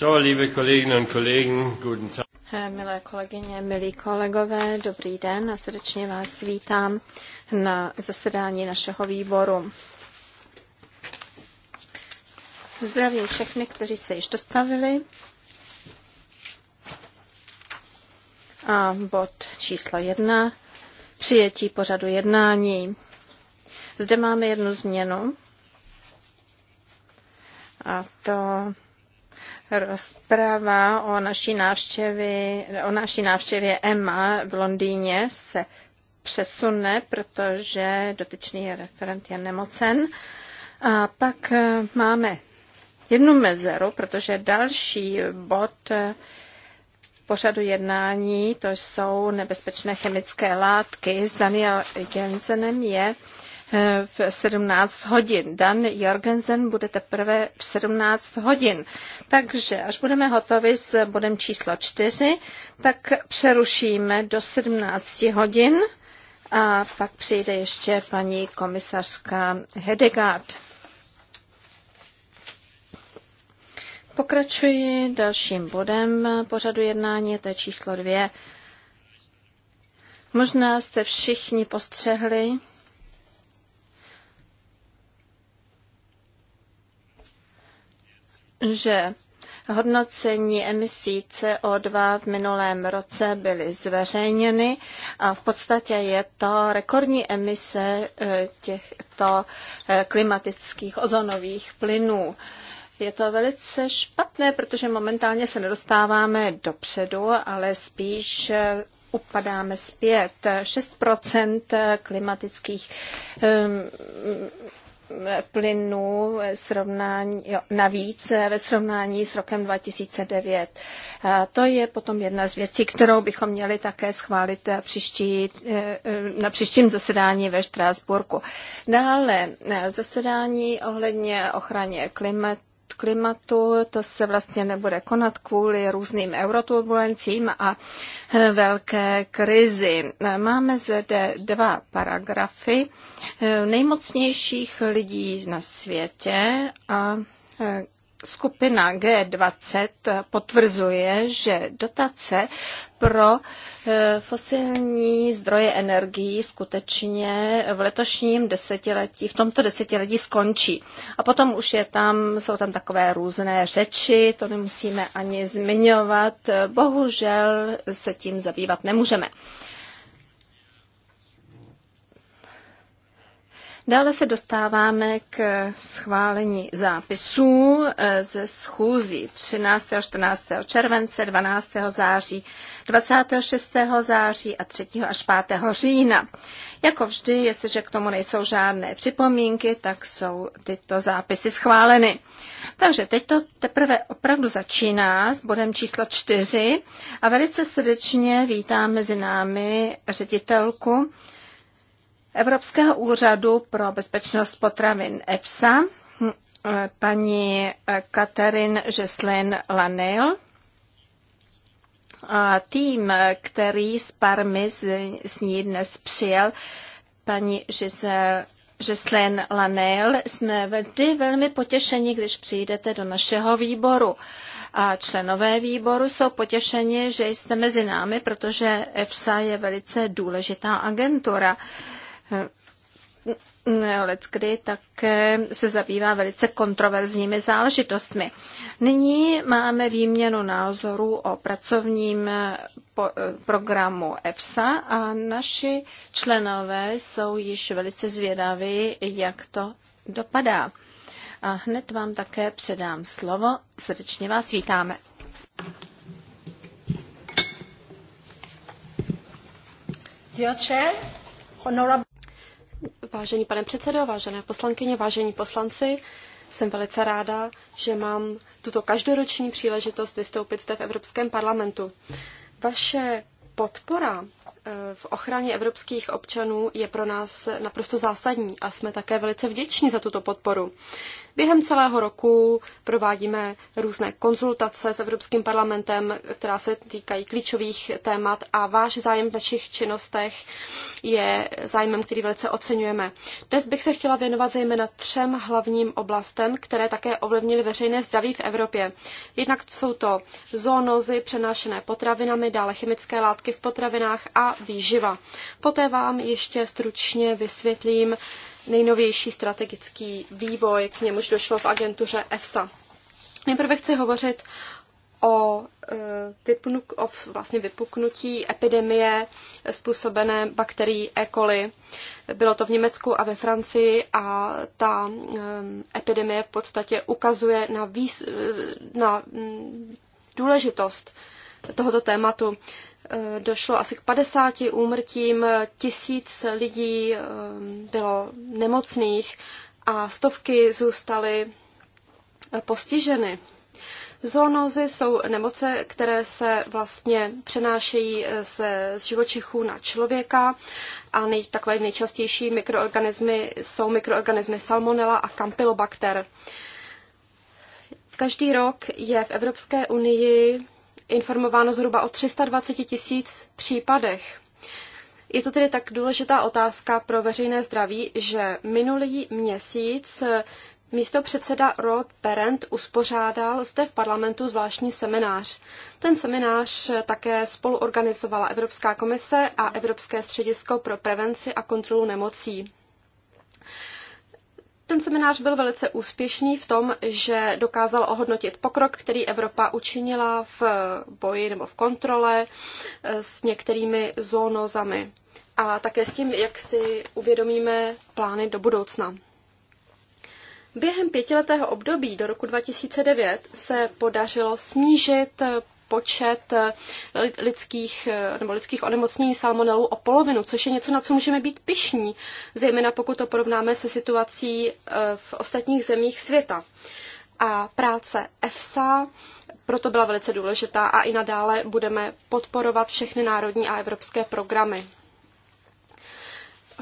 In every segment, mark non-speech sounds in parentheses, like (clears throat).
So, liebe Kolleginnen und Kollegen, guten Tag. Eh, milé kolegyně, milí kolegové, dobrý den a srdečně vás vítám na zasedání našeho výboru. Zdravím všechny, kteří se již dostavili. A bod číslo jedna, přijetí pořadu jednání. Zde máme jednu změnu. A to Rozprava o naší návštěvě, o naší návštěvě EMA v Londýně se přesune, protože dotyčný referent je nemocen. A pak eh, máme jednu mezeru, protože další bod eh, pořadu jednání, to jsou nebezpečné chemické látky. S Daniel Jensenem je uh, v 17 hodin. Dan Jorgensen bude teprve v 17 hodin. Takže až budeme hotovi s bodem číslo 4, tak přerušíme do 17 hodin a pak přijde ještě paní komisařka Hedegaard. Pokračuji dalším bodem pořadu jednání, to je číslo dvě. Možná jste všichni postřehli, že Hodnocení emisí CO2 v minulém roce byly zveřejněny a v podstatě je to rekordní emise eh, těchto eh, klimatických ozonových plynů. Je to velice špatné, protože momentálně se nedostáváme dopředu, ale spíš eh, upadáme zpět. 6 klimatických plynů srovnání, jo, navíc ve srovnání s rokem 2009. To je potom jedna z věcí, kterou bychom měli také schválit příští, eh, eh, na příštím zasedání ve Štrásburku. Dále eh, zasedání ohledně ochraně klimatu klimatu, to se vlastně nebude konat kvůli různým euroturbulencím a eh, velké krizi. Máme zde dva paragrafy eh, nejmocnějších lidí na světě a eh, skupina G20 potvrzuje, že dotace pro e, fosilní zdroje energií skutečně v letošním desetiletí, v tomto desetiletí skončí. A potom už je tam, jsou tam takové různé řeči, to nemusíme ani zmiňovat. Bohužel se tím zabývat nemůžeme. Dále se dostáváme k schválení zápisů eh, ze schůzí 13. a 14. července, 12. září, 26. září a 3. až 5. října. Jako vždy, jestliže k tomu nejsou žádné připomínky, tak jsou tyto zápisy schváleny. Takže teď to teprve opravdu začíná s bodem číslo 4 a velice srdečně vítám mezi námi ředitelku Evropského úřadu pro bezpečnost potravin EPSA, paní Katarin Žeslin Lanel. A tým, který z Parmy z, s ní dnes přijel, paní Giselle Žeslin Lanel, jsme vždy velmi potěšeni, když přijdete do našeho výboru. A členové výboru jsou potěšeni, že jste mezi námi, protože EFSA je velice důležitá agentura. Uh, leckdy také se zabývá velice kontroverzními záležitostmi. Nyní máme výměnu názorů o pracovním eh, eh, programu EFSA a naši členové jsou již velice zvědaví, jak to dopadá. A hned vám také předám slovo. Srdečně vás vítáme. Dear honorable Vážený pane předsedo, vážené poslankyně, vážení poslanci, jsem velice ráda, že mám tuto každoroční příležitost vystoupit zde v Evropském parlamentu. Vaše podpora Eh, v ochraně evropských občanů je pro nás naprosto zásadní a jsme také velice vděční za tuto podporu. Během celého roku provádíme různé konzultace s Evropským parlamentem, která se týkají klíčových témat a váš zájem v našich činnostech je zájmem, který velice oceňujeme. Dnes bych se chtěla věnovat zejména třem hlavním oblastem, které také ovlivnily veřejné zdraví v Evropě. Jednak jsou to zoonozy přenášené potravinami, dále chemické látky v potravinách a a výživa. Poté vám ještě stručně vysvětlím nejnovější strategický vývoj, k němuž došlo v agentuře EFSA. Nejprve chci hovořit o, typnuk, e, o vlastně vypuknutí epidemie způsobené bakterií E. coli. Bylo to v Německu a ve Francii a ta e, epidemie v podstatě ukazuje na, výz, e, na mm, důležitost tohoto tématu. Eh, došlo asi k 50 úmrtím, tisíc lidí eh, bylo nemocných a stovky zůstaly eh, postiženy. Zoonózy jsou nemoce, které se vlastně přenášejí z, z živočichů na člověka a nej, takové nejčastější mikroorganismy jsou mikroorganismy Salmonella a Campylobacter. Každý rok je v Evropské unii informováno zhruba o 320 tisíc případech. Je to tedy tak důležitá otázka pro veřejné zdraví, že minulý měsíc místo předseda Rod Perent uspořádal zde v parlamentu zvláštní seminář. Ten seminář také spoluorganizovala Evropská komise a Evropské středisko pro prevenci a kontrolu nemocí. Ten seminář byl velice úspěšný v tom, že dokázal ohodnotit pokrok, který Evropa učinila v boji nebo v kontrole eh, s některými zónozami a také s tím, jak si uvědomíme plány do budoucna. Během pětiletého období do roku 2009 se podařilo snížit počet eh, lidských eh, nebo lidských onemocnění salmonelou o polovinu, což je něco, na co můžeme být pišní, zejména pokud to porovnáme se situací eh, v ostatních zemích světa. A práce EFSA proto byla velice důležitá a i nadále budeme podporovat všechny národní a evropské programy.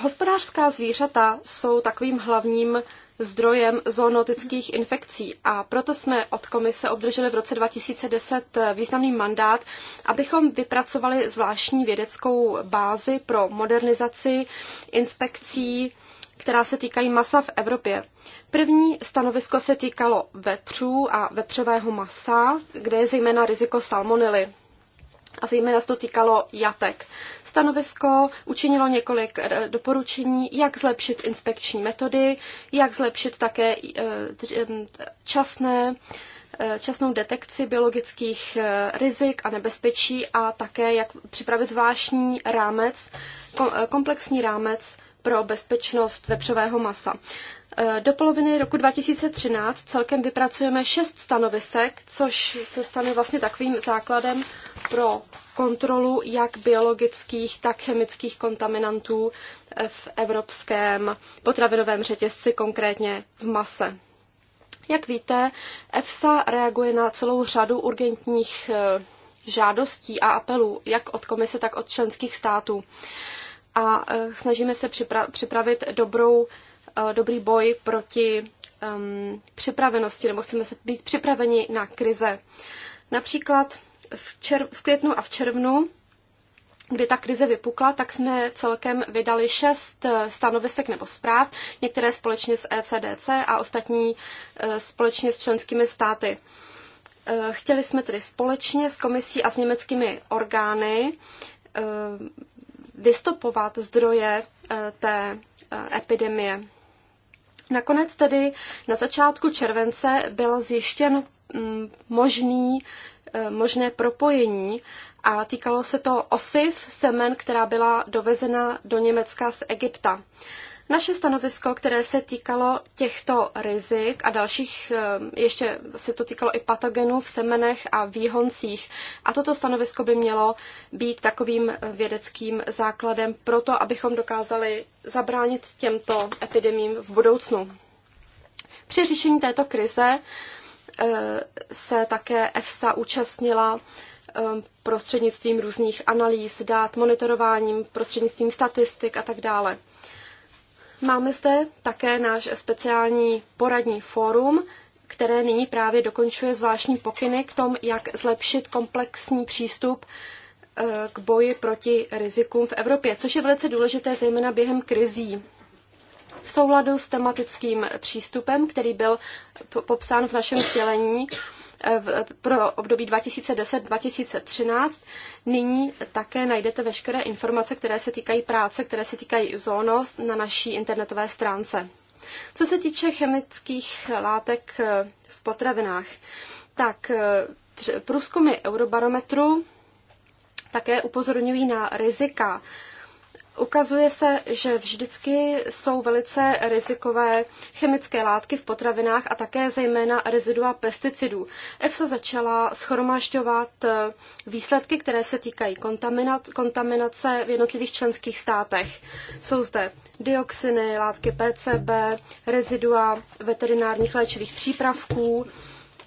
Hospodářská zvířata jsou takovým hlavním zdrojem zoonotických infekcí a proto jsme od komise obdrželi v roce 2010 významný mandát, abychom vypracovali zvláštní vědeckou bázi pro modernizaci inspekcí která se týkají masa v Evropě. První stanovisko se týkalo vepřů a vepřového masa, kde je zejména riziko salmonily a zejména se to týkalo jatek. Stanovisko učinilo několik eh, doporučení, jak zlepšit inspekční metody, jak zlepšit také eh, eh, časné, časnou detekci biologických rizik a nebezpečí a také jak připravit zvláštní rámec, komplexní rámec pro bezpečnost vepřového masa. E, do poloviny roku 2013 celkem vypracujeme šest stanovisek, což se stane vlastně takovým základem pro kontrolu jak biologických, tak chemických kontaminantů e, v evropském potravinovém řetězci, konkrétně v mase. Jak víte, EFSA reaguje na celou řadu urgentních e, žádostí a apelů, jak od komise, tak od členských států. A snažíme se připra- připravit dobrou Eh, dobrý boj proti um, připravenosti, nebo chceme být připraveni na krize. Například v, čer- v květnu a v červnu, kdy ta krize vypukla, tak jsme celkem vydali šest eh, stanovisek nebo zpráv, některé společně s ECDC a ostatní eh, společně s členskými státy. Chtěli jsme tedy společně s komisí a s německými orgány vystopovat zdroje té epidemie. Nakonec tedy na začátku července byl zjištěn mm, možný, eh, možné propojení a týkalo se to osiv semen, která byla dovezena do Německa z Egypta. Naše stanovisko, které se týkalo těchto rizik a dalších, eh, ještě se to týkalo i patogenů v semenech a výhoncích. A toto stanovisko by mělo být takovým eh, vědeckým základem pro to, abychom dokázali zabránit těmto epidemím v budoucnu. Při řešení této krize eh, se také EFSA účastnila prostřednictvím různých analýz dát, monitorováním, prostřednictvím statistik a tak dále. Máme zde také náš speciální poradní fórum, které nyní právě dokončuje zvláštní pokyny k tomu, jak zlepšit komplexní přístup eh, k boji proti rizikům v Evropě, což je velice důležité zejména během krizí. V souladu s tematickým přístupem, který byl popsán v našem sdělení, pro období 2010-2013. Nyní také najdete veškeré informace, které se týkají práce, které se týkají zónos na naší internetové stránce. Co se týče chemických látek eh, v potravinách, tak eh, průzkumy Eurobarometru také upozorňují na rizika Ukazuje se, že vždycky jsou velice rizikové chemické látky v potravinách a také zejména rezidua pesticidů. EFSA začala schromažďovat eh, výsledky, které se týkají kontaminace v jednotlivých členských státech. Jsou zde dioxiny, látky PCB, rezidua veterinárních léčivých přípravků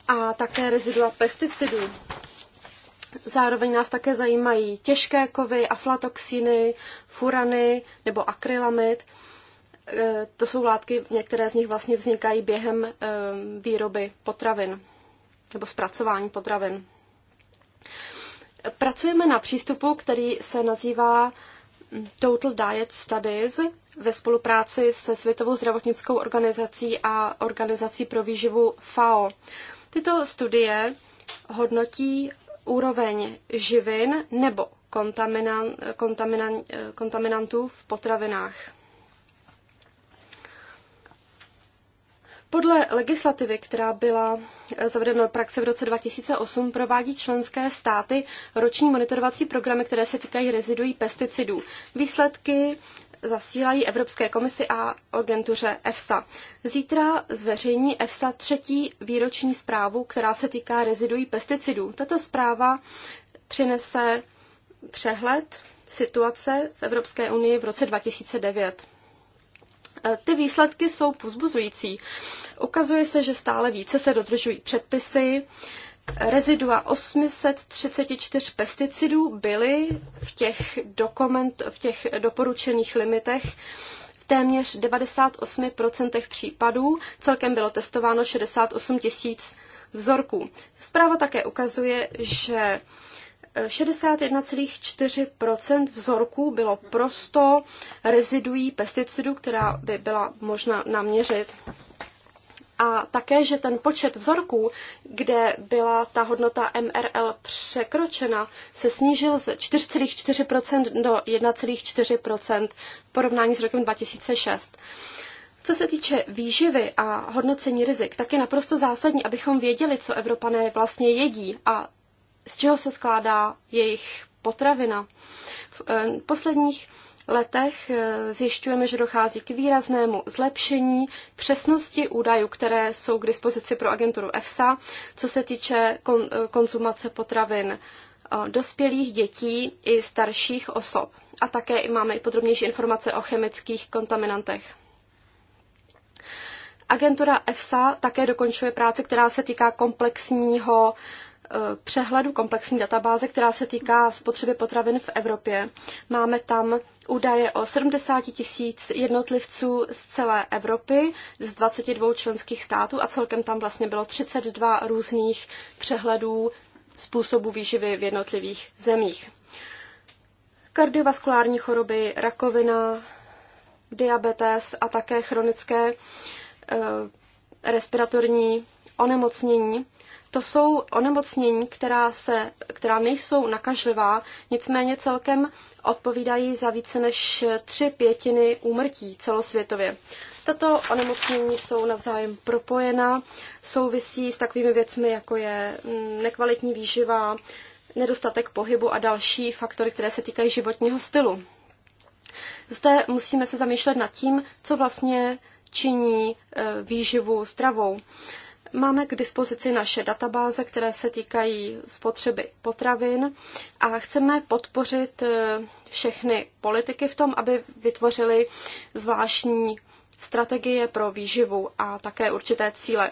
a také rezidua pesticidů. Zároveň nás také zajímají těžké kovy, aflatoxiny, furany nebo akrylamid. E, to jsou látky, některé z nich vlastně vznikají během e, výroby potravin nebo zpracování potravin. Pracujeme na přístupu, který se nazývá mm, Total Diet Studies ve spolupráci se Světovou zdravotnickou organizací a Organizací pro výživu FAO. Tyto studie hodnotí úroveň živin nebo kontaminan, kontaminan, kontaminantů v potravinách. Podle legislativy, která byla zavedena do praxe v roce 2008, provádí členské státy roční monitorovací programy, které se týkají reziduí pesticidů. Výsledky zasílají Evropské komisi a agentuře EFSA. Zítra zveřejní EFSA třetí výroční zprávu, která se týká reziduí pesticidů. Tato zpráva přinese přehled situace v Evropské unii v roce 2009. E, ty výsledky jsou pozbuzující. Ukazuje se, že stále více se dodržují předpisy, rezidua 834 pesticidů byly v těch, dokument, v těch doporučených limitech v téměř 98% případů. Celkem bylo testováno 68 tisíc vzorků. Zpráva také ukazuje, že 61,4 eh, vzorků bylo prosto reziduí pesticidů, která by byla možná naměřit a také, že ten počet vzorků, kde byla ta hodnota MRL překročena, se snížil z 4,4% do 1,4% v porovnání s rokem 2006. Co se týče výživy a hodnocení rizik, tak je naprosto zásadní, abychom věděli, co Evropané vlastně jedí a z čeho se skládá jejich potravina. V eh, posledních letech eh, zjišťujeme, že dochází k výraznému zlepšení přesnosti údajů, které jsou k dispozici pro agenturu EFSA, co se týče kon- eh, konzumace potravin eh, dospělých dětí i starších osob. A také máme i podrobnější informace o chemických kontaminantech. Agentura EFSA také dokončuje práci, která se týká komplexního Eh, přehledu komplexní databáze, která se týká spotřeby potravin v Evropě. Máme tam údaje o 70 tisíc jednotlivců z celé Evropy, z 22 členských států a celkem tam vlastně bylo 32 různých přehledů způsobu výživy v jednotlivých zemích. Kardiovaskulární choroby, rakovina, diabetes a také chronické eh, respiratorní onemocnění to jsou onemocnění, která, se, která nejsou nakažlivá, nicméně celkem odpovídají za více než tři pětiny úmrtí celosvětově. Tato onemocnění jsou navzájem propojena, souvisí s takovými věcmi, jako je mm, nekvalitní výživa, nedostatek pohybu a další faktory, které se týkají životního stylu. Zde musíme se zamýšlet nad tím, co vlastně činí e, výživu zdravou. Máme k dispozici naše databáze, které se týkají spotřeby potravin a chceme podpořit eh, všechny politiky v tom, aby vytvořili zvláštní strategie pro výživu a také určité cíle.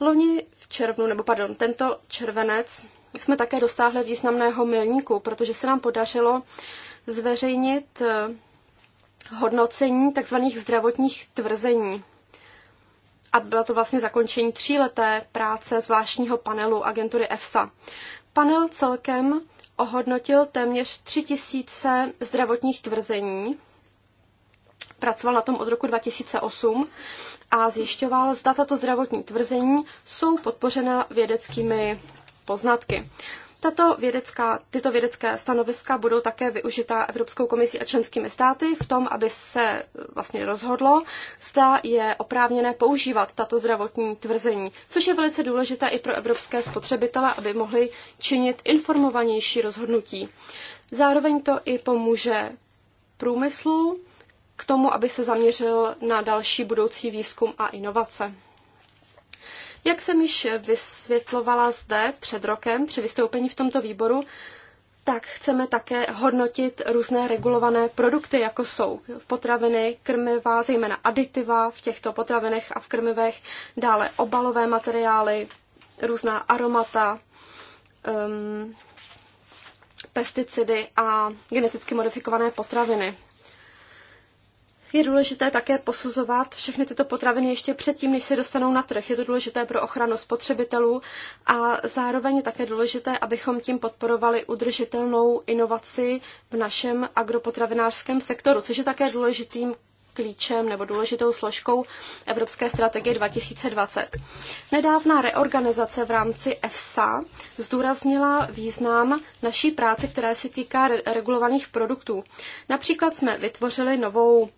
Loni v červnu, nebo pardon, tento červenec jsme také dosáhli významného milníku, protože se nám podařilo zveřejnit eh, hodnocení tzv. zdravotních tvrzení a bylo to vlastně zakončení tříleté práce zvláštního panelu agentury EFSA. Panel celkem ohodnotil téměř 3000 zdravotních tvrzení, pracoval na tom od roku 2008 a zjišťoval, zda tato zdravotní tvrzení jsou podpořena vědeckými poznatky. Tato vědecká, tyto vědecké stanoviska budou také využita Evropskou komisí a členskými státy v tom, aby se e, vlastně rozhodlo, zda je oprávněné používat tato zdravotní tvrzení, což je velice důležité i pro evropské spotřebitele, aby mohli činit informovanější rozhodnutí. Zároveň to i pomůže průmyslu k tomu, aby se zaměřil na další budoucí výzkum a inovace. Jak jsem již vysvětlovala zde před rokem při vystoupení v tomto výboru, tak chceme také hodnotit různé regulované produkty, jako jsou potraviny, krmiva, zejména aditiva v těchto potravinách a v krmivech, dále obalové materiály, různá aromata, um, pesticidy a geneticky modifikované potraviny. Je důležité také posuzovat všechny tyto potraviny ještě předtím, než se dostanou na trh. Je to důležité pro ochranu spotřebitelů a zároveň je také důležité, abychom tím podporovali udržitelnou inovaci v našem agropotravinářském sektoru, což je také důležitým klíčem nebo důležitou složkou Evropské strategie 2020. Nedávná reorganizace v rámci EFSA zdůraznila význam naší práce, která se týká regulovaných produktů. Například jsme vytvořili novou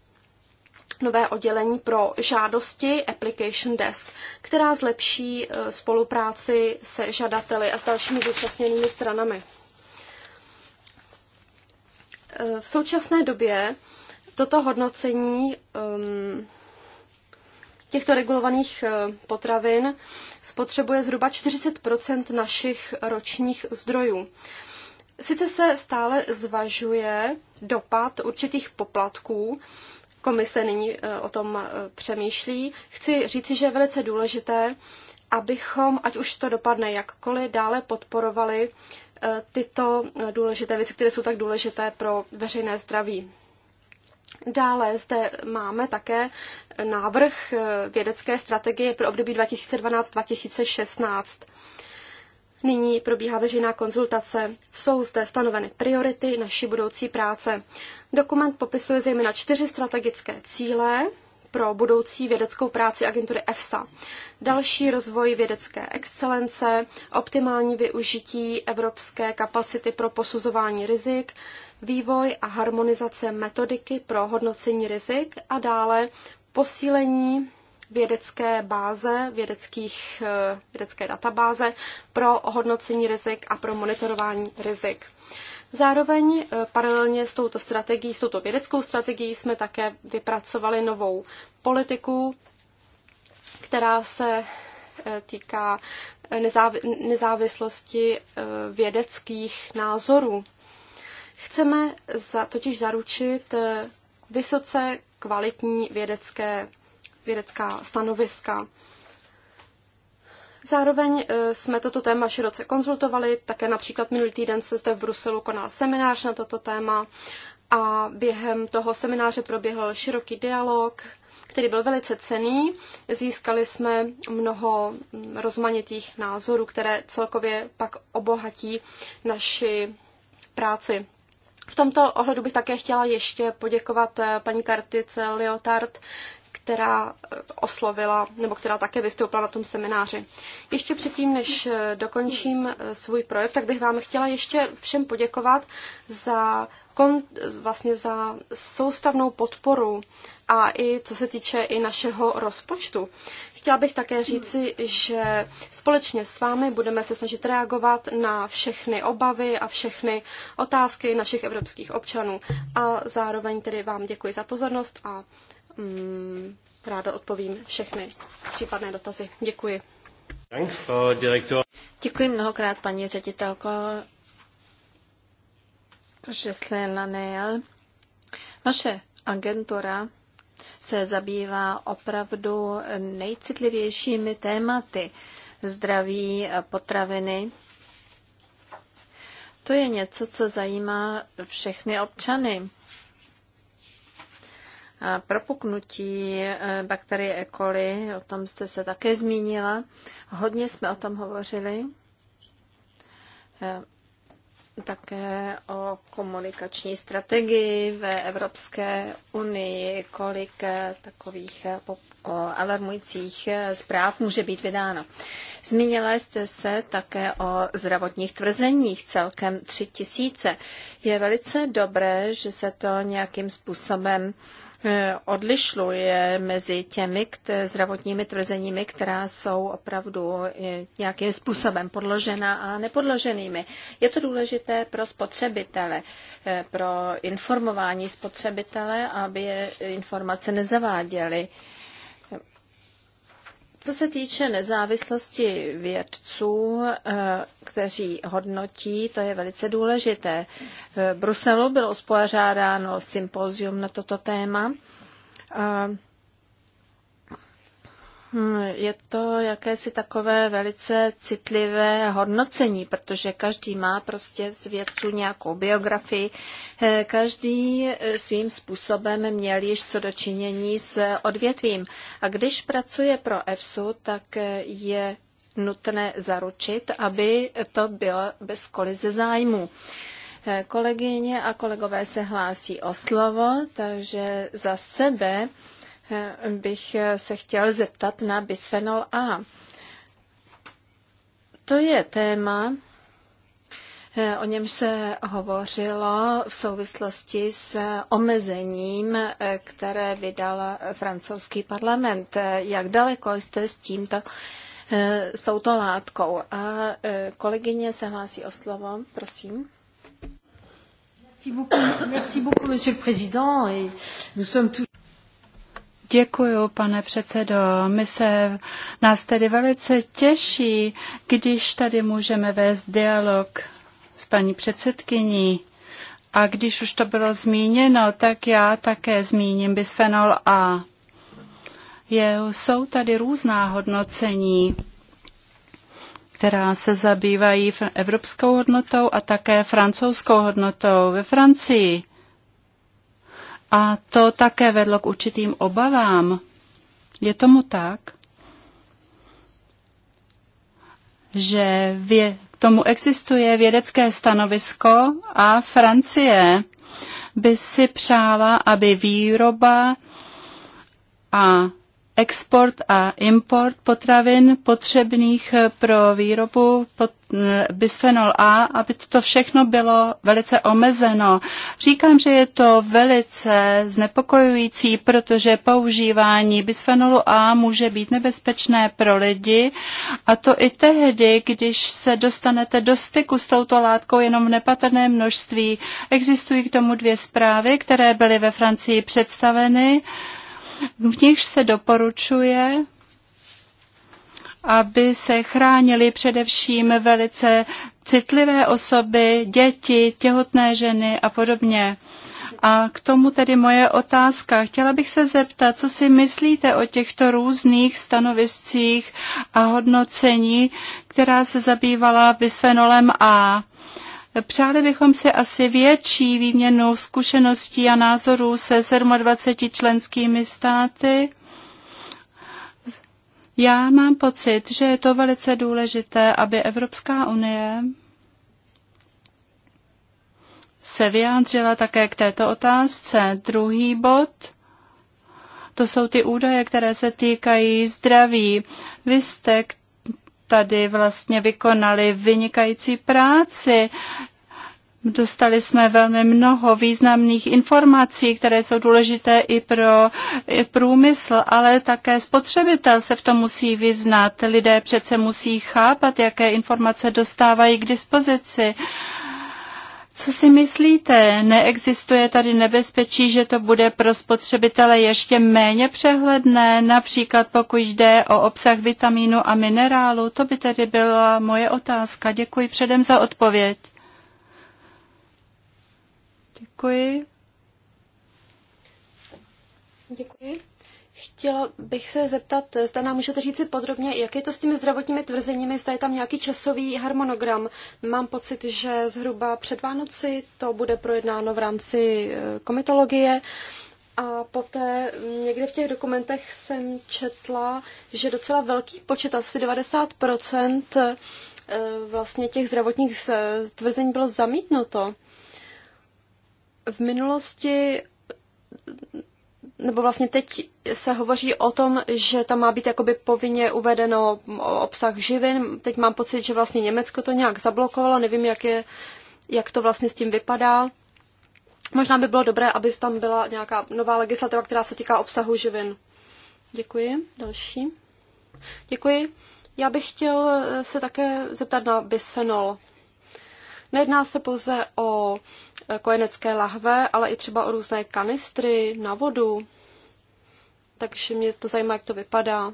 nové oddělení pro žádosti Application Desk, která zlepší e, spolupráci se žadateli a s dalšími zúčastněnými stranami. E, v současné době toto hodnocení ehm, těchto regulovaných e, potravin spotřebuje zhruba 40 našich ročních zdrojů. Sice se stále zvažuje dopad určitých poplatků, Komise nyní eh, o tom eh, přemýšlí. Chci říci, že je velice důležité, abychom, ať už to dopadne jakkoliv, dále podporovali eh, tyto důležité věci, které jsou tak důležité pro veřejné zdraví. Dále zde máme také návrh vědecké strategie pro období 2012-2016. Nyní probíhá veřejná konzultace. Jsou zde stanoveny priority naší budoucí práce. Dokument popisuje zejména čtyři strategické cíle pro budoucí vědeckou práci agentury EFSA. Další rozvoj vědecké excelence, optimální využití evropské kapacity pro posuzování rizik, vývoj a harmonizace metodiky pro hodnocení rizik a dále posílení vědecké báze, vědeckých, eh, vědecké databáze pro hodnocení rizik a pro monitorování rizik. Zároveň eh, paralelně s touto strategií, s touto vědeckou strategií, jsme také vypracovali novou politiku, která se eh, týká eh, nezávislosti vědeckých názorů. Chceme za, totiž zaručit vysoce kvalitní vědecké, vědecká stanoviska. Zároveň e, jsme toto téma široce konzultovali, také například minulý týden se zde v Bruselu konal seminář na toto téma a během toho semináře proběhl široký dialog, který byl velice cený. Získali jsme mnoho mm, rozmanitých názorů, které celkově pak obohatí naši práci. V tomto ohledu bych také chtěla ještě poděkovat e, paní Kartice Leotard, která eh, oslovila, nebo která také vystoupila na tom semináři. Ještě předtím, než eh, dokončím eh, svůj projev, tak bych vám chtěla ještě všem poděkovat za, kon, vlastně za soustavnou podporu a i co se týče i našeho rozpočtu. Chtěla bych také říci, že společně s vámi budeme se snažit reagovat na všechny obavy a všechny otázky našich evropských občanů. A zároveň tedy vám děkuji za pozornost a Mm, ráda odpovím všechny případné dotazy. Děkuji. Děkuji mnohokrát, paní ředitelko Žeslin Lanel. Vaše agentura se zabývá opravdu nejcitlivějšími tématy zdraví potraviny. To je něco, co zajímá všechny občany propuknutí e, bakterie E. coli, o tom jste se také zmínila. Hodně jsme o tom hovořili. E, také o komunikační strategii ve Evropské unii, kolik e, takových alarmujících zpráv může být vydáno. Zmínila jste se také o zdravotních tvrzeních, celkem tři tisíce. Je velice dobré, že se to nějakým způsobem Eh, odlišuje mezi těmi zdravotními tvrzeními, která jsou opravdu eh, nějakým způsobem podložena a nepodloženými. Je to důležité pro spotřebitele, eh, pro informování spotřebitele, aby je informace nezaváděly. Co se týče nezávislosti vědců, eh, kteří hodnotí, to je velice důležité. V Bruselu bylo uspořádáno sympózium na toto téma. Eh, Hm, je to jakési takové velice citlivé hodnocení, protože každý má prostě z vědců nějakou biografii. Eh, každý eh, svým způsobem měl již co dočinění s odvětvím. A když pracuje pro EFSU, tak eh, je nutné zaručit, aby to bylo bez kolize zájmu. Kolegyně a kolegové se hlásí o slovo, takže za sebe bych se chtěl zeptat na bisfenol A. To je téma, O něm se hovořilo v souvislosti s omezením, které vydal francouzský parlament. Jak daleko jste s tímto, s touto látkou? A kolegyně se hlásí o slovo, prosím. Merci beaucoup, monsieur le président. Et nous sommes tous... Děkuji, pane předsedo. My se nás tedy velice těší, když tady můžeme vést dialog s paní předsedkyní. A když už to bylo zmíněno, tak já také zmíním bisfenol A. Je, jsou tady různá hodnocení, která se zabývají evropskou hodnotou a také francouzskou hodnotou ve Francii. A to také vedlo k určitým obavám. Je tomu tak, že vě, k tomu existuje vědecké stanovisko a Francie by si přála, aby výroba a export a import potravin potřebných eh, pro výrobu pot, eh, bisphenol A, aby to všechno bylo velice omezeno. Říkám, že je to velice znepokojující, protože používání bisphenolu A může být nebezpečné pro lidi a to i tehdy, když se dostanete do styku s touto látkou jenom v nepatrné množství. Existují k tomu dvě zprávy, které byly ve Francii představeny v nichž se doporučuje aby se chránili především velice citlivé osoby, děti, těhotné ženy a podobně. A k tomu tedy moje otázka. Chtěla bych se zeptat, co si myslíte o těchto různých stanoviscích a hodnocení, která se zabývala bisfenolem A. Přáli bychom si asi větší výměnu zkušeností a názorů se 27 členskými státy. Já mám pocit, že je to velice důležité, aby Evropská unie se vyjádřila také k této otázce. Druhý bod, to jsou ty údaje, které se týkají zdraví. Vy jste k tady vlastně vykonali vynikající práci. Dostali jsme velmi mnoho významných informací, které jsou důležité i pro průmysl, ale také spotřebitel se v tom musí vyznat. Lidé přece musí chápat, jaké informace dostávají k dispozici. Co si myslíte, neexistuje tady nebezpečí, že to bude pro spotřebitele ještě méně přehledné, například pokud jde o obsah vitamínu a minerálu? To by tedy byla moje otázka. Děkuji předem za odpověď. Děkuji. Děkuji. Chtěla bych se zeptat, zda nám můžete říct si podrobně, jak je to s těmi zdravotními tvrzeními, zda je tam nějaký časový harmonogram. Mám pocit, že zhruba před Vánoci to bude projednáno v rámci eh, komitologie. A poté mm, někde v těch dokumentech jsem četla, že docela velký počet, asi 90 eh, vlastně těch zdravotních tvrzení bylo zamítnuto. V minulosti nebo vlastně teď se hovoří o tom, že tam má být jakoby povinně uvedeno obsah živin. Teď mám pocit, že vlastně Německo to nějak zablokovalo, nevím, jak, je, jak to vlastně s tím vypadá. Možná by bylo dobré, aby tam byla nějaká nová legislativa, která se týká obsahu živin. Děkuji. Další. Děkuji. Já bych chtěl eh, se také zeptat na bisfenol. Nejedná se pouze o kojenecké lahve, ale i třeba o různé kanistry na vodu. Takže mě to zajímá, jak to vypadá.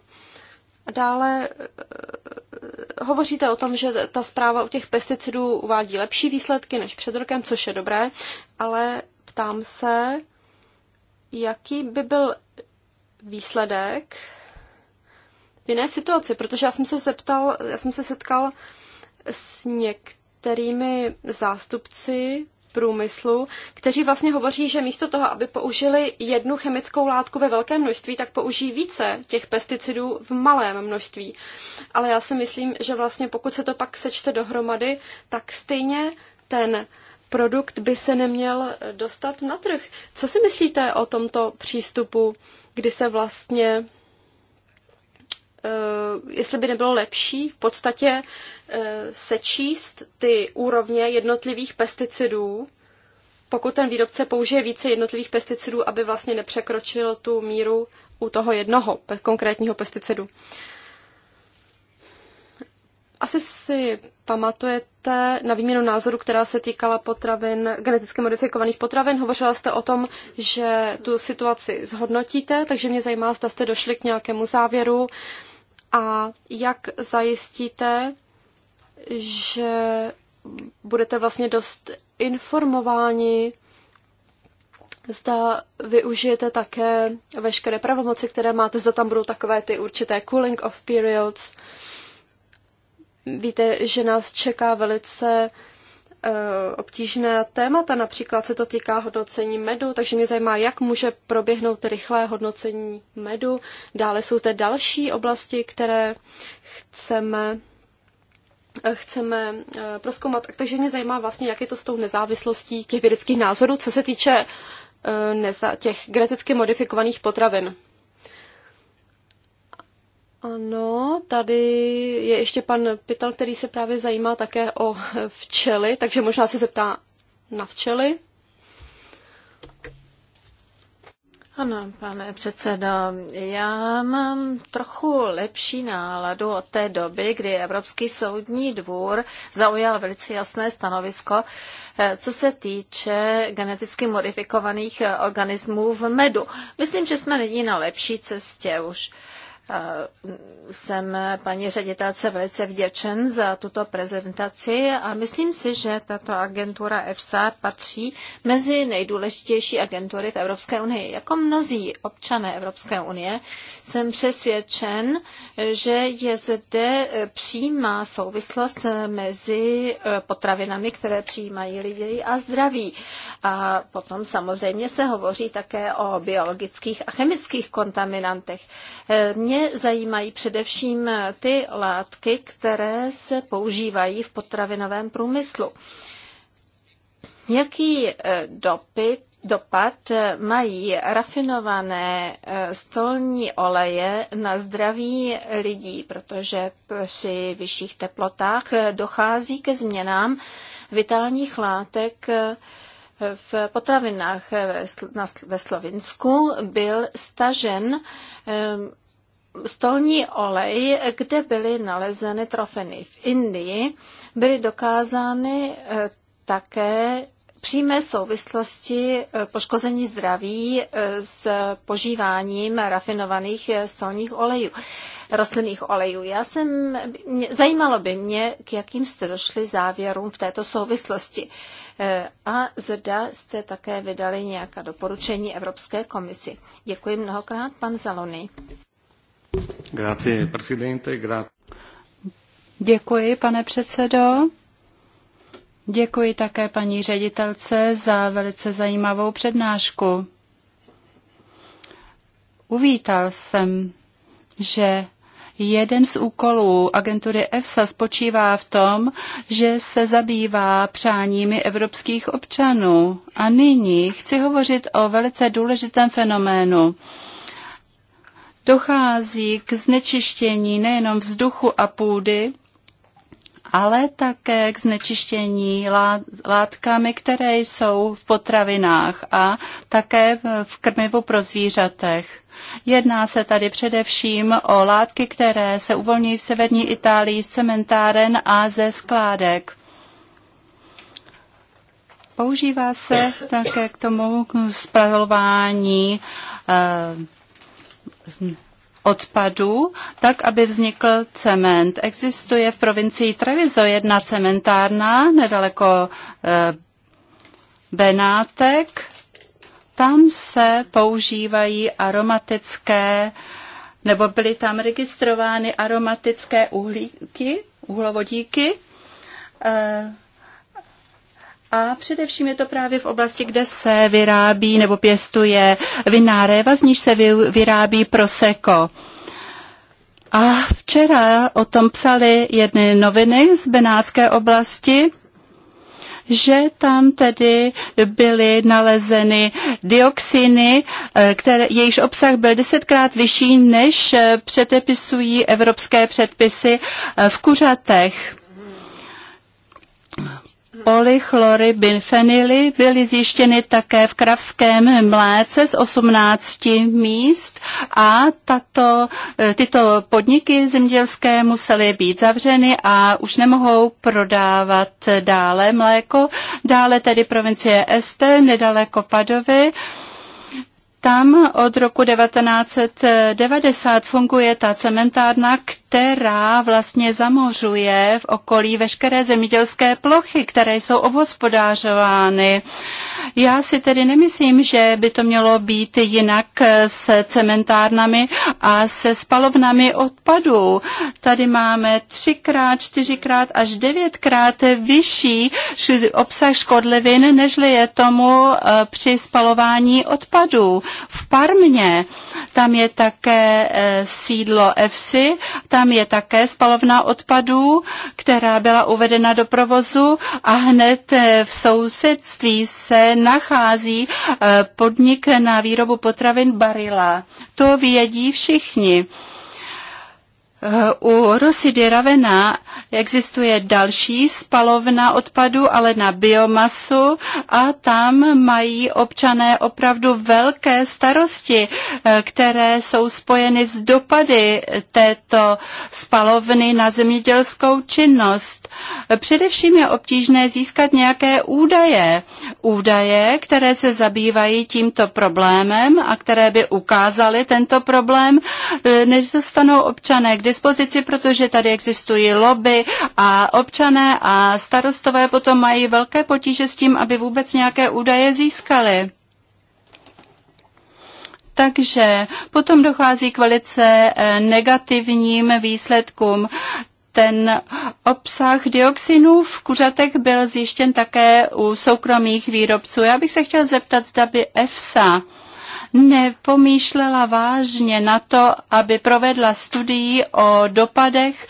A dále eh, eh, hovoříte o tom, že ta zpráva u těch pesticidů uvádí lepší výsledky než před rokem, což je dobré, ale ptám se, jaký by byl výsledek v jiné situaci, protože já jsem se zeptal, já jsem se setkal s některými zástupci průmyslu, kteří vlastně hovoří, že místo toho, aby použili jednu chemickou látku ve velkém množství, tak použijí více těch pesticidů v malém množství. Ale já si myslím, že vlastně pokud se to pak sečte dohromady, tak stejně ten produkt by se neměl eh, dostat na trh. Co si myslíte o tomto přístupu, kdy se vlastně Eh, jestli by nebylo lepší v podstatě eh, sečíst ty úrovně jednotlivých pesticidů, pokud ten výrobce použije více jednotlivých pesticidů, aby vlastně nepřekročil tu míru u toho jednoho konkrétního pesticidu. Asi si pamatujete na výměnu názoru, která se týkala potravin, geneticky modifikovaných potravin. Hovořila jste o tom, že tu situaci zhodnotíte, takže mě zajímá, zda jste došli k nějakému závěru, a jak zajistíte, že budete vlastně dost informováni, zda využijete také veškeré pravomoci, které máte, zda tam budou takové ty určité cooling off periods. Víte, že nás čeká velice Eh, obtížné témata, například se to týká hodnocení medu, takže mě zajímá, jak může proběhnout rychlé hodnocení medu. Dále jsou zde další oblasti, které chceme eh, chceme eh, proskoumat. Takže mě zajímá vlastně, jak je to s tou nezávislostí těch vědeckých názorů, co se týče neza, těch geneticky modifikovaných potravin. Ano, tady je ještě pan pytal, který se právě zajímá také o včely, takže možná se zeptá na včely. Ano, pane předsedo, já mám trochu lepší náladu od té doby, kdy Evropský soudní dvůr zaujal velice jasné stanovisko, eh, co se týče geneticky modifikovaných organismů v medu. Myslím, že jsme nyní na lepší cestě už. Mm, jsem paní ředitelce velice vděčen za tuto prezentaci a myslím si, že tato agentura EFSA patří mezi nejdůležitější agentury v Evropské unii. Jako mnozí občané Evropské unie jsem přesvědčen, že je zde e, přímá souvislost e, mezi e, potravinami, které přijímají lidi a zdraví. A potom samozřejmě se hovoří také o biologických a chemických kontaminantech. Mě zajímají především ty látky, které se používají v potravinovém průmyslu. Jaký eh, dopyt dopad eh, mají rafinované eh, stolní oleje na zdraví lidí, protože při vyšších teplotách dochází ke změnám vitálních látek v potravinách ve Slovinsku byl stažen stolní olej, kde byly nalezeny trofeny V Indii byly dokázány eh, také přímé souvislosti eh, poškození zdraví eh, s požíváním rafinovaných stolních olejů, rostlinných olejů. Já jsem, zajímalo by mě, k jakým jste došli závěrům v této souvislosti. A zda jste také vydali nějaká doporučení Evropské komisi. Děkuji mnohokrát, pan Zalony. Děkuji, pane předsedo. Děkuji také paní ředitelce za velice zajímavou přednášku. Uvítal jsem, že Jeden z úkolů agentury EFSA spočívá v tom, že se zabývá přáními evropských občanů. A nyní chci hovořit o velice důležitém fenoménu dochází k znečištění nejenom vzduchu a půdy, ale také k znečištění látkami, které jsou v potravinách a také v krmivu pro zvířatech. Jedná se tady především o látky, které se uvolňují v severní Itálii z cementáren a ze skládek. Používá se také k tomu spalování eh, odpadů, tak aby vznikl cement. Existuje v provincii Treviso jedna cementárna nedaleko eh, Benátek. Tam se používají aromatické, nebo byly tam registrovány aromatické uhlíky, uhlovodíky. Eh, a především je to právě v oblasti, kde se vyrábí nebo pěstuje vinná réva, z níž se vyrábí proseko. A včera o tom psali jedny noviny z Benátské oblasti, že tam tedy byly nalezeny dioxiny, eh, které, jejíž obsah byl desetkrát vyšší, než eh, předepisují evropské předpisy eh, v kuřatech polychlory binfenily byly zjištěny také v kravském mléce z 18 míst a tato, e, tyto podniky zemědělské musely být zavřeny a už nemohou prodávat dále mléko. Dále tedy provincie Este, nedaleko Padovy. Tam od roku 1990 funguje ta cementárna, která vlastně zamořuje v okolí veškeré zemědělské plochy, které jsou obhospodářovány. Já si tedy nemyslím, že by to mělo být jinak s cementárnami a se spalovnami odpadů. Tady máme třikrát, čtyřikrát až devětkrát vyšší obsah škodlivin, nežli je tomu eh, při spalování odpadů v Parmě. Tam je také eh, sídlo EFSI, tam je také spalovna odpadů, která byla uvedena do provozu a hned eh, v sousedství se nachází eh, podnik na výrobu potravin Barila. To vědí všichni. Eh, u Rosy Ravena existuje další spalovna odpadu, ale na biomasu a tam mají občané opravdu velké starosti, eh, které jsou spojeny s dopady této spalovny na zemědělskou činnost. Především je obtížné získat nějaké údaje. Údaje, které se zabývají tímto problémem a které by ukázaly tento problém, eh, než zůstanou občané k dispozici, protože tady existují lobby a občané a starostové potom mají velké potíže s tím, aby vůbec nějaké údaje získali. Takže potom dochází k velice eh, negativním výsledkům. Ten obsah dioxinů v kuřatech byl zjištěn také u soukromých výrobců. Já bych se chtěl zeptat, zda by EFSA nepomýšlela vážně na to, aby provedla studii o dopadech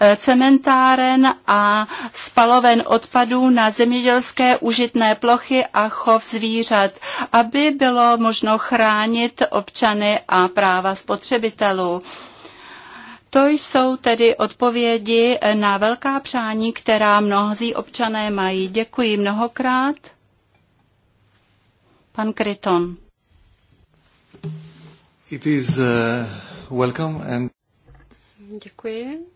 eh, cementáren a spaloven odpadů na zemědělské užitné plochy a chov zvířat, aby bylo možno chránit občany a práva spotřebitelů. To jsou tedy odpovědi na velká přání, která mnozí občané mají. Děkuji mnohokrát. Pan Kryton. It is uh, welcome and... Děkuji.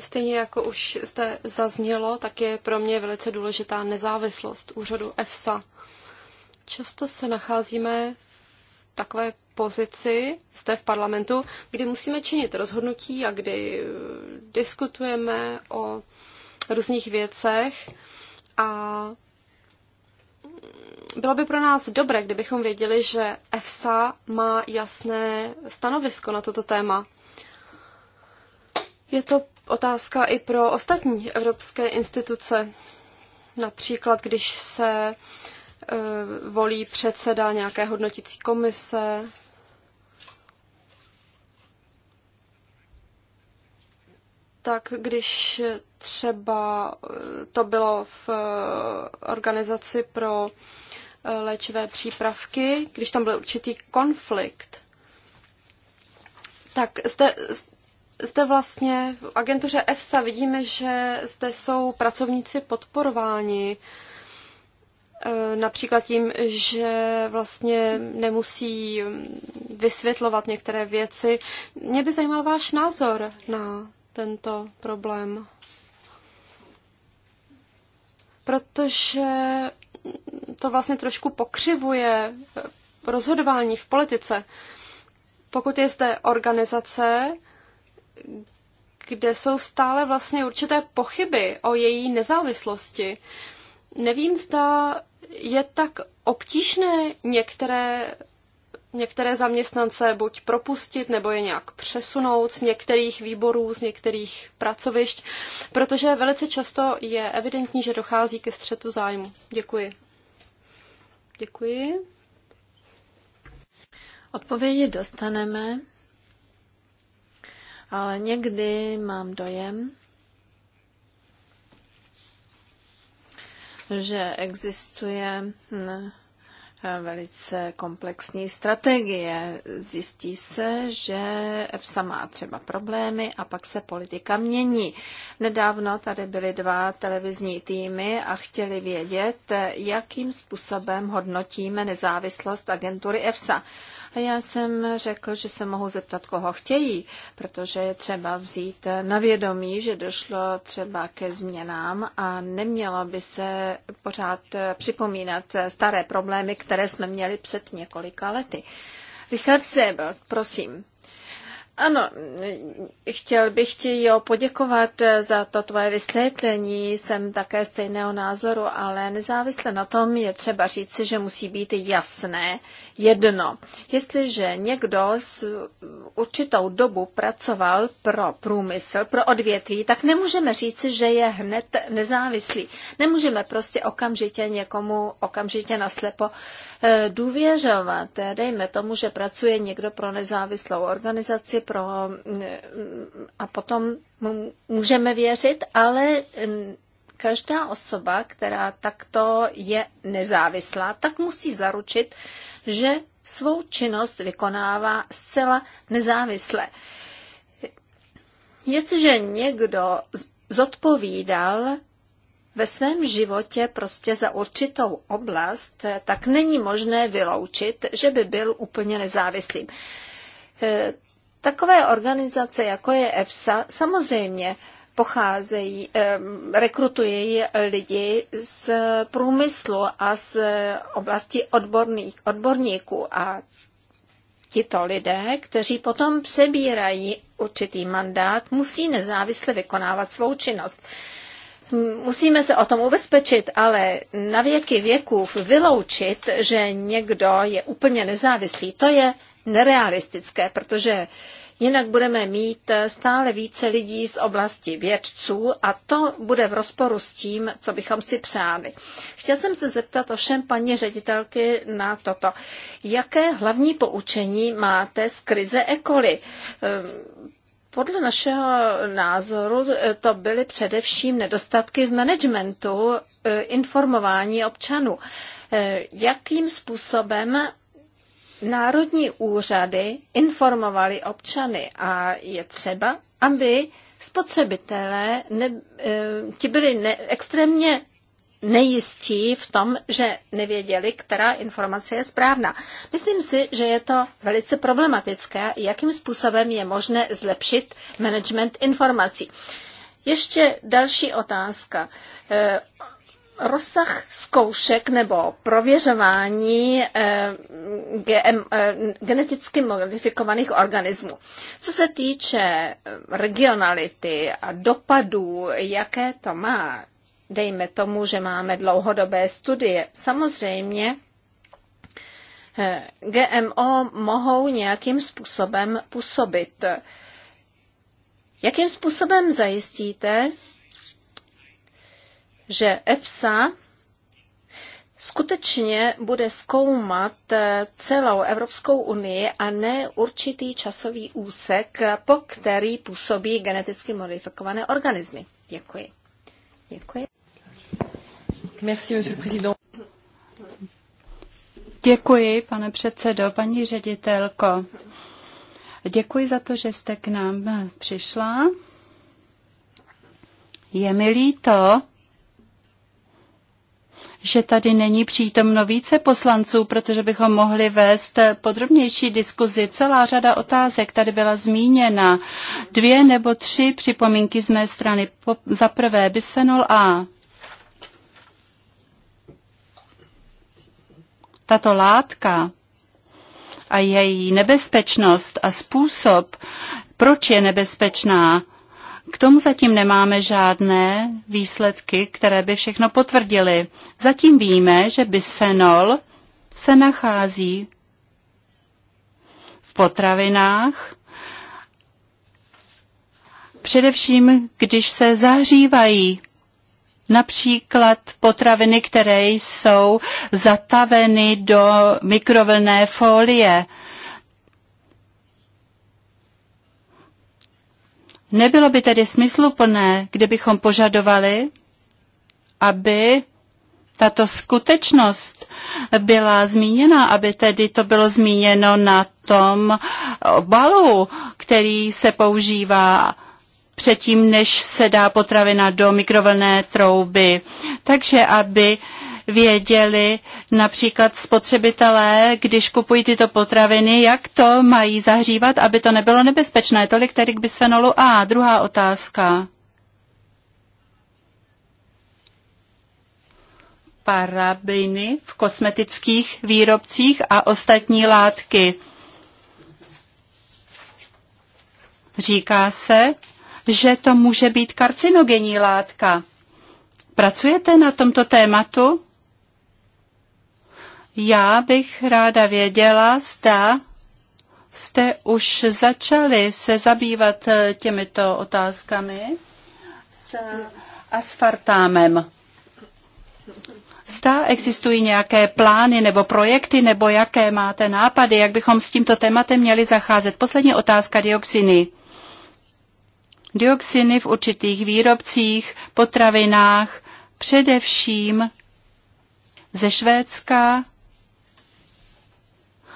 Stejně jako už zde zaznělo, tak je pro mě velice důležitá nezávislost úřadu EFSA. Často se nacházíme v takové pozici zde v parlamentu, kdy musíme činit rozhodnutí a kdy uh, diskutujeme o různých věcech a bylo by pro nás dobré, kdybychom věděli, že EFSA má jasné stanovisko na toto téma. Je to otázka i pro ostatní evropské instituce. Například, když se e, volí předseda nějaké hodnotící komise. Tak když třeba e, to bylo v e, organizaci pro léčivé přípravky, když tam byl určitý konflikt, tak zde, zde vlastně v agentuře EFSA vidíme, že zde jsou pracovníci podporováni eh, například tím, že vlastně nemusí mm, vysvětlovat některé věci. Mě by zajímal váš názor na tento problém. Protože to vlastně trošku pokřivuje rozhodování v politice. Pokud je zde organizace, kde jsou stále vlastně určité pochyby o její nezávislosti, nevím, zda je tak obtížné některé některé zaměstnance buď propustit nebo je nějak přesunout z některých výborů, z některých pracovišť, protože velice často je evidentní, že dochází ke střetu zájmu. Děkuji. Děkuji. Odpovědi dostaneme, ale někdy mám dojem, že existuje hm, velice komplexní strategie. Zjistí se, že EFSA má třeba problémy a pak se politika mění. Nedávno tady byly dva televizní týmy a chtěli vědět, jakým způsobem hodnotíme nezávislost agentury EFSA. A já jsem řekl, že se mohou zeptat, koho chtějí, protože je třeba vzít na vědomí, že došlo třeba ke změnám a nemělo by se pořád připomínat staré problémy, které jsme měli před několika lety. Richard Sebel, prosím. Ano, chtěl bych ti jo poděkovat eh, za to tvoje vysvětlení. Jsem také stejného názoru, ale nezávisle na tom je třeba říci, že musí být jasné jedno. Jestliže někdo s určitou dobu pracoval pro průmysl, pro odvětví, tak nemůžeme říci, že je hned nezávislý. Nemůžeme prostě okamžitě někomu okamžitě naslepo eh, důvěřovat. Dejme tomu, že pracuje někdo pro nezávislou organizaci, pro, a potom můžeme věřit, ale každá osoba, která takto je nezávislá, tak musí zaručit, že svou činnost vykonává zcela nezávisle. Jestliže někdo zodpovídal ve svém životě prostě za určitou oblast, tak není možné vyloučit, že by byl úplně nezávislým. Takové organizace, jako je EFSA, samozřejmě pocházejí, rekrutují lidi z průmyslu a z oblasti odborných, odborníků a tito lidé, kteří potom přebírají určitý mandát, musí nezávisle vykonávat svou činnost. Musíme se o tom ubezpečit, ale na věky věků vyloučit, že někdo je úplně nezávislý, to je nerealistické, protože jinak budeme mít stále více lidí z oblasti vědců a to bude v rozporu s tím, co bychom si přáli. Chtěl jsem se zeptat ovšem paní ředitelky na toto. Jaké hlavní poučení máte z krize ekoly? Ehm, podle našeho názoru to byly především nedostatky v managementu eh, informování občanů. Eh, jakým způsobem národní úřady informovaly občany a je třeba, aby spotřebitelé ne, eh, ti byli ne, extrémně nejistí v tom, že nevěděli, která informace je správná. Myslím si, že je to velice problematické, jakým způsobem je možné zlepšit management informací. Ještě další otázka. Eh, Rozsah zkoušek nebo prověřování eh, GM, eh, geneticky modifikovaných organismů. Co se týče eh, regionality a dopadů, jaké to má, dejme tomu, že máme dlouhodobé studie, samozřejmě GMO mohou nějakým způsobem působit. Jakým způsobem zajistíte, že EFSA skutečně bude zkoumat eh, celou Evropskou unii a ne určitý časový úsek, eh, po který působí geneticky modifikované organismy. Děkuji. Děkuji. Merci, monsieur président. Děkuji, pane předsedo, paní ředitelko. Děkuji za to, že jste k nám přišla. Je mi líto, že tady není přítomno více poslanců, protože bychom mohli vést podrobnější diskuzi. Celá řada otázek tady byla zmíněna. Dvě nebo tři připomínky z mé strany. Za prvé, bisfenol A. Tato látka a její nebezpečnost a způsob, proč je nebezpečná, k tomu zatím nemáme žádné výsledky, které by všechno potvrdily. Zatím víme, že bisfenol se nachází v potravinách, především když se zahřívají například potraviny, které jsou zataveny do mikrovlné folie. Nebylo by tedy smysluplné, kdybychom požadovali, aby tato skutečnost byla zmíněna, aby tedy to bylo zmíněno na tom balu, který se používá předtím, než se dá potravina do mikrovlné trouby. Takže aby uh, věděli například spotřebitelé, když kupují tyto potraviny, jak to mají zahřívat, aby to nebylo nebezpečné. Tolik tedy k bisfenolu A. Druhá otázka. parabeny v kosmetických výrobcích a ostatní látky. Říká se, že to může být karcinogenní látka. Pracujete na tomto tématu? Já bych ráda věděla, zda jste už začali se zabývat eh, těmito otázkami s eh, asfartámem. Zda existují nějaké plány nebo projekty, nebo jaké máte nápady, jak bychom s tímto tématem měli zacházet. Poslední otázka dioxiny. Dioxiny v určitých výrobcích, potravinách, především ze Švédska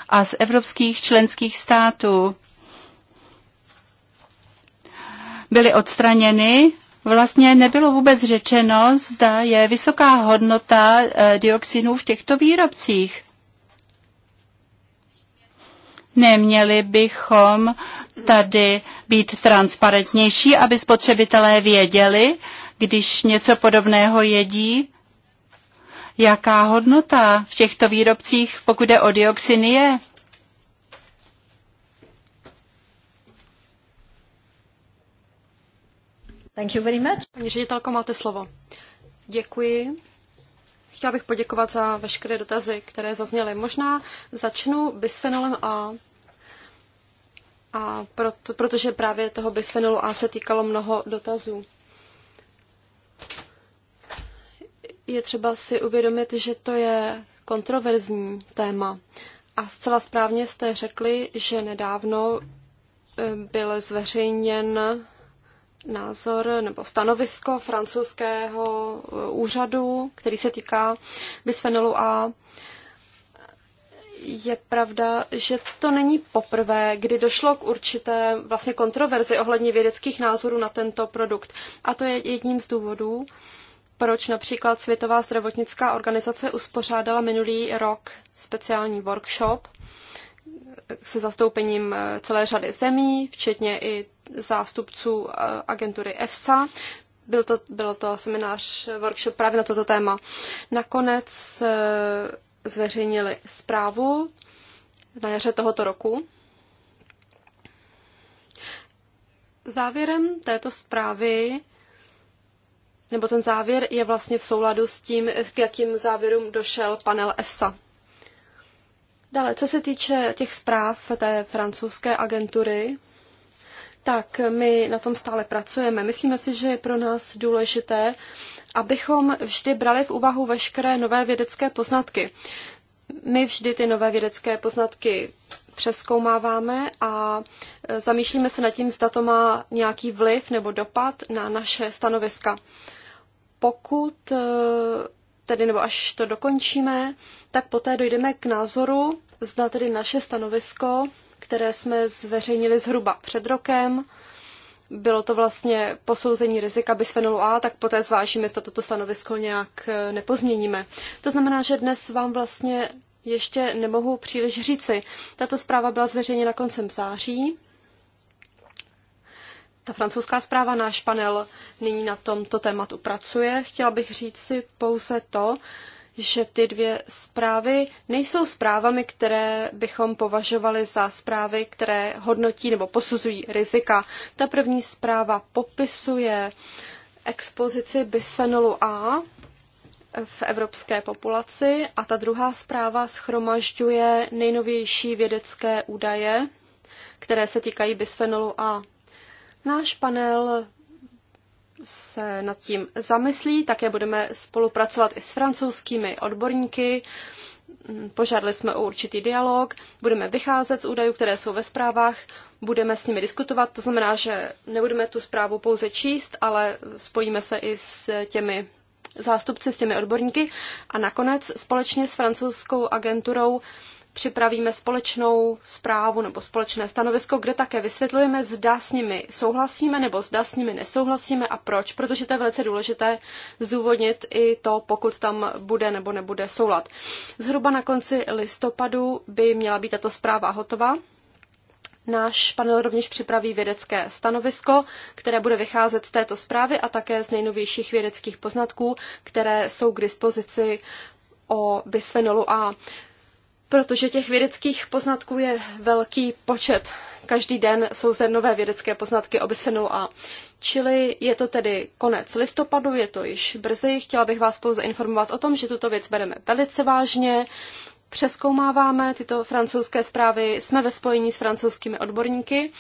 a z evropských členských států byly odstraněny vlastně nebylo vůbec řečeno, zda je vysoká hodnota eh, dioxinů v těchto výrobcích. Neměli bychom tady být transparentnější, aby spotřebitelé věděli, když něco podobného jedí, Jaká hodnota v těchto výrobcích, pokud jde o dioxin, je? Thank you very much. Paní ředitelko, máte slovo. Děkuji. Chtěla bych poděkovat za veškeré dotazy, které zazněly. Možná začnu bisfenolem A, a proto, protože právě toho bisfenolu A se týkalo mnoho dotazů. je třeba si uvědomit, že to je kontroverzní téma. A zcela správně jste řekli, že nedávno eh, byl zveřejněn názor nebo stanovisko francouzského eh, úřadu, který se týká bisfenolu A. Je pravda, že to není poprvé, kdy došlo k určité vlastně kontroverzi ohledně vědeckých názorů na tento produkt. A to je jedním z důvodů, proč například Světová zdravotnická organizace uspořádala minulý rok speciální workshop se zastoupením eh, celé řady zemí, včetně i zástupců eh, agentury EFSA. Byl to, byl to seminář, eh, workshop právě na toto téma. Nakonec zveřejnili zprávu na jaře tohoto roku. Závěrem této zprávy nebo ten závěr je vlastně v souladu s tím, k jakým závěrům došel panel EFSA. Dále, co se týče těch zpráv té francouzské agentury, tak my na tom stále pracujeme. Myslíme si, že je pro nás důležité, abychom vždy brali v úvahu veškeré nové vědecké poznatky. My vždy ty nové vědecké poznatky přeskoumáváme a e, zamýšlíme se nad tím, zda to má nějaký vliv nebo dopad na naše stanoviska. Pokud e, tedy nebo až to dokončíme, tak poté dojdeme k názoru, zda tedy naše stanovisko, které jsme zveřejnili zhruba před rokem, bylo to vlastně posouzení rizika bisfenolu A, tak poté zvážíme, zda toto stanovisko nějak e, nepozměníme. To znamená, že dnes vám vlastně ještě nemohu příliš říci. Tato zpráva byla zveřejněna koncem září. Ta francouzská zpráva, náš panel nyní na tomto tématu pracuje. Chtěla bych říct si pouze to, že ty dvě zprávy nejsou zprávami, které bychom považovali za zprávy, které hodnotí nebo posuzují rizika. Ta první zpráva popisuje expozici bisfenolu A v evropské populaci a ta druhá zpráva schromažďuje nejnovější vědecké údaje, které se týkají bisfenolu A. Náš panel se nad tím zamyslí, také budeme spolupracovat i s francouzskými odborníky. Požádali jsme o určitý dialog, budeme vycházet z údajů, které jsou ve zprávách, budeme s nimi diskutovat, to znamená, že nebudeme tu zprávu pouze číst, ale spojíme se i s těmi zástupci, s těmi odborníky a nakonec společně s francouzskou agenturou připravíme společnou zprávu nebo společné stanovisko, kde také vysvětlujeme, zda s nimi souhlasíme nebo zda s nimi nesouhlasíme a proč, protože to je velice důležité zúvodnit i to, pokud tam bude nebo nebude soulad. Zhruba na konci listopadu by měla být tato zpráva hotová. Náš panel rovněž připraví vědecké stanovisko, které bude vycházet z této zprávy a také z nejnovějších vědeckých poznatků, které jsou k dispozici o bisfenolu A. Protože těch vědeckých poznatků je velký počet. Každý den jsou zde nové vědecké poznatky o bisfenolu A. Čili je to tedy konec listopadu, je to již brzy. Chtěla bych vás pouze informovat o tom, že tuto věc bereme velice vážně, přeskoumáváme tyto francouzské zprávy, jsme ve spojení s francouzskými odborníky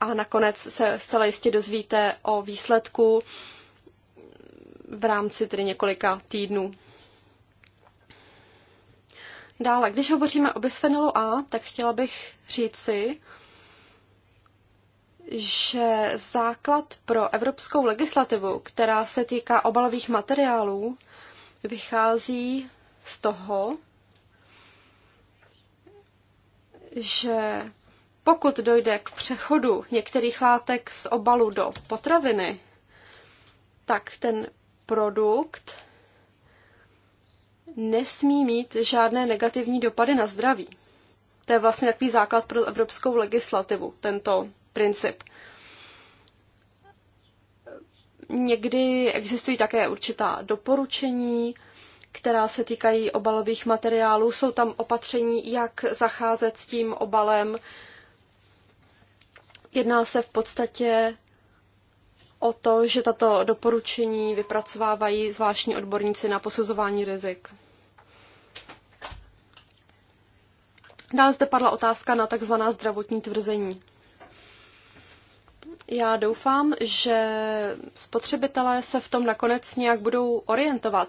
a nakonec se zcela jistě dozvíte o výsledku v rámci tedy několika týdnů. Dále, když hovoříme o bisfenolu A, tak chtěla bych říci, že základ pro evropskou legislativu, která se týká obalových materiálů, vychází z toho, že pokud dojde k přechodu některých látek z obalu do potraviny, tak ten produkt nesmí mít žádné negativní dopady na zdraví. To je vlastně takový základ pro evropskou legislativu, tento princip. Někdy existují také určitá doporučení, která se týkají obalových materiálů. Jsou tam opatření, jak zacházet s tím obalem. Jedná se v podstatě o to, že tato doporučení vypracovávají zvláštní odborníci na posuzování rizik. Dále zde padla otázka na tzv. zdravotní tvrzení. Já doufám, že spotřebitelé se v tom nakonec nějak budou orientovat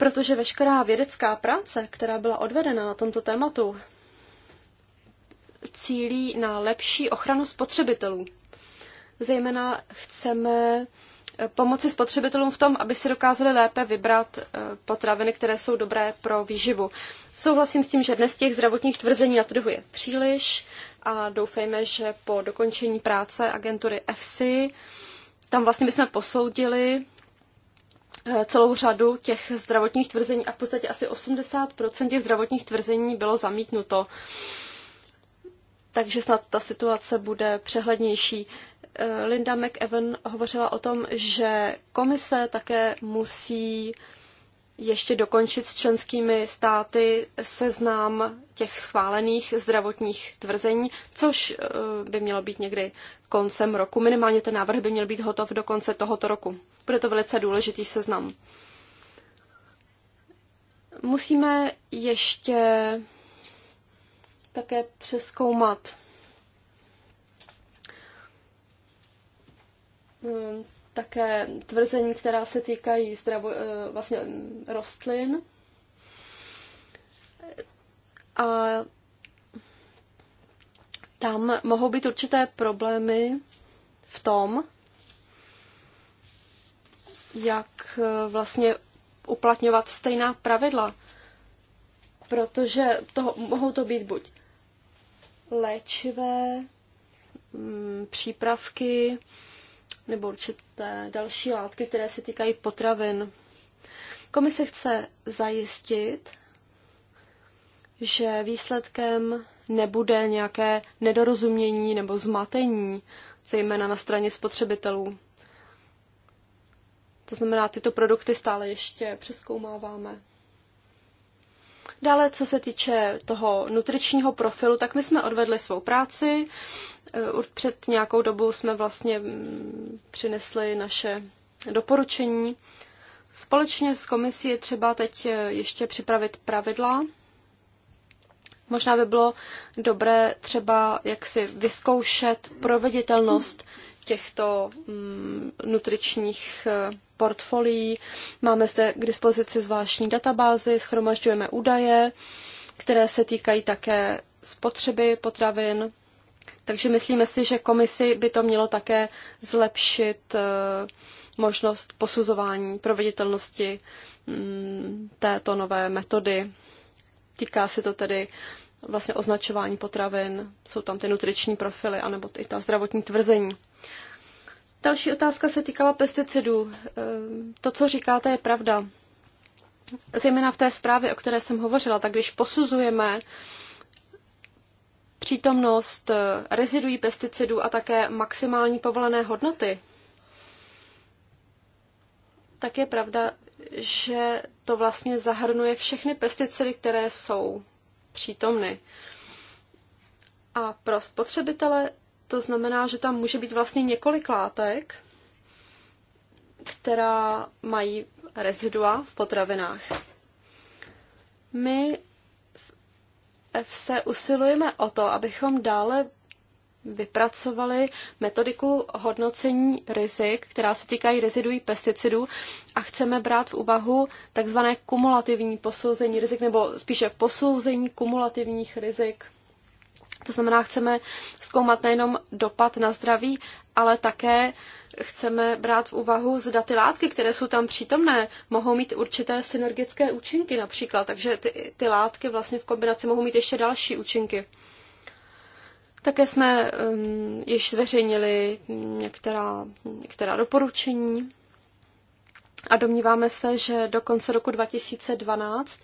protože veškerá vědecká práce, která byla odvedena na tomto tématu, cílí na lepší ochranu spotřebitelů. Zejména chceme eh, pomoci spotřebitelům v tom, aby si dokázali lépe vybrat eh, potraviny, které jsou dobré pro výživu. Souhlasím s tím, že dnes těch zdravotních tvrzení na trhu je příliš a doufejme, že po dokončení práce agentury EFSI tam vlastně bychom posoudili, Eh, celou řadu těch zdravotních tvrzení a v podstatě asi 80% těch zdravotních tvrzení bylo zamítnuto. Takže snad ta situace bude přehlednější. Eh, Linda McEwen hovořila o tom, že komise také musí ještě dokončit s členskými státy seznám těch schválených zdravotních tvrzení, což eh, by mělo být někdy koncem roku. Minimálně ten návrh by měl být hotov do konce tohoto roku. Bude to velice důležitý seznam. Musíme ještě také přeskoumat hm, také tvrzení, která se týkají zdravo, eh, vlastně rostlin. A tam mohou být určité problémy v tom, jak eh, vlastně uplatňovat stejná pravidla, protože to mohou to být buď léčivé mm, přípravky nebo určité další látky, které se týkají potravin. Komise chce zajistit, že výsledkem nebude nějaké nedorozumění nebo zmatení, zejména na straně spotřebitelů. To znamená, tyto produkty stále ještě přeskoumáváme. Dále, co se týče toho nutričního profilu, tak my jsme odvedli svou práci. Eh, už před nějakou dobou jsme vlastně mm, přinesli naše doporučení. Společně s komisí je třeba teď eh, ještě připravit pravidla. Možná by bylo dobré třeba jaksi vyzkoušet proveditelnost těchto mm, nutričních eh, portfolií. Máme zde k dispozici zvláštní databázy, schromažďujeme údaje, které se týkají také spotřeby potravin. Takže myslíme si, že komisi by to mělo také zlepšit eh, možnost posuzování proveditelnosti mm, této nové metody. Týká se to tedy vlastně označování potravin, jsou tam ty nutriční profily, anebo i ta zdravotní tvrzení. Další otázka se týkala pesticidů. Ehm, to, co říkáte, je pravda. Zejména v té zprávě, o které jsem hovořila, tak když posuzujeme přítomnost eh, reziduí pesticidů a také maximální povolené hodnoty, tak je pravda, že to vlastně zahrnuje všechny pesticidy, které jsou přítomny. A pro spotřebitele to znamená, že tam může být vlastně několik látek, která mají rezidua v potravinách. My v FC usilujeme o to, abychom dále vypracovali metodiku hodnocení rizik, která se týkají rezidují pesticidů a chceme brát v úvahu takzvané kumulativní posouzení rizik nebo spíše posouzení kumulativních rizik. To znamená, chceme zkoumat nejenom dopad na zdraví, ale také chceme brát v úvahu, zda ty látky, které jsou tam přítomné, mohou mít určité synergické účinky například. Takže ty, ty látky vlastně v kombinaci mohou mít ještě další účinky. Také jsme um, již zveřejnili některá, některá doporučení a domníváme se, že do konce roku 2012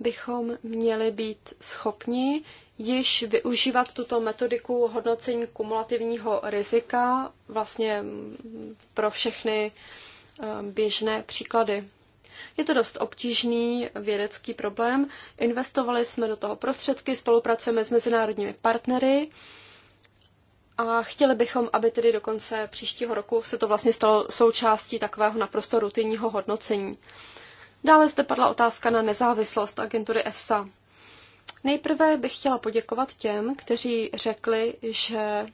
bychom měli být schopni již využívat tuto metodiku hodnocení kumulativního rizika vlastně pro všechny eh, běžné příklady. Je to dost obtížný vědecký problém. Investovali jsme do toho prostředky, spolupracujeme s mezinárodními partnery a chtěli bychom, aby tedy do konce příštího roku se to vlastně stalo součástí takového naprosto rutinního hodnocení. Dále zde padla otázka na nezávislost agentury EFSA. Nejprve bych chtěla poděkovat těm, kteří řekli, že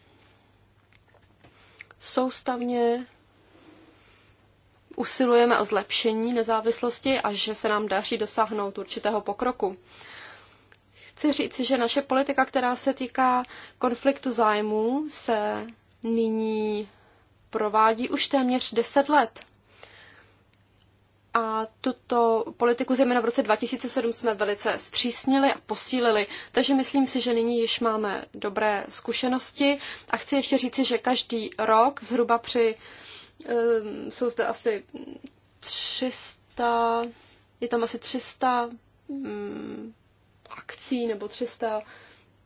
soustavně usilujeme o zlepšení nezávislosti a že se nám daří dosáhnout určitého pokroku. Chci říct, že naše politika, která se týká konfliktu zájmů, se nyní provádí už téměř 10 let a tuto politiku zejména v roce 2007 jsme velice zpřísnili a posílili. Takže myslím si, že nyní již máme dobré zkušenosti a chci ještě říci, že každý rok zhruba při ehm, jsou zde asi 300, je tam asi 300 mm, akcí nebo 300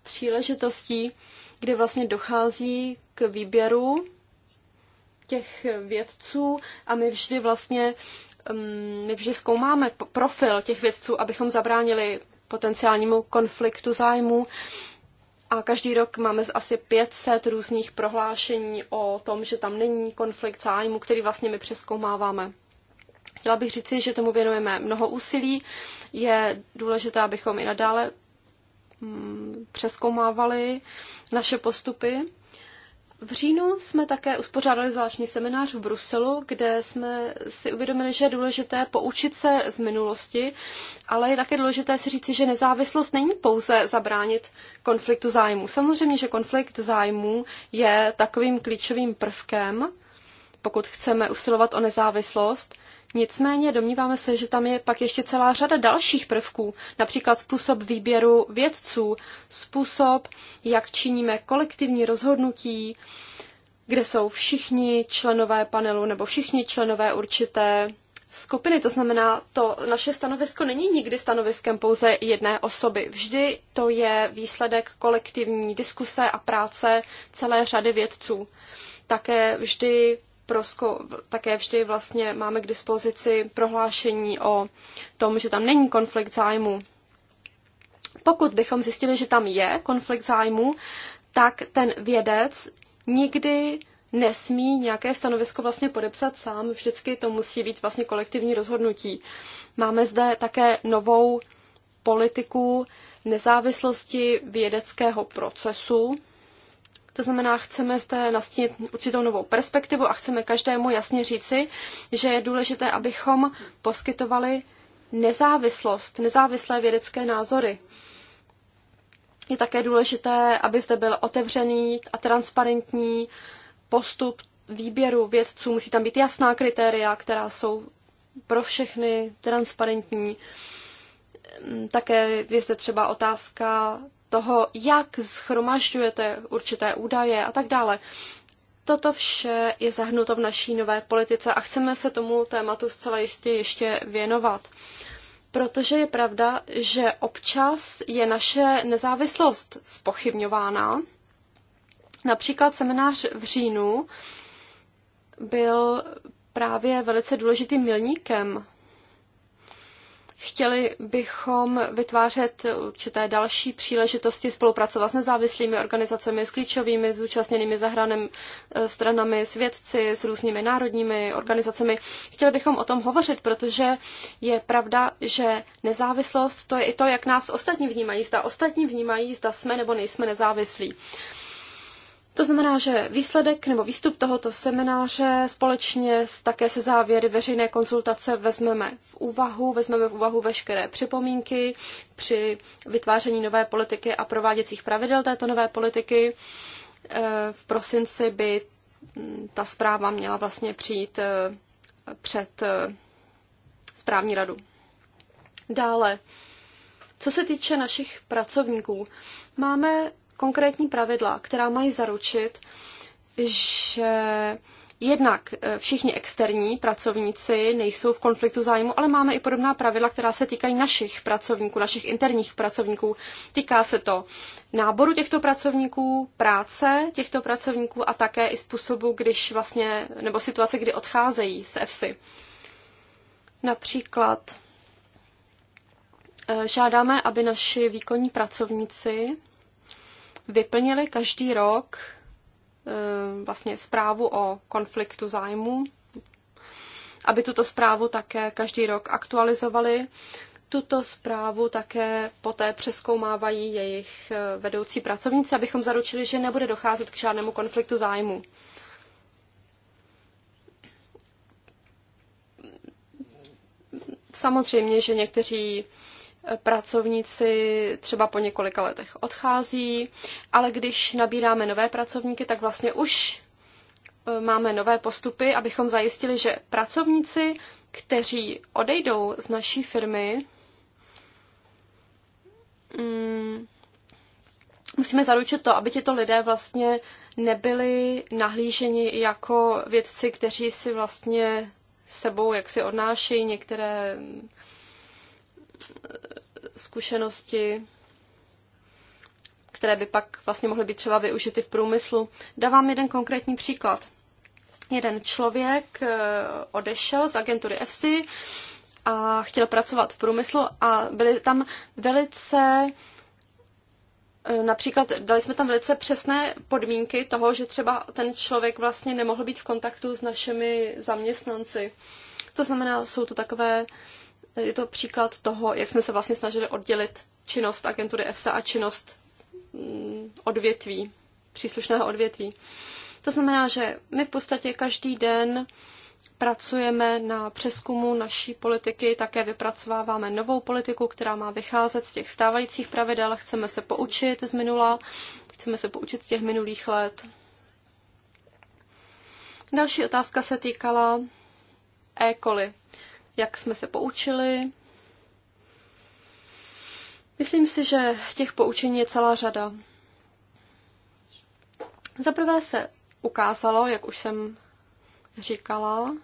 příležitostí, kde vlastně dochází k výběru těch vědců a my vždy vlastně Ehm, my vždy zkoumáme profil těch vědců, abychom zabránili potenciálnímu konfliktu zájmu. A každý rok máme asi 500 různých prohlášení o tom, že tam není konflikt zájmu, který vlastně my přeskoumáváme. Chtěla bych říci, že tomu věnujeme mnoho úsilí. Je důležité, abychom i nadále mm, přeskoumávali naše postupy v říjnu jsme také uspořádali zvláštní seminář v Bruselu, kde jsme si uvědomili, že je důležité poučit se z minulosti, ale je také důležité si říci, že nezávislost není pouze zabránit konfliktu zájmů. Samozřejmě, že konflikt zájmů je takovým klíčovým prvkem, pokud chceme usilovat o nezávislost, Nicméně domníváme se, že tam je pak ještě celá řada dalších prvků, například způsob výběru vědců, způsob, jak činíme kolektivní rozhodnutí, kde jsou všichni členové panelu nebo všichni členové určité skupiny. To znamená, to naše stanovisko není nikdy stanoviskem pouze jedné osoby. Vždy to je výsledek kolektivní diskuse a práce celé řady vědců. Také vždy prosko, také vždy vlastně máme k dispozici prohlášení o tom, že tam není konflikt zájmu. Pokud bychom zjistili, že tam je konflikt zájmu, tak ten vědec nikdy nesmí nějaké stanovisko vlastně podepsat sám, vždycky to musí být vlastně kolektivní rozhodnutí. Máme zde také novou politiku nezávislosti vědeckého procesu, to znamená, chceme zde nastínit určitou novou perspektivu a chceme každému jasně říci, že je důležité, abychom poskytovali nezávislost, nezávislé vědecké názory. Je také důležité, aby zde byl otevřený a transparentní postup výběru vědců. Musí tam být jasná kritéria, která jsou pro všechny transparentní. Také je zde třeba otázka toho, jak schromažďujete určité údaje a tak dále. Toto vše je zahnuto v naší nové politice a chceme se tomu tématu zcela jistě ještě věnovat. Protože je pravda, že občas je naše nezávislost spochybňována. Například seminář v říjnu byl právě velice důležitým milníkem Chtěli bychom vytvářet určité další příležitosti spolupracovat s nezávislými organizacemi, s klíčovými zúčastněnými zahranem eh, stranami, s vědci, s různými národními organizacemi. Chtěli bychom o tom hovořit, protože je pravda, že nezávislost to je i to, jak nás ostatní vnímají. Zda ostatní vnímají, zda jsme nebo nejsme nezávislí. To znamená, že výsledek nebo výstup tohoto semináře společně s také se závěry veřejné konzultace vezmeme v úvahu, vezmeme v úvahu veškeré připomínky při vytváření nové politiky a prováděcích pravidel této nové politiky. Eh, v prosinci by mm, ta zpráva měla vlastně přijít eh, před eh, správní radu. Dále, co se týče našich pracovníků, máme konkrétní pravidla, která mají zaručit, že jednak eh, všichni externí pracovníci nejsou v konfliktu zájmu, ale máme i podobná pravidla, která se týkají našich pracovníků, našich interních pracovníků. Týká se to náboru těchto pracovníků, práce těchto pracovníků a také i způsobu, když vlastně, nebo situace, kdy odcházejí z EFSI. Například eh, žádáme, aby naši výkonní pracovníci vyplnili každý rok eh, vlastně zprávu o konfliktu zájmu, aby tuto zprávu také každý rok aktualizovali. Tuto zprávu také poté přeskoumávají jejich eh, vedoucí pracovníci, abychom zaručili, že nebude docházet k žádnému konfliktu zájmu. Samozřejmě, že někteří pracovníci třeba po několika letech odchází, ale když nabíráme nové pracovníky, tak vlastně už e, máme nové postupy, abychom zajistili, že pracovníci, kteří odejdou z naší firmy, mm, musíme zaručit to, aby tyto lidé vlastně nebyli nahlíženi jako vědci, kteří si vlastně sebou jaksi odnášejí některé zkušenosti, které by pak vlastně mohly být třeba využity v průmyslu. Dávám jeden konkrétní příklad. Jeden člověk eh, odešel z agentury FC a chtěl pracovat v průmyslu a byly tam velice eh, Například dali jsme tam velice přesné podmínky toho, že třeba ten člověk vlastně nemohl být v kontaktu s našimi zaměstnanci. To znamená, jsou to takové je to příklad toho, jak jsme se vlastně snažili oddělit činnost agentury EFSA a činnost mm, odvětví, příslušného odvětví. To znamená, že my v podstatě každý den pracujeme na přeskumu naší politiky, také vypracováváme novou politiku, která má vycházet z těch stávajících pravidel, chceme se poučit z minula, chceme se poučit z těch minulých let. Další otázka se týkala e-koli jak jsme se poučili. Myslím si, že těch poučení je celá řada. Za prvé se ukázalo, jak už jsem říkala,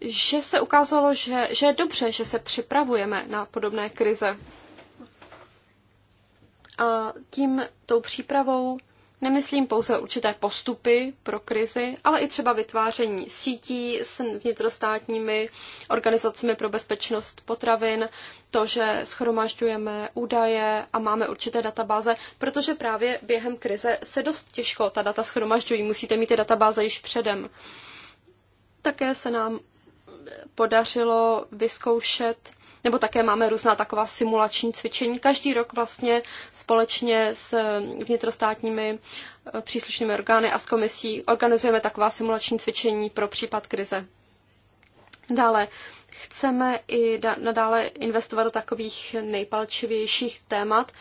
že se ukázalo, že, že je dobře, že se připravujeme na podobné krize. A tím tou přípravou Nemyslím pouze určité postupy pro krizi, ale i třeba vytváření sítí s vnitrostátními organizacemi pro bezpečnost potravin, to, že schromažďujeme údaje a máme určité databáze, protože právě během krize se dost těžko ta data schromažďují, musíte mít ty databáze již předem. Také se nám podařilo vyzkoušet nebo také máme různá taková simulační cvičení. Každý rok vlastně společně s eh, vnitrostátními eh, příslušnými orgány a s komisí organizujeme taková simulační cvičení pro případ krize. Dále chceme i nadále investovat do takových nejpalčivějších témat.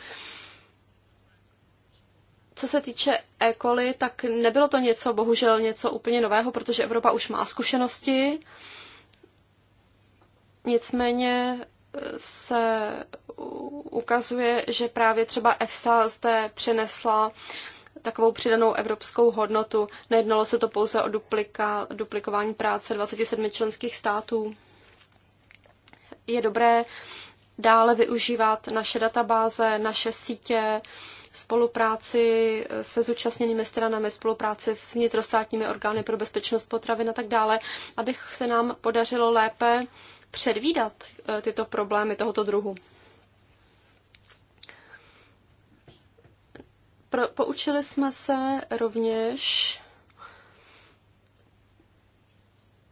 Co se týče e tak nebylo to něco, bohužel něco úplně nového, protože Evropa už má zkušenosti. Nicméně se ukazuje, že právě třeba EFSA zde přinesla takovou přidanou evropskou hodnotu. Nejednalo se to pouze o duplika, duplikování práce 27 členských států. Je dobré dále využívat naše databáze, naše sítě, spolupráci se zúčastněnými stranami, spolupráci s vnitrostátními orgány pro bezpečnost potravin a tak dále, abych se nám podařilo lépe předvídat eh, tyto problémy tohoto druhu. Pro, poučili jsme se rovněž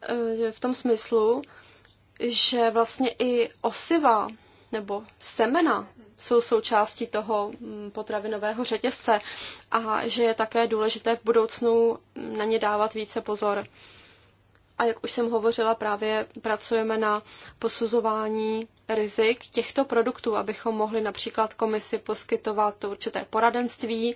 eh, v tom smyslu, že vlastně i osiva nebo semena jsou součástí toho mm, potravinového řetězce a že je také důležité v budoucnu na ně dávat více pozor a jak už jsem hovořila, právě pracujeme na posuzování rizik těchto produktů, abychom mohli například komisi poskytovat určité poradenství, e,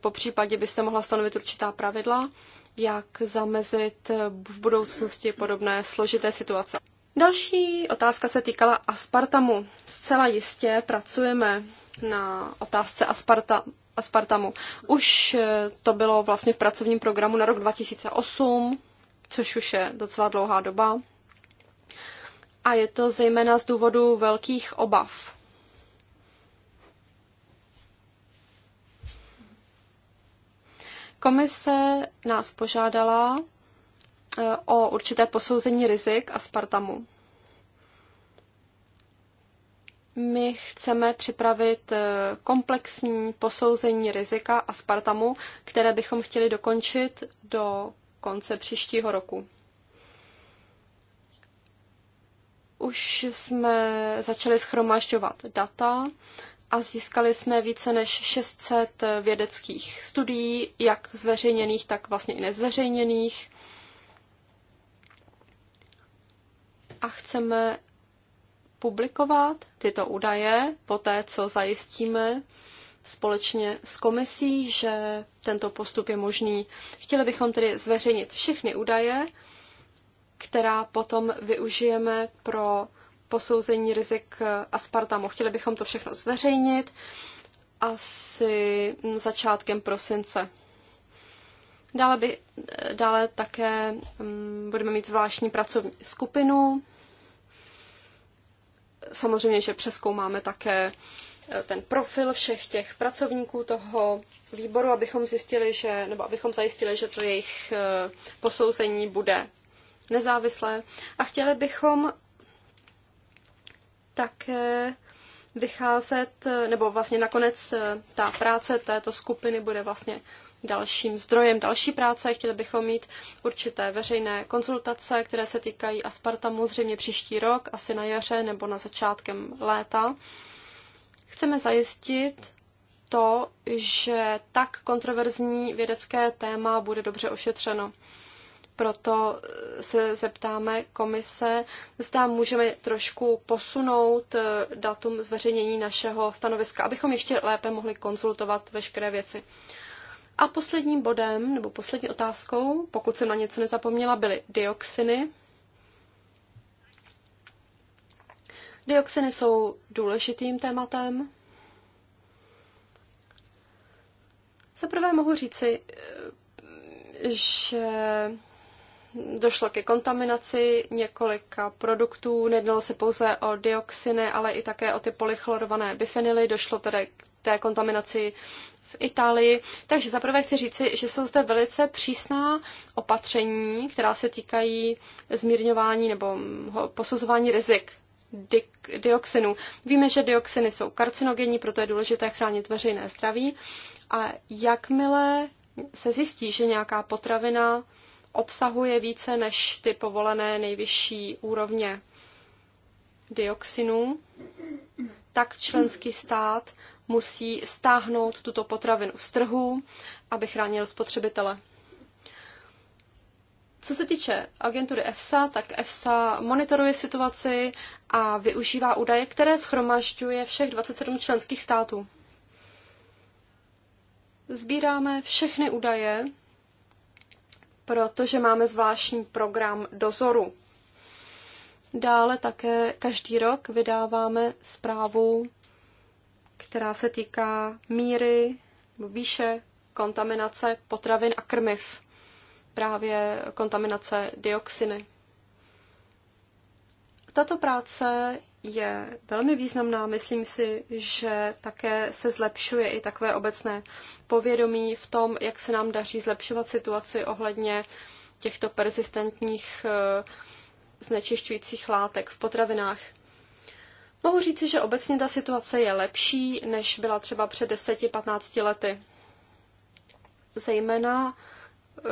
po případě by se mohla stanovit určitá pravidla, jak zamezit v budoucnosti podobné složité situace. Další otázka se týkala aspartamu. Zcela jistě pracujeme na otázce asparta, aspartamu. Už e, to bylo vlastně v pracovním programu na rok 2008 což už je docela dlouhá doba. A je to zejména z důvodu velkých obav. Komise nás požádala eh, o určité posouzení rizik a Spartamu. My chceme připravit eh, komplexní posouzení rizika a Spartamu, které bychom chtěli dokončit do konce příštího roku. Už jsme začali schromažďovat data a získali jsme více než 600 vědeckých studií, jak zveřejněných, tak vlastně i nezveřejněných. A chceme publikovat tyto údaje po té, co zajistíme, společně s komisí, že tento postup je možný. Chtěli bychom tedy zveřejnit všechny údaje, která potom využijeme pro posouzení rizik aspartamu. Chtěli bychom to všechno zveřejnit asi začátkem prosince. Dále, by, dále také mm, budeme mít zvláštní pracovní skupinu. Samozřejmě, že přeskoumáme také Eh, ten profil všech těch pracovníků toho výboru, abychom zjistili, že, nebo abychom zajistili, že to jejich eh, posouzení bude nezávislé. A chtěli bychom také vycházet, eh, nebo vlastně nakonec ta práce této skupiny bude vlastně dalším zdrojem další práce. Chtěli bychom mít určité veřejné konzultace, které se týkají Aspartamu zřejmě příští rok, asi na jaře nebo na začátkem léta. Chceme zajistit to, že tak kontroverzní vědecké téma bude dobře ošetřeno. Proto eh, se zeptáme komise, zda můžeme trošku posunout eh, datum zveřejnění našeho stanoviska, abychom ještě lépe mohli konzultovat veškeré věci. A posledním bodem, nebo poslední otázkou, pokud jsem na něco nezapomněla, byly dioxiny. Dioxiny jsou důležitým tématem. Zaprvé mohu říci, že došlo ke kontaminaci několika produktů. Nejednalo se pouze o dioxiny, ale i také o ty polychlorované bifenily. Došlo tedy k té kontaminaci v Itálii. Takže zaprvé chci říci, že jsou zde velice přísná opatření, která se týkají zmírňování nebo posuzování rizik dioxinů. Víme, že dioxiny jsou karcinogenní, proto je důležité chránit veřejné zdraví. A jakmile se zjistí, že nějaká potravina obsahuje více než ty povolené nejvyšší úrovně dioxinů, tak členský stát musí stáhnout tuto potravinu z trhu, aby chránil spotřebitele. Co se týče agentury EFSA, tak EFSA monitoruje situaci a využívá údaje, které schromažďuje všech 27 členských států. Zbíráme všechny údaje, protože máme zvláštní program dozoru. Dále také každý rok vydáváme zprávu, která se týká míry výše kontaminace potravin a krmiv právě kontaminace dioxiny. Tato práce je velmi významná. Myslím si, že také se zlepšuje i takové obecné povědomí v tom, jak se nám daří zlepšovat situaci ohledně těchto persistentních eh, znečišťujících látek v potravinách. Mohu říci, že obecně ta situace je lepší, než byla třeba před 10-15 lety. Zejména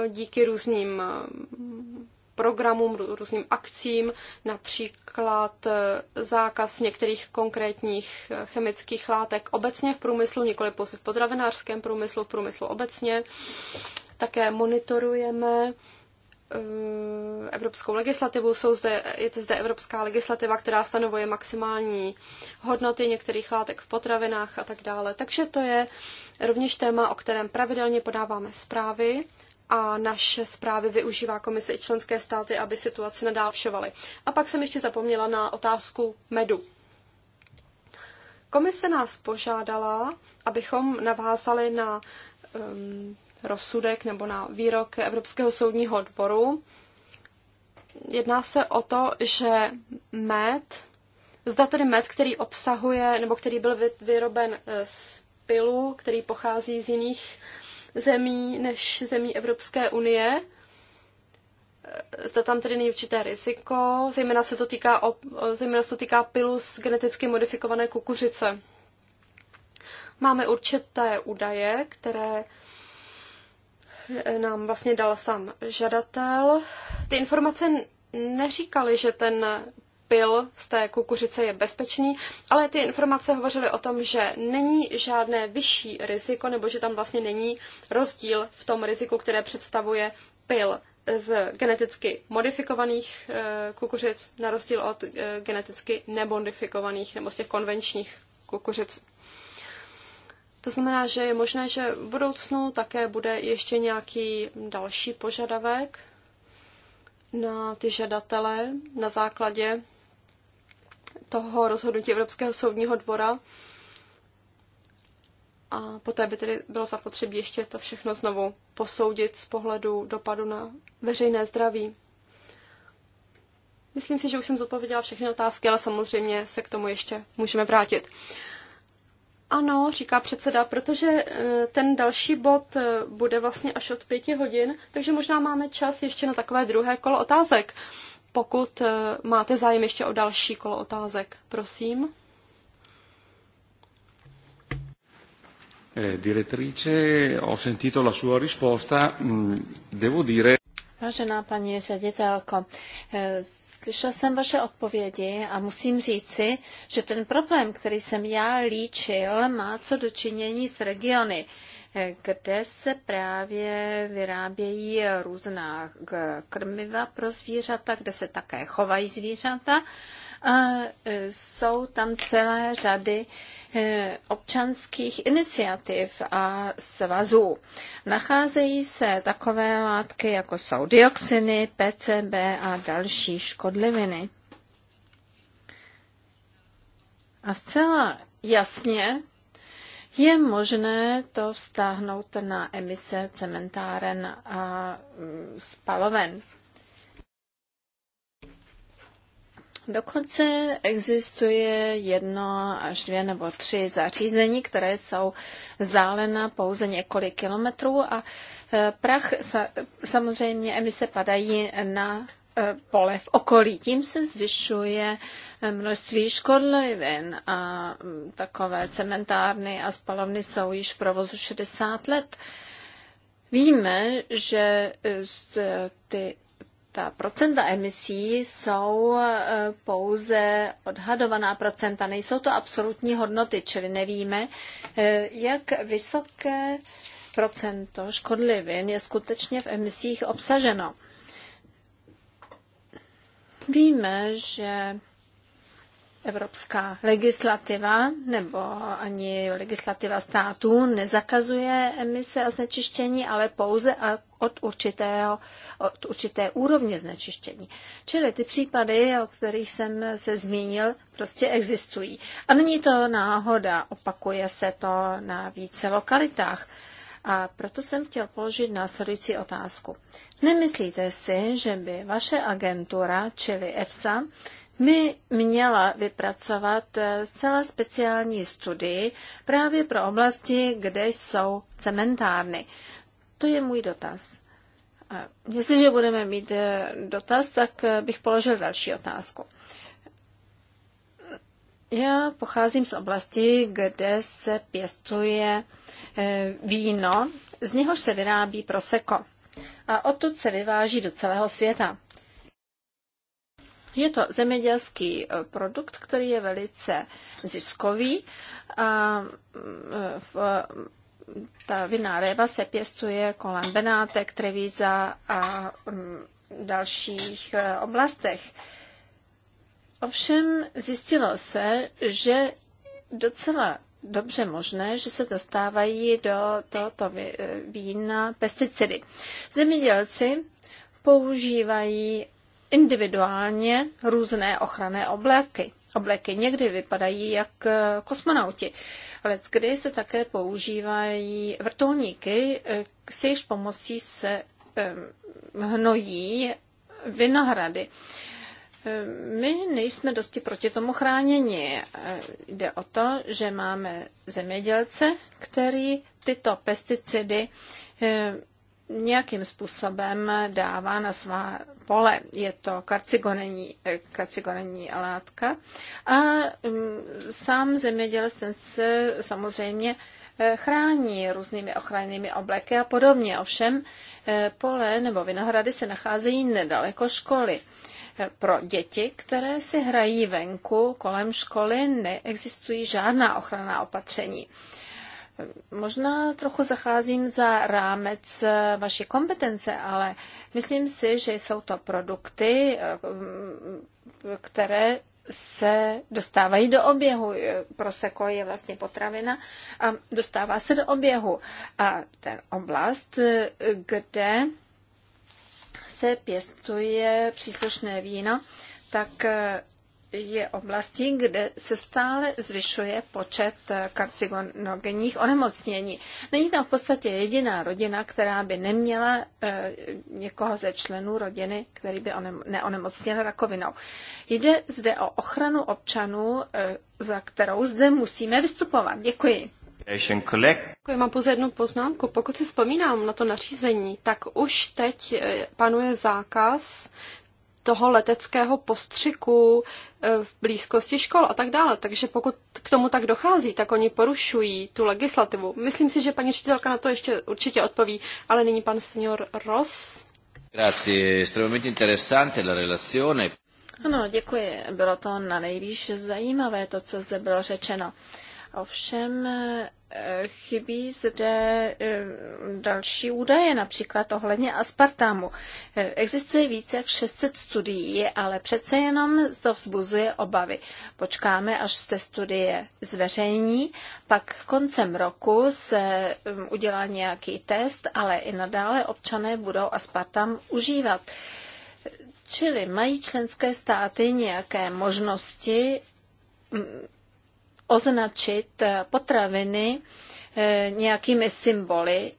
díky různým eh, programům, různým akcím, například eh, zákaz některých konkrétních eh, chemických látek obecně v průmyslu, nikoli pouze v potravinářském průmyslu, v průmyslu obecně. Také monitorujeme evropskou legislativu. Jsou zde, je zde evropská legislativa, která stanovuje maximální hodnoty některých látek v potravinách a tak dále. Takže to je rovněž téma, o kterém pravidelně podáváme zprávy a naše zprávy využívá komise i členské státy, aby situaci nadále všovaly. A pak jsem ještě zapomněla na otázku medu. Komise nás požádala, abychom navázali na um, rozsudek nebo na výrok Evropského soudního dvoru. Jedná se o to, že med, zda tedy med, který obsahuje, nebo který byl vyroben eh, z pilu, který pochází z jiných uh, zemí než zemí Evropské unie. Zda tam tedy není určité riziko, zejména se to týká, zejména se to týká pilu z geneticky modifikované kukuřice. Máme určité údaje, které eh, nám vlastně dal sám žadatel. Ty informace neříkali, že ten pil z té kukuřice je bezpečný, ale ty informace hovořily o tom, že není žádné vyšší riziko, nebo že tam vlastně není rozdíl v tom riziku, které představuje pil z geneticky modifikovaných eh, kukuřic na rozdíl od eh, geneticky nemodifikovaných nebo z těch konvenčních kukuřic. To znamená, že je možné, že v budoucnu také bude ještě nějaký další požadavek na ty žadatele na základě toho rozhodnutí Evropského soudního dvora. A poté by tedy bylo zapotřebí ještě to všechno znovu posoudit z pohledu dopadu na veřejné zdraví. Myslím si, že už jsem zodpověděla všechny otázky, ale samozřejmě se k tomu ještě můžeme vrátit. Ano, říká předseda, protože eh, ten další bod eh, bude vlastně až od pěti hodin, takže možná máme čas ještě na takové druhé kolo otázek. Pokud eh, máte zájem ještě o další kolo otázek, prosím. Eh, Direktrice, ho sentito la sua risposta, mm, devo dire... Vážená paní ředitelko, eh, slyšel jsem vaše odpovědi a musím říci, že ten problém, který jsem já líčil, má co dočinění s regiony kde se právě vyrábějí různá krmiva pro zvířata, kde se také chovají zvířata. A e, jsou tam celé řady e, občanských iniciativ a svazů. Nacházejí se takové látky, jako jsou dioxiny, PCB a další škodliviny. A zcela jasně je možné to vztáhnout na emise cementáren a mm, spaloven. Dokonce existuje jedno až dvě nebo tři zařízení, které jsou vzdálena pouze několik kilometrů a e, prach, samozřejmě emise padají na E, pole v okolí. Tím se zvyšuje e, množství škodlivin a takové cementárny a spalovny jsou již v provozu 60 let. Víme, že e, ty ta procenta emisí jsou pouze odhadovaná procenta, nejsou to absolutní hodnoty, čili nevíme, jak vysoké procento škodlivin je skutečně v emisích obsaženo. Víme, že evropská legislativa nebo ani legislativa států nezakazuje emise a znečištění, ale pouze od, určitého, od určité úrovně znečištění. Čili ty případy, o kterých jsem se zmínil, prostě existují. A není to náhoda, opakuje se to na více lokalitách. A proto jsem chtěl položit následující otázku. Nemyslíte si, že by vaše agentura, čili EFSA, mi měla vypracovat eh, zcela speciální studii právě pro oblasti, kde jsou cementárny? To je můj dotaz. Jestliže budeme mít eh, dotaz, tak eh, bych položil další otázku. Já pocházím z oblasti, kde se pěstuje eh, víno, z něhož se vyrábí proseko a odtud se vyváží do celého světa. Je to zemědělský eh, produkt, který je velice ziskový a mm, v, mm, ta vinná réva se pěstuje kolem Benátek, Trevíza a mm, dalších eh, oblastech. Ovšem zjistilo se, že docela dobře možné, že se dostávají do tohoto eh, vína pesticidy. Zemědělci používají individuálně různé ochranné obléky. Obléky někdy vypadají jak eh, kosmonauti, ale kdy se také používají vrtulníky, eh, s jejichž pomocí se hnojí vinohrady. My nejsme dosti proti tomu chránění. Jde o to, že máme zemědělce, který tyto pesticidy eh, nějakým způsobem dává na svá pole. Je to karcigonení, eh, karcigonení látka. A mm, sám zemědělec ten se samozřejmě eh, chrání různými ochrannými obleky a podobně. Ovšem pole nebo vinohrady se nacházejí nedaleko školy. Pro děti, které si hrají venku kolem školy, neexistují žádná ochranná opatření. Možná trochu zacházím za rámec eh, vaší kompetence, ale myslím si, že jsou to produkty, eh, které se dostávají do oběhu. Eh, Proseko je vlastně potravina a dostává se do oběhu. A ten oblast, kde se pěstuje příslušné víno, tak eh, je oblastí, kde se stále zvyšuje počet eh, karcinogenních onemocnění. Není tam v podstatě jediná rodina, která by neměla eh, někoho ze členů rodiny, který by neonemocněl rakovinou. Jde zde o ochranu občanů, za kterou zde musíme vystupovat. Děkuji. Děkuji, mám pouze jednu poznámku. Pokud si vzpomínám na to nařízení, tak už teď eh, panuje zákaz toho leteckého postřiku eh, v blízkosti škol a tak dále. Takže pokud k tomu tak dochází, tak oni porušují tu legislativu. Myslím si, že paní ředitelka na to ještě určitě odpoví, ale nyní pan senior Ross. Grazie, estremamente interessante la relazione. Ano, děkuji. Bylo to na nejvíc zajímavé, to, co zde bylo řečeno. Ovšem eh, chybí zde eh, další údaje, například ohledně aspartámu. Eh, existuje více jak 600 studií, ale přece jenom to vzbuzuje obavy. Počkáme, až ty studie zveřejní, pak koncem roku se udělá nějaký test, ale i nadále občané budou aspartam užívat. Čili mají členské státy nějaké možnosti mm, označit eh, potraviny eh, nějakými symboly,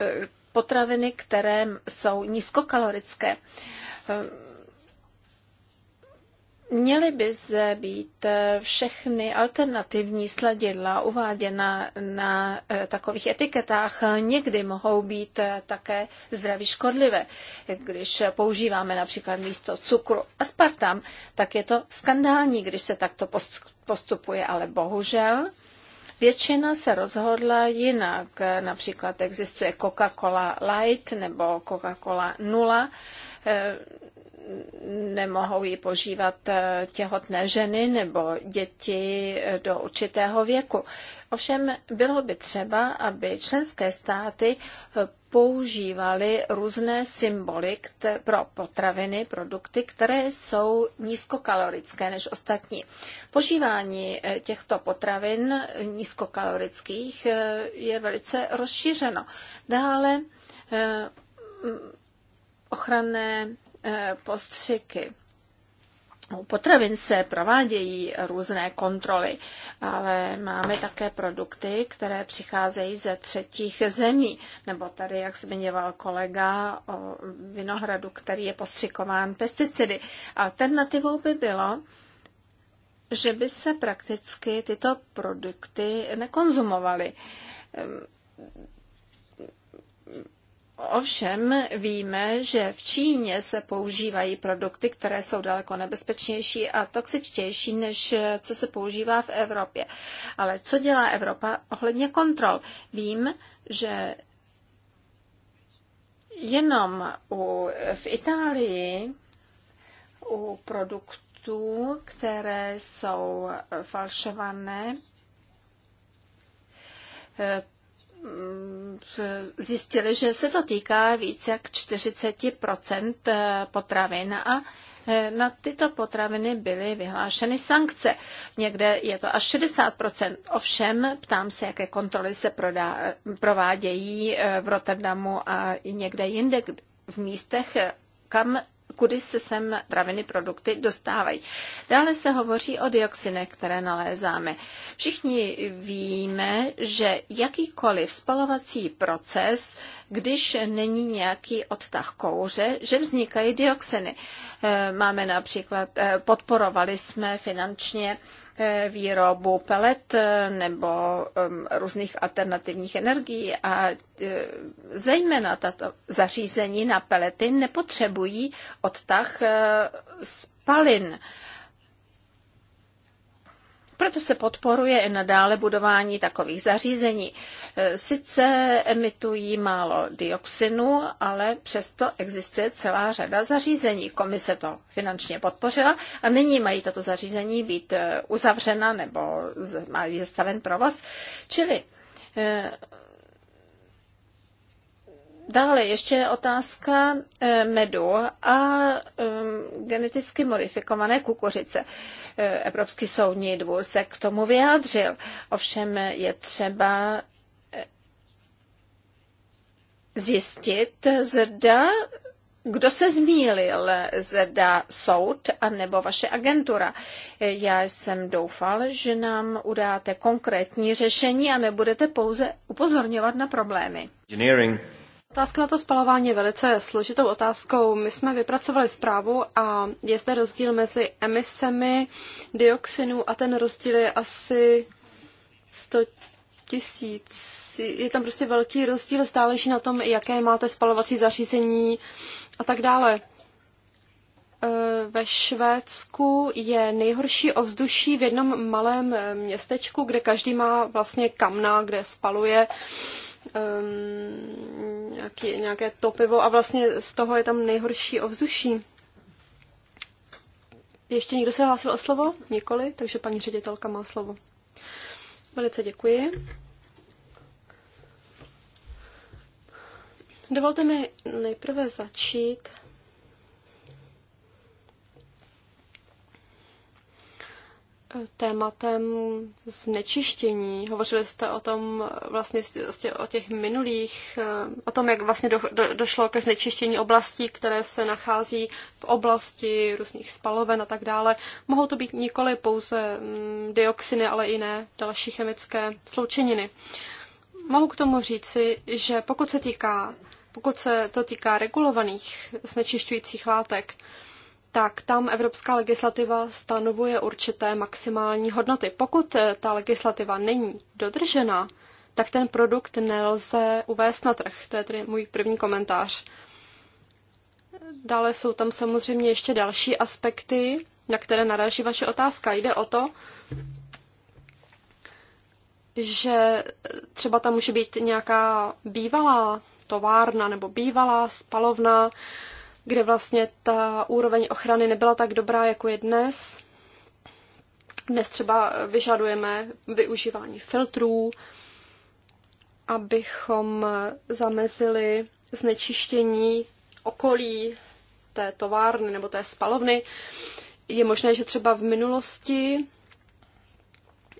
eh, potraviny, které jsou nízkokalorické. Měly by zde být eh, všechny alternativní sladidla uváděna na eh, takových etiketách. Někdy mohou být eh, také zdraví škodlivé. Když používáme například místo cukru aspartam, tak je to skandální, když se takto postupuje, ale bohužel Většina se rozhodla jinak. Například existuje Coca-Cola Light nebo Coca-Cola Nula nemohou ji požívat eh, těhotné ženy nebo děti eh, do určitého věku. Ovšem bylo by třeba, aby členské státy eh, používaly různé symboly pro potraviny, produkty, které jsou nízkokalorické než ostatní. Požívání těchto potravin nízkokalorických je velice rozšířeno. Dále ochranné Eh, postřiky. U potravin se provádějí různé kontroly, ale máme také produkty, které přicházejí ze třetích zemí. Nebo tady, jak zmiňoval kolega o vinohradu, který je postřikován pesticidy. Alternativou by bylo, že by se prakticky tyto produkty nekonzumovaly Ovšem víme, že v Číně se používají produkty, které jsou daleko nebezpečnější a toxičtější, než eh, co se používá v Evropě. Ale co dělá Evropa ohledně kontrol? Vím, že jenom u, v Itálii u produktů, které jsou eh, falšované, eh, Eh, zjistili, že se to týká více jak 40 eh, potravin a eh, na tyto potraviny byly vyhlášeny sankce. Někde je to až 60%. Ovšem, ptám se, jaké kontroly se prodá, provádějí v Rotterdamu a někde jinde v místech, kam kudy se sem traviny produkty dostávají. Dále se hovoří o dioxinech, které nalézáme. Všichni víme, že jakýkoliv spalovací proces, když není nějaký odtah kouře, že vznikají dioxiny. Eh, máme například, eh, podporovali jsme finančně Eh, výrobu pelet eh, nebo různých alternativních energií a eh, zejména tato zařízení na pelety nepotřebují odtah z palin. Proto se podporuje i nadále budování takových zařízení. E, sice emitují málo dioxinu, ale přesto existuje celá řada zařízení. Komise to finančně podpořila a nyní mají tato zařízení být e, uzavřena nebo mají zastaven provoz. Čili e, Dále ještě otázka eh, medu a eh, geneticky modifikované kukuřice. Eh, Evropský soudní dvůr se k tomu vyjádřil. Ovšem je třeba zjistit, zda kdo se zmílil, zda soud a nebo vaše agentura? Já jsem doufal, že nám udáte konkrétní řešení a nebudete pouze upozorňovat na problémy. Engineering. Otázka na to spalování je velice složitou otázkou. My jsme vypracovali zprávu a je zde rozdíl mezi emisemi dioxinu a ten rozdíl je asi 100 tisíc. Je tam prostě velký rozdíl, záleží na tom, jaké máte spalovací zařízení a tak dále. E, ve Švédsku je nejhorší ovzduší v jednom malém městečku, kde každý má vlastně kamna, kde spaluje um, nějaký, nějaké topivo a vlastně z toho je tam nejhorší ovzduší. Ještě někdo se hlásil o slovo? Nikoli, takže paní ředitelka má slovo. Velice děkuji. Dovolte mi nejprve začít tématem znečištění. Hovořili jste o tom vlastně jste o těch minulých, eh, o tom, jak vlastně do, do, došlo ke znečištění oblastí, které se nachází v oblasti různých spaloven a tak dále. Mohou to být nikoli pouze mm, dioxiny, ale i ne další chemické sloučeniny. Mohu k tomu říci, že pokud se týká pokud se to týká regulovaných znečišťujících látek, tak tam evropská legislativa stanovuje určité maximální hodnoty. Pokud eh, ta legislativa není dodržena, tak ten produkt nelze uvést na trh. To je tedy můj první komentář. Dále jsou tam samozřejmě ještě další aspekty, na které naráží vaše otázka. Jde o to, že třeba tam může být nějaká bývalá továrna nebo bývalá spalovna, kde vlastně ta úroveň ochrany nebyla tak dobrá, jako je dnes. Dnes třeba vyžadujeme využívání filtrů, abychom zamezili znečištění okolí té továrny nebo té spalovny. Je možné, že třeba v minulosti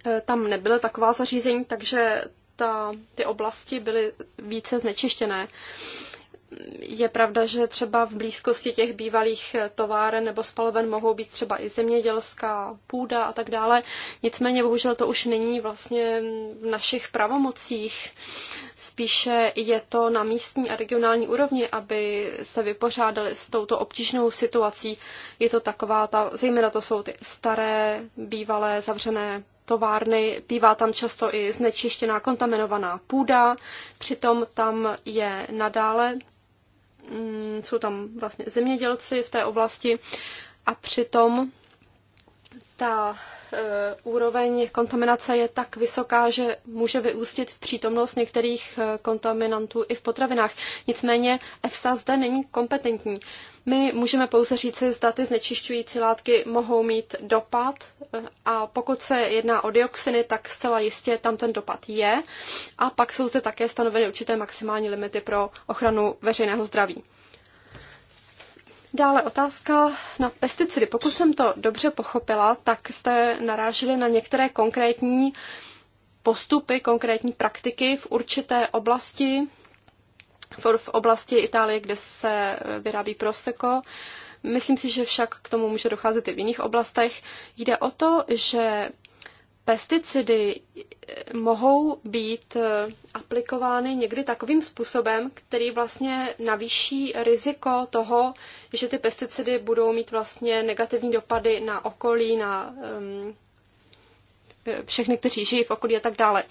eh, tam nebyly taková zařízení, takže ta, ty oblasti byly více znečištěné je pravda, že třeba v blízkosti těch bývalých továren nebo spaloven mohou být třeba i zemědělská půda a tak dále. Nicméně bohužel to už není vlastně v našich pravomocích. Spíše je to na místní a regionální úrovni, aby se vypořádali s touto obtížnou situací. Je to taková ta, zejména to jsou ty staré, bývalé, zavřené továrny, bývá tam často i znečištěná, kontaminovaná půda, přitom tam je nadále Mm, jsou tam vlastně zemědělci v té oblasti a přitom ta e, úroveň kontaminace je tak vysoká, že může vyústit v přítomnost některých e, kontaminantů i v potravinách. Nicméně EFSA zde není kompetentní. My můžeme pouze říci, zda ty znečišťující látky mohou mít dopad eh, a pokud se jedná o dioxiny, tak zcela jistě tam ten dopad je a pak jsou zde také stanoveny určité maximální limity pro ochranu veřejného zdraví. Dále otázka na pesticidy. Pokud jsem to dobře pochopila, tak jste narážili na některé konkrétní postupy, konkrétní praktiky v určité oblasti v oblasti Itálie, kde se eh, vyrábí prosecco. Myslím si, že však k tomu může docházet i v jiných oblastech. Jde o to, že pesticidy eh, mohou být eh, aplikovány někdy takovým způsobem, který vlastně navýší riziko toho, že ty pesticidy budou mít vlastně negativní dopady na okolí, na um, všechny, kteří žijí v okolí a tak dále. Uh,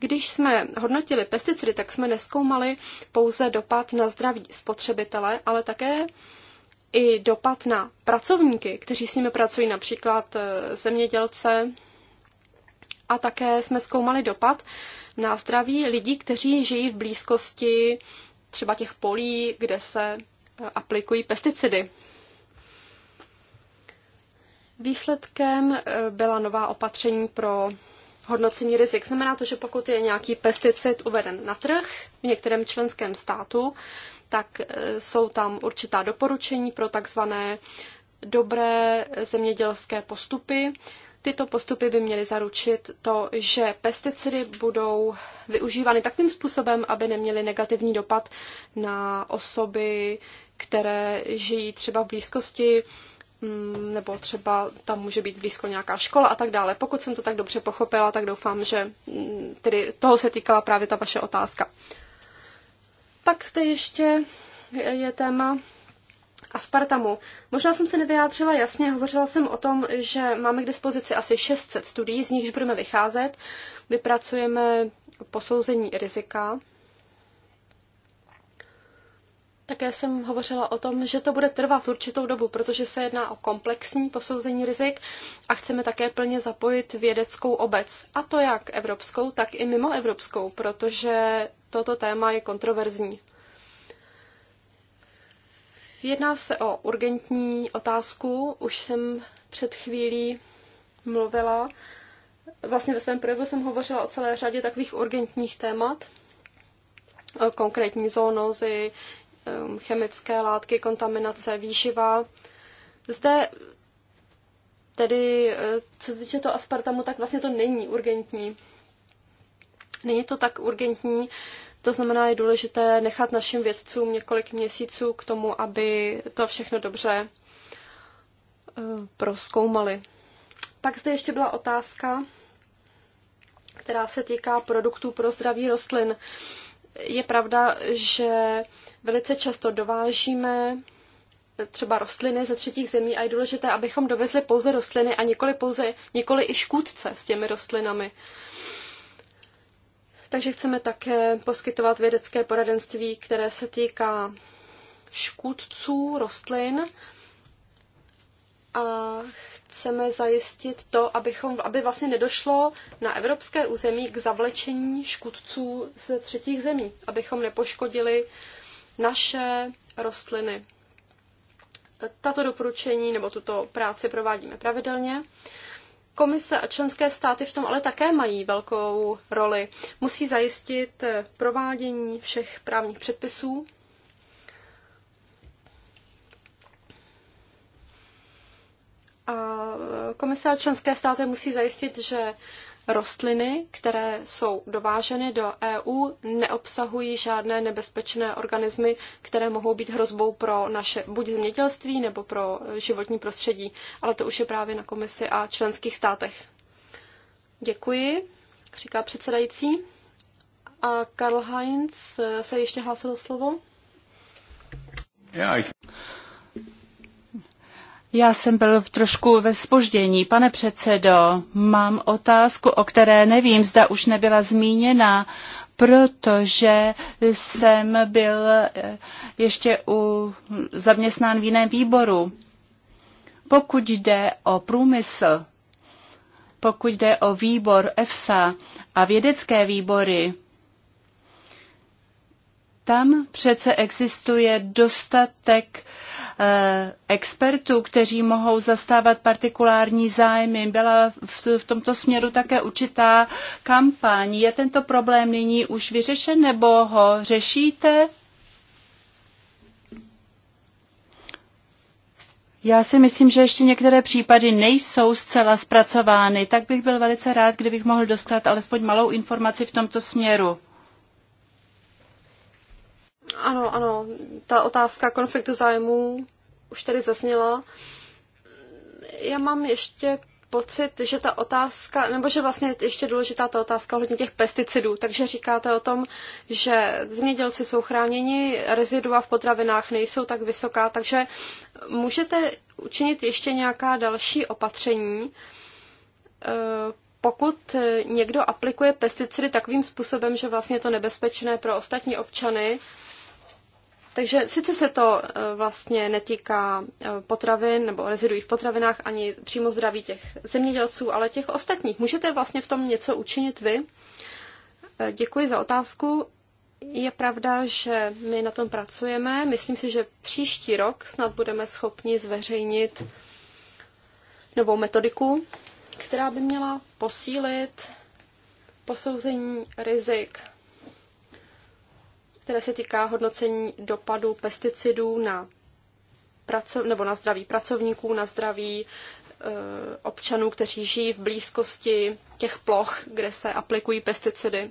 když jsme hodnotili pesticidy, tak jsme neskoumali pouze dopad na zdraví spotřebitele, ale také i dopad na pracovníky, kteří s nimi pracují, například e, zemědělce. A také jsme zkoumali dopad na zdraví lidí, kteří žijí v blízkosti třeba těch polí, kde se e, aplikují pesticidy. Výsledkem e, byla nová opatření pro hodnocení rizik. Znamená to, že pokud je nějaký pesticid uveden na trh v některém členském státu, tak e, jsou tam určitá doporučení pro takzvané dobré zemědělské postupy. Tyto postupy by měly zaručit to, že pesticidy budou využívány takovým způsobem, aby neměly negativní dopad na osoby, které žijí třeba v blízkosti Mm, nebo třeba tam může být blízko nějaká škola a tak dále. Pokud jsem to tak dobře pochopila, tak doufám, že mm, tedy toho se týkala právě ta vaše otázka. Pak zde ještě je téma Aspartamu. Možná jsem se nevyjádřila jasně, hovořila jsem o tom, že máme k dispozici asi 600 studií, z nichž budeme vycházet. Vypracujeme posouzení rizika také jsem hovořila o tom, že to bude trvat určitou dobu, protože se jedná o komplexní posouzení rizik a chceme také plně zapojit vědeckou obec. A to jak evropskou, tak i mimo evropskou, protože toto téma je kontroverzní. Jedná se o urgentní otázku. Už jsem před chvílí mluvila. Vlastně ve svém projevu jsem hovořila o celé řadě takových urgentních témat. Konkrétní zoonózy, Um, chemické látky, kontaminace, výživa. Zde tedy, eh, co se týče toho aspartamu, tak vlastně to není urgentní. Není to tak urgentní, to znamená, je důležité nechat našim vědcům několik měsíců k tomu, aby to všechno dobře eh, proskoumali. Pak zde ještě byla otázka, která se týká produktů pro zdraví rostlin je pravda, že velice často dovážíme třeba rostliny ze třetích zemí a je důležité, abychom dovezli pouze rostliny a nikoli, pouze, nikoli i škůdce s těmi rostlinami. Takže chceme také poskytovat vědecké poradenství, které se týká škůdců rostlin a chceme zajistit to, abychom, aby vlastně nedošlo na evropské území k zavlečení škůdců z třetích zemí, abychom nepoškodili naše rostliny. Tato doporučení nebo tuto práci provádíme pravidelně. Komise a členské státy v tom ale také mají velkou roli. Musí zajistit provádění všech právních předpisů A komise a členské státy musí zajistit, že Rostliny, které jsou dováženy do EU, neobsahují žádné nebezpečné organismy, které mohou být hrozbou pro naše buď zemědělství nebo pro životní prostředí, ale to už je právě na komisi a členských státech. Děkuji, říká předsedající. A Karl Heinz se ještě hlásil o slovo. Já, I... Já jsem byl v trošku ve spoždění. Pane předsedo, mám otázku, o které nevím, zda už nebyla zmíněna, protože jsem byl eh, ještě u, zaměstnán v jiném výboru. Pokud jde o průmysl, pokud jde o výbor EFSA a vědecké výbory, tam přece existuje dostatek uh, Eh, expertů, kteří mohou zastávat partikulární zájmy. Byla v, v tomto směru také určitá kampaň. Je tento problém nyní už vyřešen nebo ho řešíte? Já si myslím, že ještě některé případy nejsou zcela zpracovány, tak bych byl velice rád, kdybych mohl dostat alespoň malou informaci v tomto směru. Ano, ano, ta otázka konfliktu zájmů už tady zazněla. Já mám ještě pocit, že ta otázka, nebo že vlastně ještě důležitá ta otázka ohledně těch pesticidů. Takže říkáte o tom, že zemědělci jsou chráněni, rezidua v potravinách nejsou tak vysoká, takže můžete učinit ještě nějaká další opatření, eh, pokud někdo aplikuje pesticidy takovým způsobem, že vlastně je to nebezpečné pro ostatní občany, takže sice se to eh, vlastně netýká eh, potravin nebo rezidují v potravinách ani přímo zdraví těch zemědělců, ale těch ostatních. Můžete vlastně v tom něco učinit vy? Eh, děkuji za otázku. Je pravda, že my na tom pracujeme. Myslím si, že příští rok snad budeme schopni zveřejnit novou metodiku, která by měla posílit posouzení rizik které se týká hodnocení dopadu pesticidů na, praco- nebo na zdraví pracovníků, na zdraví e, občanů, kteří žijí v blízkosti těch ploch, kde se aplikují pesticidy. E,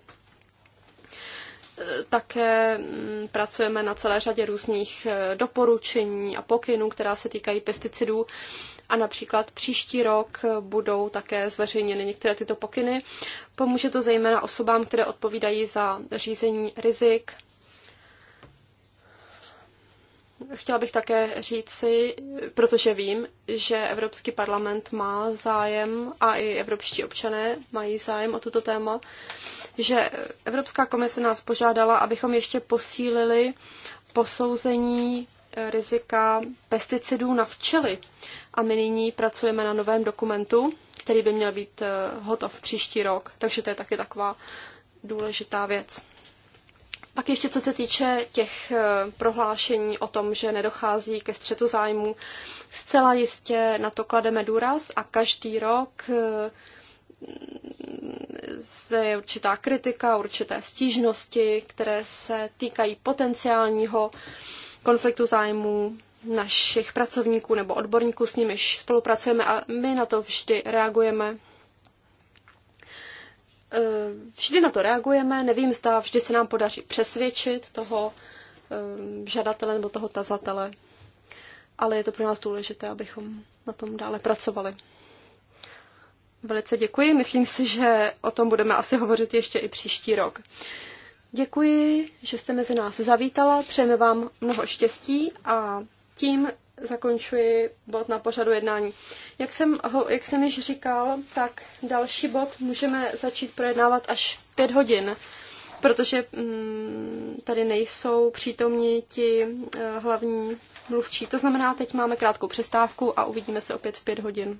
také mm, pracujeme na celé řadě různých e, doporučení a pokynů, která se týkají pesticidů. A například příští rok budou také zveřejněny některé tyto pokyny. Pomůže to zejména osobám, které odpovídají za řízení rizik, Chtěla bych také říci, protože vím, že Evropský parlament má zájem a i evropští občané mají zájem o tuto téma, že Evropská komise nás požádala, abychom ještě posílili posouzení eh, rizika pesticidů na včely. A my nyní pracujeme na novém dokumentu, který by měl být eh, hotov příští rok, takže to je taky taková důležitá věc. Pak ještě co se týče těch eh, prohlášení o tom, že nedochází ke střetu zájmu, zcela jistě na to klademe důraz a každý rok eh, je určitá kritika, určité stížnosti, které se týkají potenciálního konfliktu zájmu našich pracovníků nebo odborníků, s nimiž spolupracujeme a my na to vždy reagujeme Eh, vždy na to reagujeme, nevím, zda vždy se nám podaří přesvědčit toho eh, žadatele nebo toho tazatele, ale je to pro nás důležité, abychom na tom dále pracovali. Velice děkuji. Myslím si, že o tom budeme asi hovořit ještě i příští rok. Děkuji, že jste mezi nás zavítala. Přejeme vám mnoho štěstí a tím zakončuji bod na pořadu jednání. Jak jsem, ho, jak jsem již říkal, tak další bod můžeme začít projednávat až pět hodin, protože mm, tady nejsou přítomní ti eh, hlavní mluvčí. To znamená, teď máme krátkou přestávku a uvidíme se opět v pět hodin.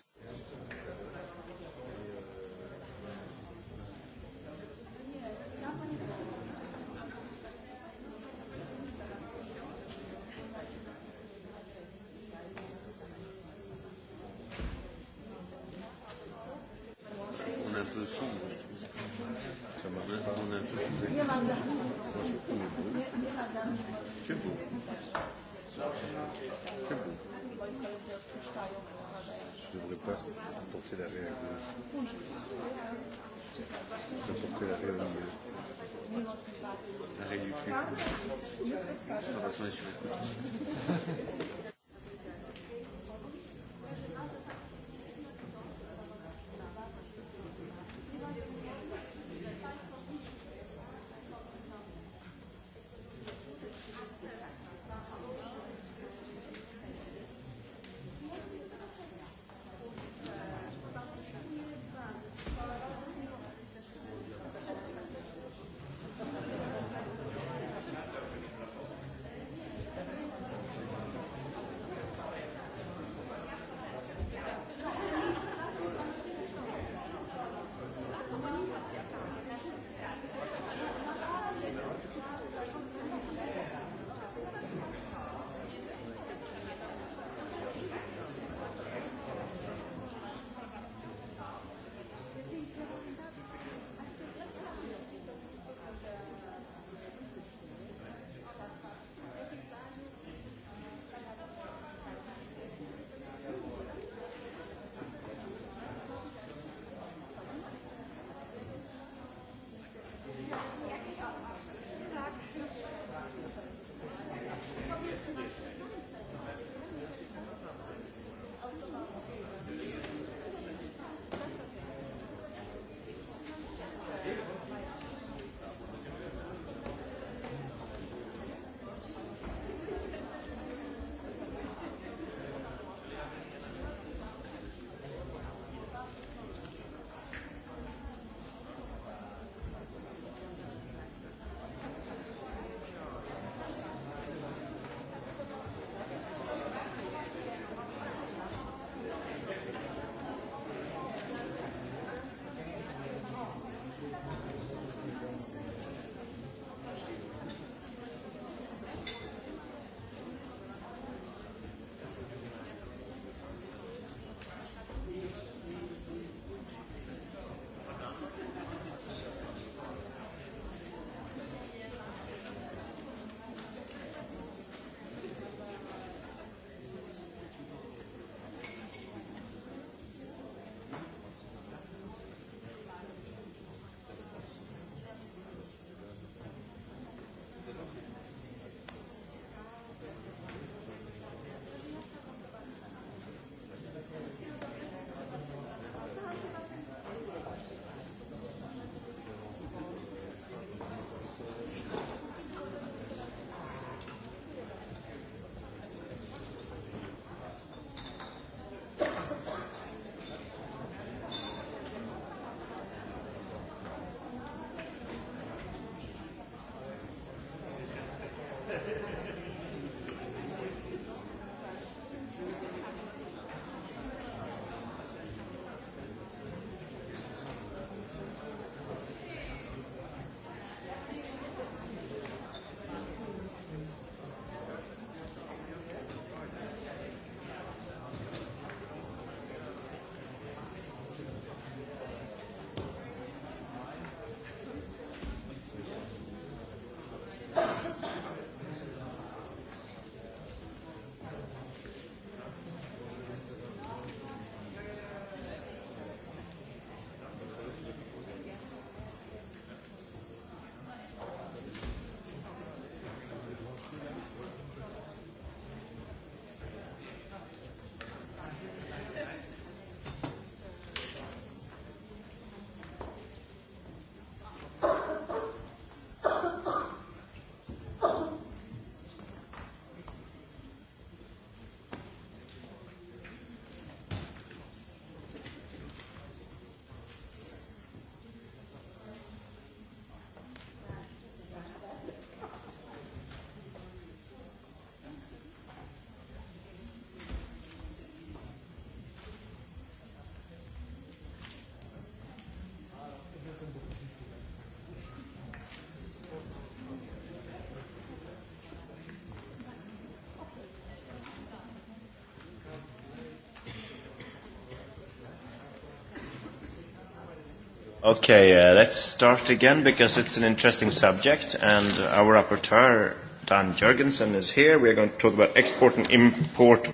Okay, uh, let's start again because it's an interesting subject and our rapporteur Dan Jurgensen is here. We are going to talk about export and import.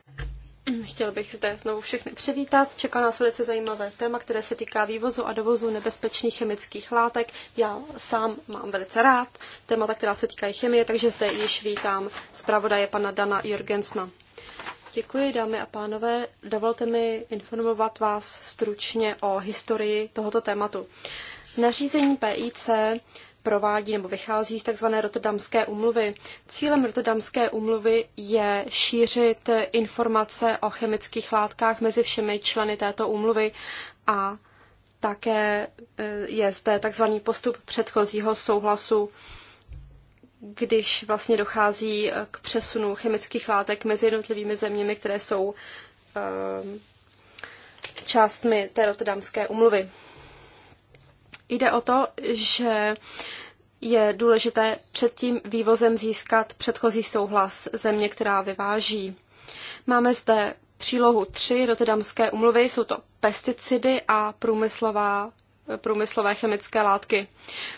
Chtěl bych zde znovu všechny přivítat. Čeká nás velice zajímavé téma, které se týká vývozu a dovozu nebezpečných chemických látek. Já sám mám velice rád témata, která se týkají chemie, takže zde již vítám zpravodaje pana Dana Jorgensna. Děkuji, dámy a pánové. Dovolte mi informovat vás stručně o historii tohoto tématu. Nařízení PIC provádí nebo vychází z tzv. Rotterdamské umluvy. Cílem Rotterdamské umluvy je šířit informace o chemických látkách mezi všemi členy této umluvy a také e, je zde tzv. postup předchozího souhlasu když vlastně dochází eh, k přesunu chemických látek mezi jednotlivými zeměmi, které jsou ehm, částmi té rotterdamské umluvy. Jde o to, že je důležité před tím vývozem získat předchozí souhlas země, která vyváží. Máme zde přílohu 3 Rotterdamské umluvy, jsou to pesticidy a průmyslová průmyslové chemické látky.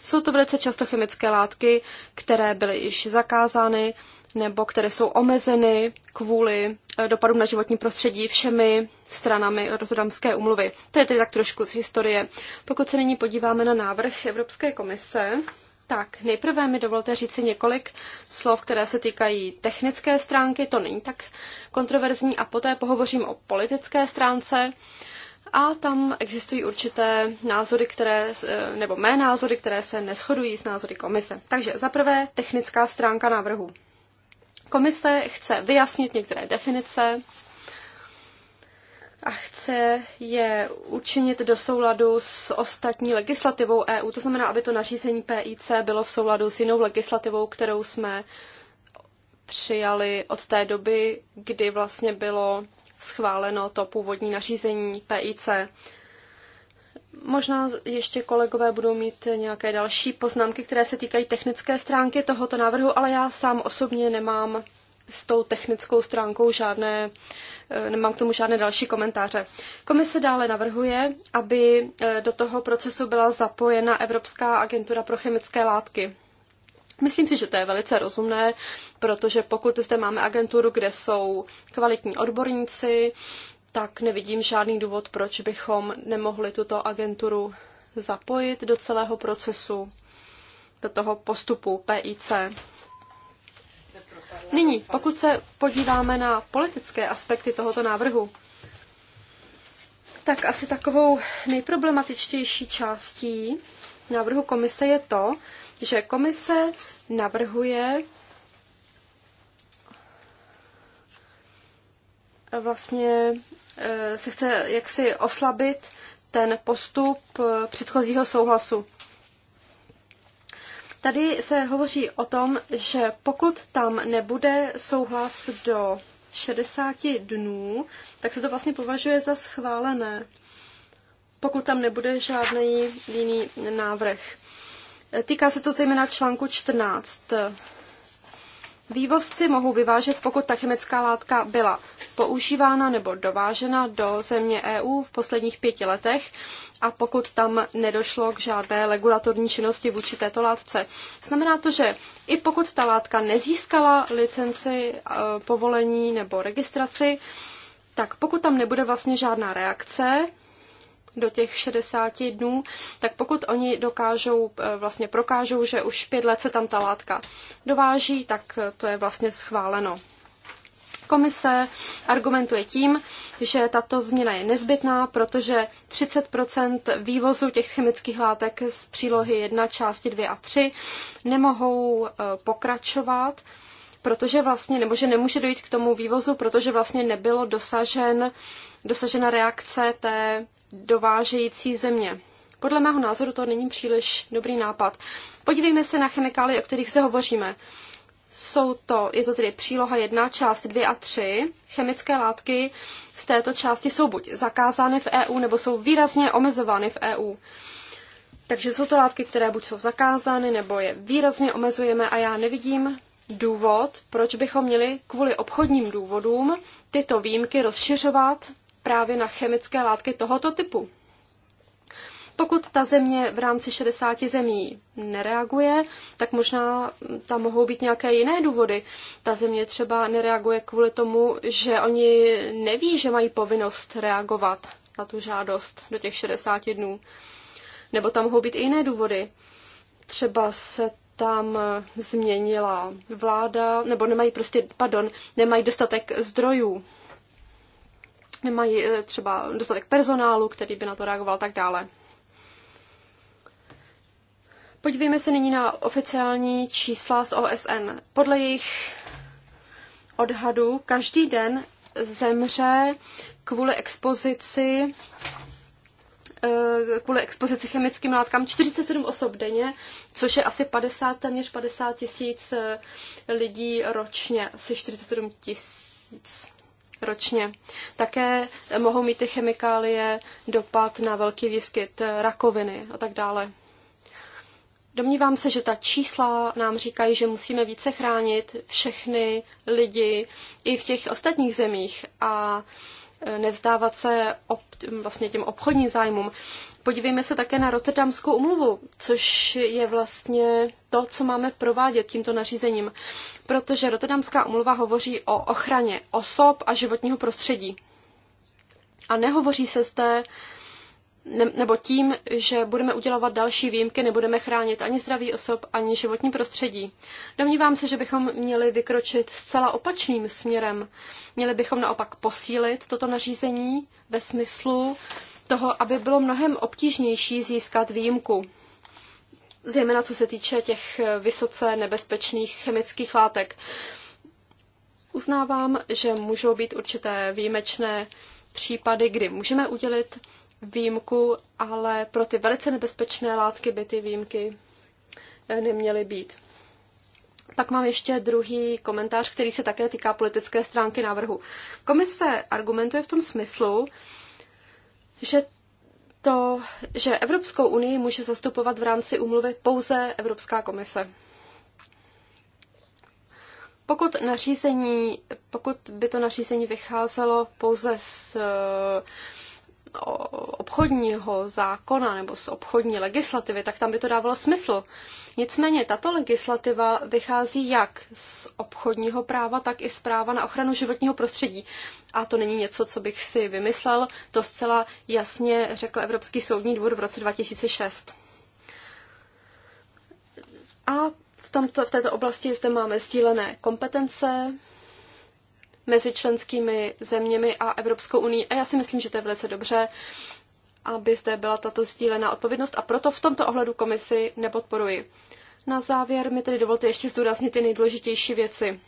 Jsou to velice často chemické látky, které byly již zakázány nebo které jsou omezeny kvůli eh, dopadům na životní prostředí všemi stranami Rotterdamské umluvy. To je tedy tak trošku z historie. Pokud se nyní podíváme na návrh Evropské komise, tak nejprve mi dovolte říci několik slov, které se týkají technické stránky, to není tak kontroverzní, a poté pohovořím o politické stránce. Uh, a tam existují určité názory, které, e, nebo mé názory, které se neschodují s názory komise. Takže za prvé technická stránka návrhu. Komise chce vyjasnit některé definice a chce je učinit do souladu s ostatní legislativou EU, to znamená, aby to nařízení PIC bylo v souladu s jinou legislativou, kterou jsme přijali od té doby, kdy vlastně bylo schváleno to původní nařízení PIC. Možná ještě kolegové budou mít nějaké další poznámky, které se týkají technické stránky tohoto návrhu, ale já sám osobně nemám s tou technickou stránkou žádné, eh, nemám k tomu žádné další komentáře. Komise dále navrhuje, aby eh, do toho procesu byla zapojena Evropská agentura pro chemické látky. Myslím si, že to je velice rozumné, protože pokud zde máme agenturu, kde jsou kvalitní odborníci, tak nevidím žádný důvod, proč bychom nemohli tuto agenturu zapojit do celého procesu, do toho postupu PIC. Nyní, pokud se podíváme na politické aspekty tohoto návrhu, tak asi takovou nejproblematičtější částí návrhu komise je to, že komise navrhuje vlastně eh, se chce jaksi oslabit ten postup eh, předchozího souhlasu. Tady se hovoří o tom, že pokud tam nebude souhlas do 60 dnů, tak se to vlastně považuje za schválené, pokud tam nebude žádný jiný návrh. Týká se to zejména článku 14. Vývozci mohou vyvážet, pokud ta chemická látka byla používána nebo dovážena do země EU v posledních pěti letech a pokud tam nedošlo k žádné regulatorní činnosti vůči této látce. Znamená to, že i pokud ta látka nezískala licenci, eh, povolení nebo registraci, tak pokud tam nebude vlastně žádná reakce, do těch 60 dnů, tak pokud oni dokážou, eh, vlastně prokážou, že už pět let se tam ta látka dováží, tak eh, to je vlastně schváleno. Komise argumentuje tím, že tato změna je nezbytná, protože 30 vývozu těch chemických látek z přílohy 1, části 2 a 3 nemohou eh, pokračovat, protože vlastně, nebo že nemůže dojít k tomu vývozu, protože vlastně nebylo dosažen, dosažena reakce té dovážející země. Podle mého názoru to není příliš dobrý nápad. Podívejme se na chemikálie, o kterých zde hovoříme. Jsou to, je to tedy příloha 1, část 2 a 3. Chemické látky z této části jsou buď zakázány v EU, nebo jsou výrazně omezovány v EU. Takže jsou to látky, které buď jsou zakázány, nebo je výrazně omezujeme a já nevidím důvod, proč bychom měli kvůli obchodním důvodům tyto výjimky rozšiřovat právě na chemické látky tohoto typu. Pokud ta země v rámci 60 zemí nereaguje, tak možná tam mohou být nějaké jiné důvody. Ta země třeba nereaguje kvůli tomu, že oni neví, že mají povinnost reagovat na tu žádost do těch 60 dnů. Nebo tam mohou být i jiné důvody. Třeba se tam změnila vláda, nebo nemají prostě, pardon, nemají dostatek zdrojů nemají eh, třeba dostatek personálu, který by na to reagoval tak dále. Podívejme se nyní na oficiální čísla z OSN. Podle jejich odhadu každý den zemře kvůli expozici eh, kvůli expozici chemickým látkám 47 osob denně, což je asi 50, téměř 50 tisíc eh, lidí ročně, asi 47 tisíc ročně. Také mohou mít ty chemikálie dopad na velký výskyt rakoviny a tak dále. Domnívám se, že ta čísla nám říkají, že musíme více chránit všechny lidi i v těch ostatních zemích a Eh, nevzdávat se ob, vlastně těm obchodním zájmům. Podívejme se také na Rotterdamskou umluvu, což je vlastně to, co máme provádět tímto nařízením, protože Rotterdamská umluva hovoří o ochraně osob a životního prostředí. A nehovoří se zde uh, ne, nebo tím, že budeme udělovat další výjimky, nebudeme chránit ani zdraví osob, ani životní prostředí. Domnívám se, že bychom měli vykročit zcela opačným směrem. Měli bychom naopak posílit toto nařízení ve smyslu toho, aby bylo mnohem obtížnější získat výjimku. Zejména co se týče těch vysoce nebezpečných chemických látek. Uznávám, že můžou být určité výjimečné případy, kdy můžeme udělit výjimku, ale pro ty velice nebezpečné látky by ty výjimky eh, neměly být. Pak mám ještě druhý komentář, který se také týká politické stránky návrhu. Komise argumentuje v tom smyslu, že to, že Evropskou unii může zastupovat v rámci umluvy pouze Evropská komise. Pokud, nařízení, pokud by to nařízení vycházelo pouze z uh, obchodního zákona nebo z obchodní legislativy, tak tam by to dávalo smysl. Nicméně tato legislativa vychází jak z obchodního práva, tak i z práva na ochranu životního prostředí. A to není něco, co bych si vymyslel, to zcela jasně řekl Evropský soudní dvůr v roce 2006. A v, tomto, v této oblasti zde máme sdílené kompetence, mezi členskými zeměmi a Evropskou unii. A já si myslím, že to je velice dobře, aby zde byla tato sdílená odpovědnost a proto v tomto ohledu komisi nepodporuji. Na závěr mi tedy dovolte ještě zdůraznit ty nejdůležitější věci.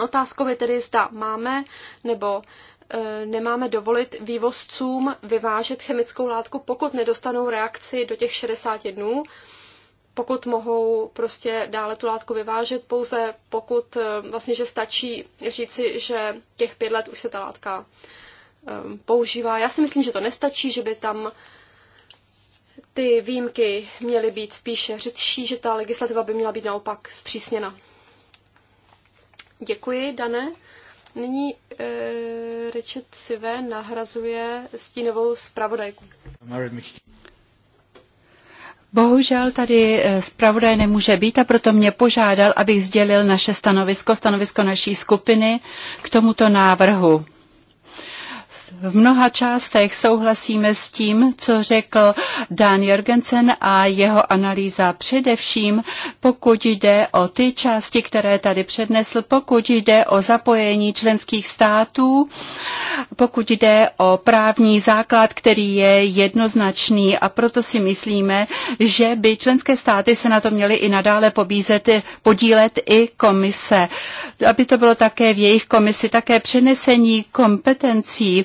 Otázkou je tedy, zda máme nebo e, nemáme dovolit vývozcům vyvážet chemickou látku, pokud nedostanou reakci do těch 60 dnů pokud mohou prostě dále tu látku vyvážet pouze, pokud eh, vlastně, že stačí říci, že těch pět let už se ta látka eh, používá. Já si myslím, že to nestačí, že by tam ty výjimky měly být spíše řidší, že ta legislativa by měla být naopak zpřísněna. Děkuji, Dané. Nyní e, Richard Sive nahrazuje stínovou zpravodajku. Bohužel tady eh, zpravodaj nemůže být a proto mě požádal, abych sdělil naše stanovisko, stanovisko naší skupiny k tomuto návrhu v mnoha částech souhlasíme s tím, co řekl Dan Jorgensen a jeho analýza především, pokud jde o ty části, které tady přednesl, pokud jde o zapojení členských států, pokud jde o právní základ, který je jednoznačný a proto si myslíme, že by členské státy se na to měly i nadále pobízet, podílet i komise. Aby to bylo také v jejich komisi, také přenesení kompetencí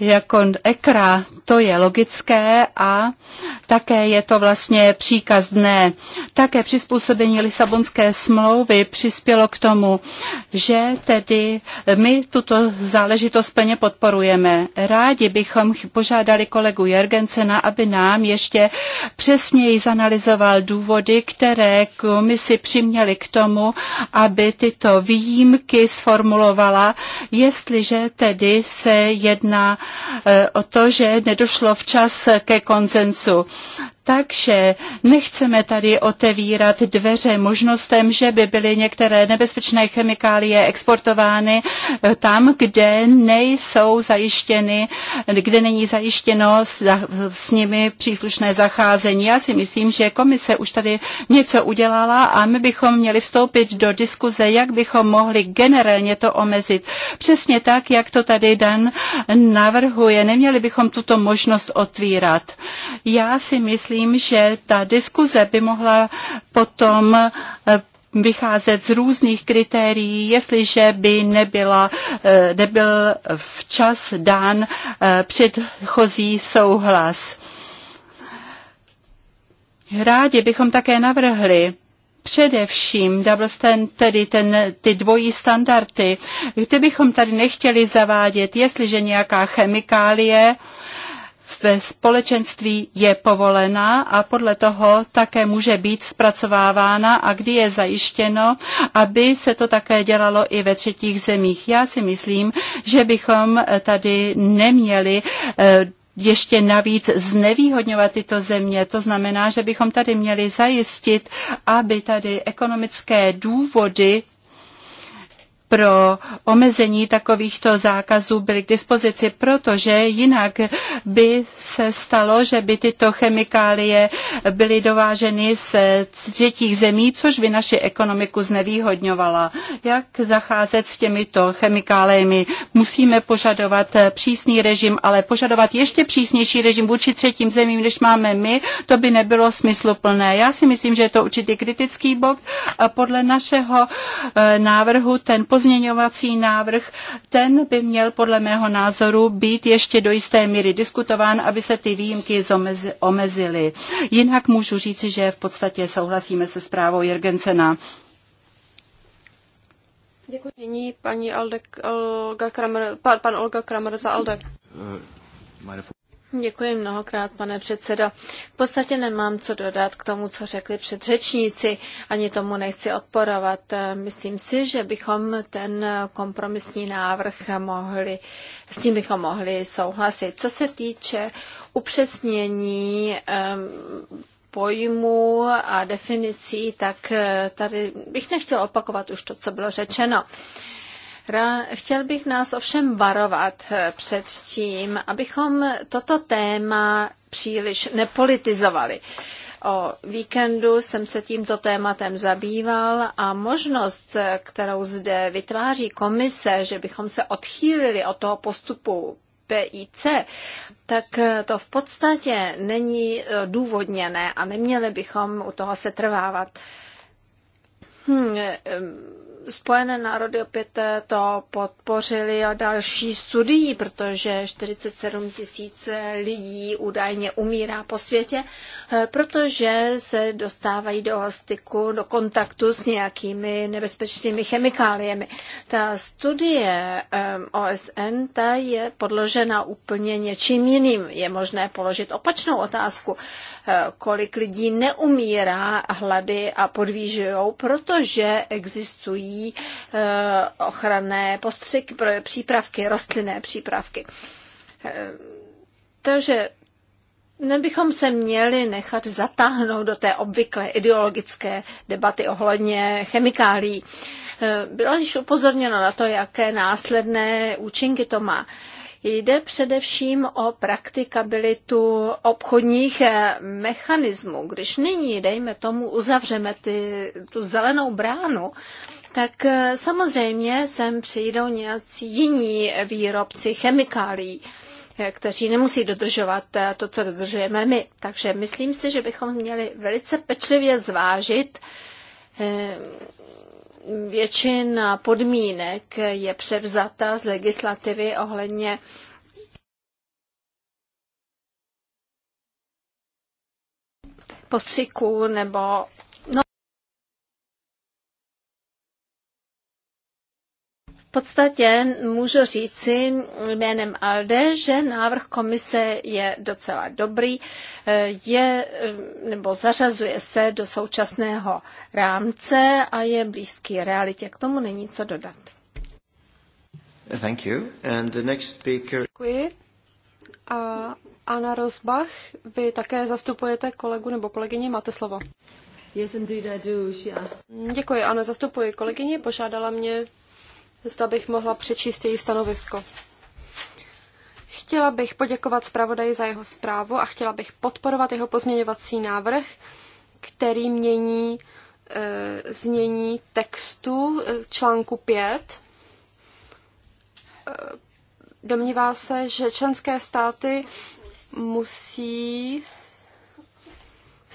jako ekra, to je logické a také je to vlastně dne. Také přizpůsobení Lisabonské smlouvy přispělo k tomu, že tedy my tuto záležitost plně podporujeme. Rádi bychom požádali kolegu Jergencena, aby nám ještě přesněji zanalizoval důvody, které komisi přiměly k tomu, aby tyto výjimky sformulovala, jestliže tedy se jedná Eh, o to, že nedošlo včas ke konsensu. Takže nechceme tady otevírat dveře možnostem, že by byly některé nebezpečné chemikálie exportovány eh, tam, kde nejsou zajištěny, kde není zajištěno s, s nimi příslušné zacházení. Já si myslím, že komise už tady něco udělala a my bychom měli vstoupit do diskuze, jak bychom mohli generálně to omezit. Přesně tak, jak to tady Dan navrhuje. Neměli bychom tuto možnost otvírat. Já si myslím, myslím, že ta diskuze by mohla potom eh, vycházet z různých kritérií, jestliže by nebyla, eh, nebyl včas dán eh, předchozí souhlas. Rádi bychom také navrhli, především double stand, tedy ten, ty dvojí standardy, ty bychom tady nechtěli zavádět, jestliže nějaká chemikálie uh, ve společenství je povolena a podle toho také může být zpracovávána a kdy je zajištěno, aby se to také dělalo i ve třetích zemích. Já si myslím, že bychom tady neměli eh, ještě navíc znevýhodňovat tyto země. To znamená, že bychom tady měli zajistit, aby tady ekonomické důvody pro omezení takovýchto zákazů byly k dispozici, protože jinak by se stalo, že by tyto chemikálie byly dováženy z třetích zemí, což by naši ekonomiku znevýhodňovala. Jak zacházet s těmito chemikáliemi? Musíme požadovat přísný režim, ale požadovat ještě přísnější režim vůči třetím zemím, než máme my, to by nebylo smysluplné. Já si myslím, že je to určitý kritický bod a podle našeho eh, návrhu ten poz pozměňovací návrh, ten by měl podle mého názoru být ještě do jisté míry diskutován, aby se ty výjimky omezily. Jinak můžu říci, že v podstatě souhlasíme se zprávou Jergensena. Děkuji. Nyní paní Alde, Olga Kramer, pan, Olga Kramer za Alde. Eh, Děkuji mnohokrát, pane předsedo. V podstatě nemám co dodat k tomu, co řekli předřečníci, ani tomu nechci odporovat. Myslím si, že bychom ten kompromisní návrh mohli, s tím bychom mohli souhlasit. Co se týče upřesnění pojmů a definicí, tak eh, tady bych nechtěl opakovat už to, co bylo řečeno. Chtěl bych nás ovšem varovat eh, před tím, abychom toto téma příliš nepolitizovali. O víkendu jsem se tímto tématem zabýval a možnost, eh, kterou zde vytváří komise, že bychom se odchýlili od toho postupu PIC, tak eh, to v podstatě není důvodněné a neměli bychom u toho se trvávat. Hmm, Spojené národy opět eh, to podpořili a další studií, protože 47 tisíc eh, lidí údajně umírá po světě, eh, protože se dostávají do styku, do kontaktu s nějakými nebezpečnými chemikáliemi. Ta studie OSN ta je podložena úplně něčím jiným. Je možné položit opačnou otázku, kolik lidí neumírá hlady a podvížujou, protože existují používají eh, ochranné postřiky, přípravky, rostlinné přípravky. Eh, takže nebychom se měli nechat zatáhnout do té obvyklé ideologické debaty ohledně chemikálí. Eh, Bylo již upozorněno na to, jaké následné účinky to má. Jde především o praktikabilitu obchodních mechanismů. Když nyní, dejme tomu, uzavřeme ty, tu zelenou bránu, tak eh, samozřejmě sem přijdou nějací jiní výrobci chemikálií, eh, kteří nemusí dodržovat eh, to, co dodržujeme my. Takže myslím si, že bychom měli velice pečlivě zvážit, většina podmínek je převzata z legislativy ohledně postřiků nebo podstatě můžu říci jménem ALDE, že návrh komise je docela dobrý, eh, je eh, nebo zařazuje se do současného rámce a je blízký realitě. K tomu není co dodat. Thank you. And the next speaker... Děkuji. A Anna Rosbach, vy také zastupujete kolegu nebo kolegyni, máte slovo. Yes, indeed I do. She asked... Děkuji, Ano, zastupuji kolegyni, požádala mě zda bych mohla přečíst její stanovisko. Chtěla bych poděkovat zpravodaji za jeho zprávu a chtěla bych podporovat jeho pozměňovací návrh, který mění e, znění textu e, článku 5. E, domnívá se, že členské státy musí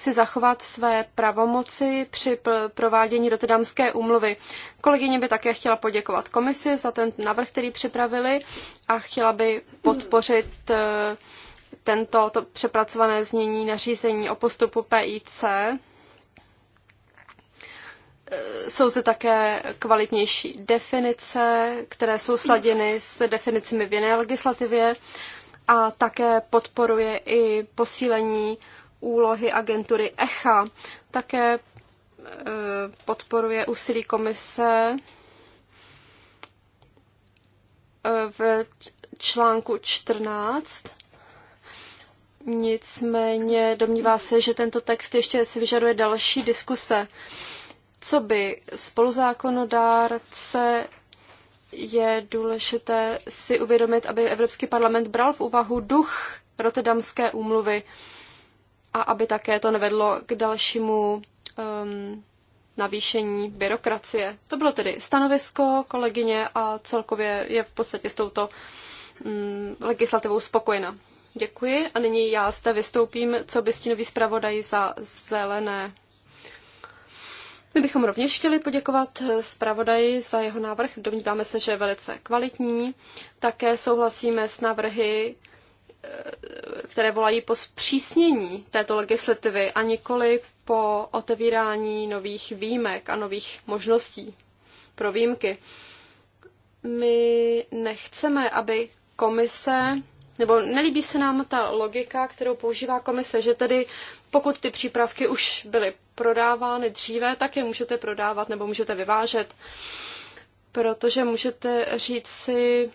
si zachovat své pravomoci při provádění Rotterdamské úmluvy. Kolegyně by také chtěla poděkovat komisi za ten návrh, který připravili a chtěla by podpořit eh, tento to přepracované znění nařízení o postupu PIC. Eh, jsou zde také kvalitnější definice, které jsou sladěny s definicemi v jiné legislativě a také podporuje i posílení úlohy agentury ECHA. Také e, podporuje úsilí komise e, v článku 14. Nicméně domnívá se, že tento text ještě si vyžaduje další diskuse. Co by spoluzákonodárce je důležité si uvědomit, aby Evropský parlament bral v úvahu duch Rotterdamské úmluvy. Uh, a aby také to nevedlo k dalšímu um, navýšení byrokracie. To bylo tedy stanovisko kolegyně a celkově je v podstatě s touto um, legislativou spokojena. Děkuji a nyní já zde vystoupím, co by stínový zpravodaj za zelené. My bychom rovněž chtěli poděkovat eh, zpravodaji za jeho návrh. Domníváme se, že je velice kvalitní. Také souhlasíme s návrhy které volají po zpřísnění této legislativy a nikoli po otevírání nových výjimek a nových možností pro výjimky. My nechceme, aby komise, nebo nelíbí se nám ta logika, kterou používá komise, že tedy pokud ty přípravky už byly prodávány dříve, tak je můžete prodávat nebo můžete vyvážet, protože můžete říct si,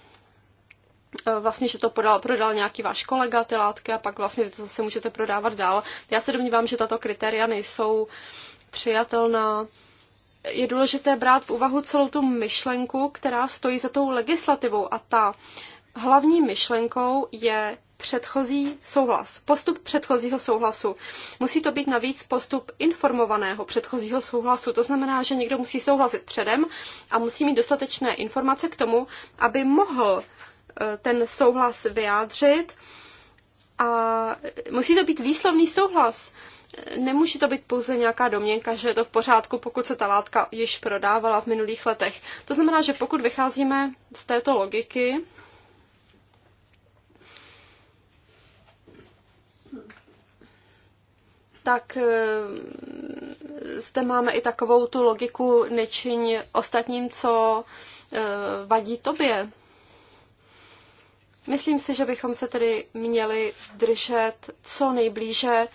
Eh, vlastně, že to podal, prodal nějaký váš kolega, ty látky, a pak vlastně to zase můžete prodávat dál. Já se domnívám, že tato kritéria nejsou přijatelná. Je důležité brát v úvahu celou tu myšlenku, která stojí za tou legislativou a ta hlavní myšlenkou je předchozí souhlas, postup předchozího souhlasu. Musí to být navíc postup informovaného předchozího souhlasu. To znamená, že někdo musí souhlasit předem a musí mít dostatečné informace k tomu, aby mohl Eh, ten souhlas vyjádřit. A musí to být výslovný souhlas. Nemůže to být pouze nějaká domněnka, že je to v pořádku, pokud se ta látka již prodávala v minulých letech. To znamená, že pokud vycházíme z této logiky, tak eh, zde máme i takovou tu logiku nečiň ostatním, co eh, vadí tobě. Myslím si, že bychom se tedy měli držet co nejblíže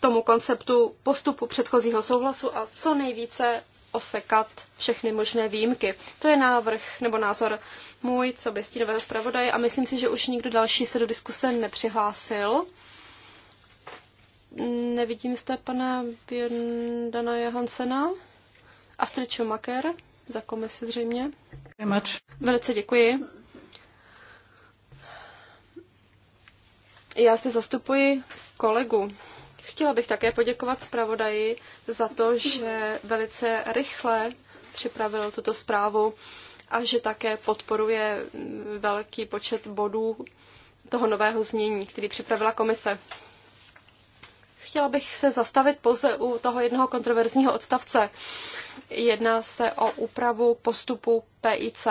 tomu konceptu postupu předchozího souhlasu a co nejvíce osekat všechny možné výjimky. To je návrh nebo názor můj, co by stínového zpravodaje a myslím si, že už nikdo další se do diskuse nepřihlásil. Nevidím jste pana Dana Johansena. Astrid Schumacher, za komisi zřejmě. Velice děkuji. Já si zastupuji kolegu. Chtěla bych také poděkovat zpravodaji za to, že velice rychle připravil tuto zprávu a že také podporuje velký počet bodů toho nového znění, který připravila komise. Chtěla bych se zastavit pouze u toho jednoho kontroverzního odstavce. Jedná se o úpravu postupu PIC.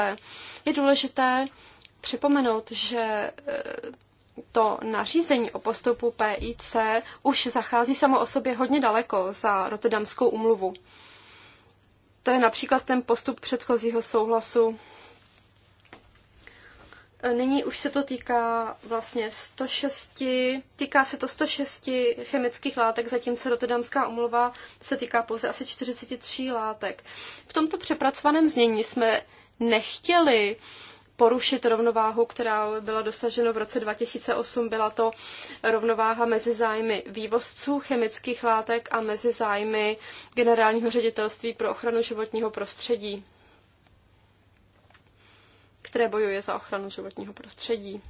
Je důležité připomenout, že eh, to nařízení o postupu PIC už zachází samo o sobě hodně daleko za Rotterdamskou umluvu. To je například ten postup předchozího souhlasu. Nyní už se to týká vlastně 106, týká se to 106 chemických látek, zatímco Rotterdamská umluva se týká pouze asi 43 látek. V tomto přepracovaném znění jsme nechtěli uh, porušit rovnováhu, která byla dosažena v roce 2008. Byla to rovnováha mezi zájmy vývozců chemických látek a mezi zájmy Generálního ředitelství pro ochranu životního prostředí, které bojuje za ochranu životního prostředí.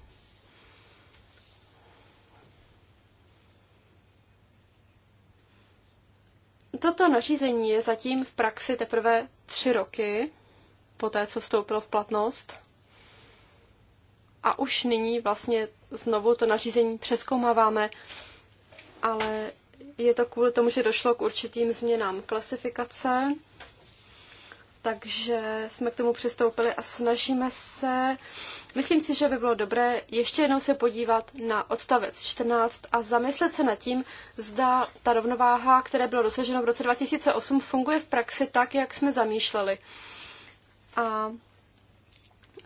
Toto nařízení je zatím v praxi teprve tři roky po té, co vstoupilo v platnost a už nyní vlastně znovu to nařízení přeskoumáváme, ale je to kvůli tomu, že došlo k určitým změnám klasifikace, takže jsme k tomu přistoupili a snažíme se. Myslím si, že by bylo dobré ještě jednou se podívat na odstavec 14 a zamyslet se nad tím, zda ta rovnováha, které bylo dosaženo v roce 2008, funguje v praxi tak, jak jsme zamýšleli. A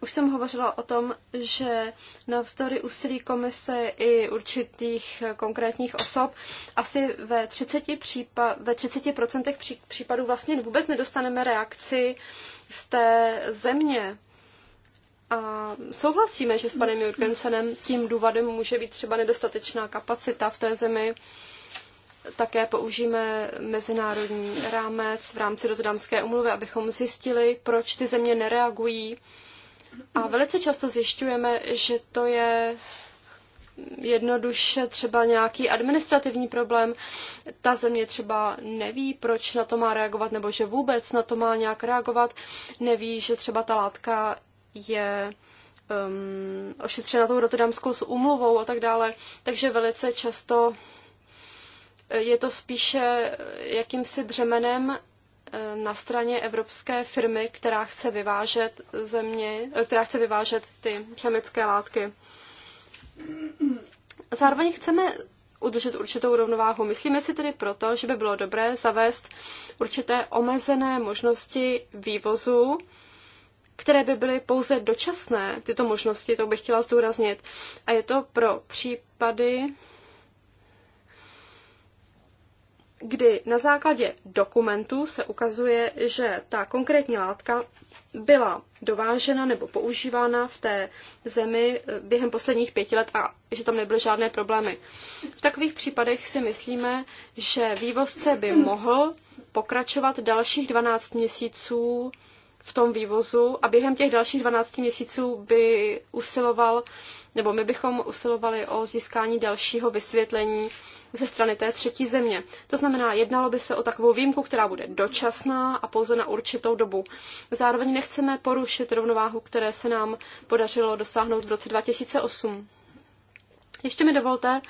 už jsem hovořila o tom, že navzdory úsilí komise i určitých konkrétních osob asi ve 30, přípa- ve 30% pří- případů vlastně vůbec nedostaneme reakci z té země. A souhlasíme, že s panem Jurgensenem tím důvodem může být třeba nedostatečná kapacita v té zemi. Také použijeme mezinárodní rámec v rámci Rotterdamské umluvy, abychom zjistili, proč ty země nereagují a velice často zjišťujeme, že to je jednoduše třeba nějaký administrativní problém. Ta země třeba neví, proč na to má reagovat, nebo že vůbec na to má nějak reagovat. Neví, že třeba ta látka je um, ošetřena tou rotterdamskou úmluvou a tak dále. Takže velice často je to spíše jakýmsi břemenem Eh, na straně evropské firmy, která chce vyvážet země, eh, která chce vyvážet ty chemické látky. Zároveň chceme udržet určitou rovnováhu. Myslíme si tedy proto, že by bylo dobré zavést určité omezené možnosti vývozu, které by byly pouze dočasné. Tyto možnosti, to bych chtěla zdůraznit. A je to pro případy, kdy na základě dokumentů se ukazuje, že ta konkrétní látka byla dovážena nebo používána v té zemi eh, během posledních pěti let a že tam nebyly žádné problémy. V takových případech si myslíme, že vývozce by mohl pokračovat dalších 12 měsíců v tom vývozu a během těch dalších 12 měsíců by usiloval, nebo my bychom usilovali o získání dalšího vysvětlení ze strany té třetí země. To znamená, jednalo by se o takovou výjimku, která bude dočasná a pouze na určitou dobu. Zároveň nechceme porušit rovnováhu, které se nám podařilo dosáhnout v roce 2008. Ještě mi dovolte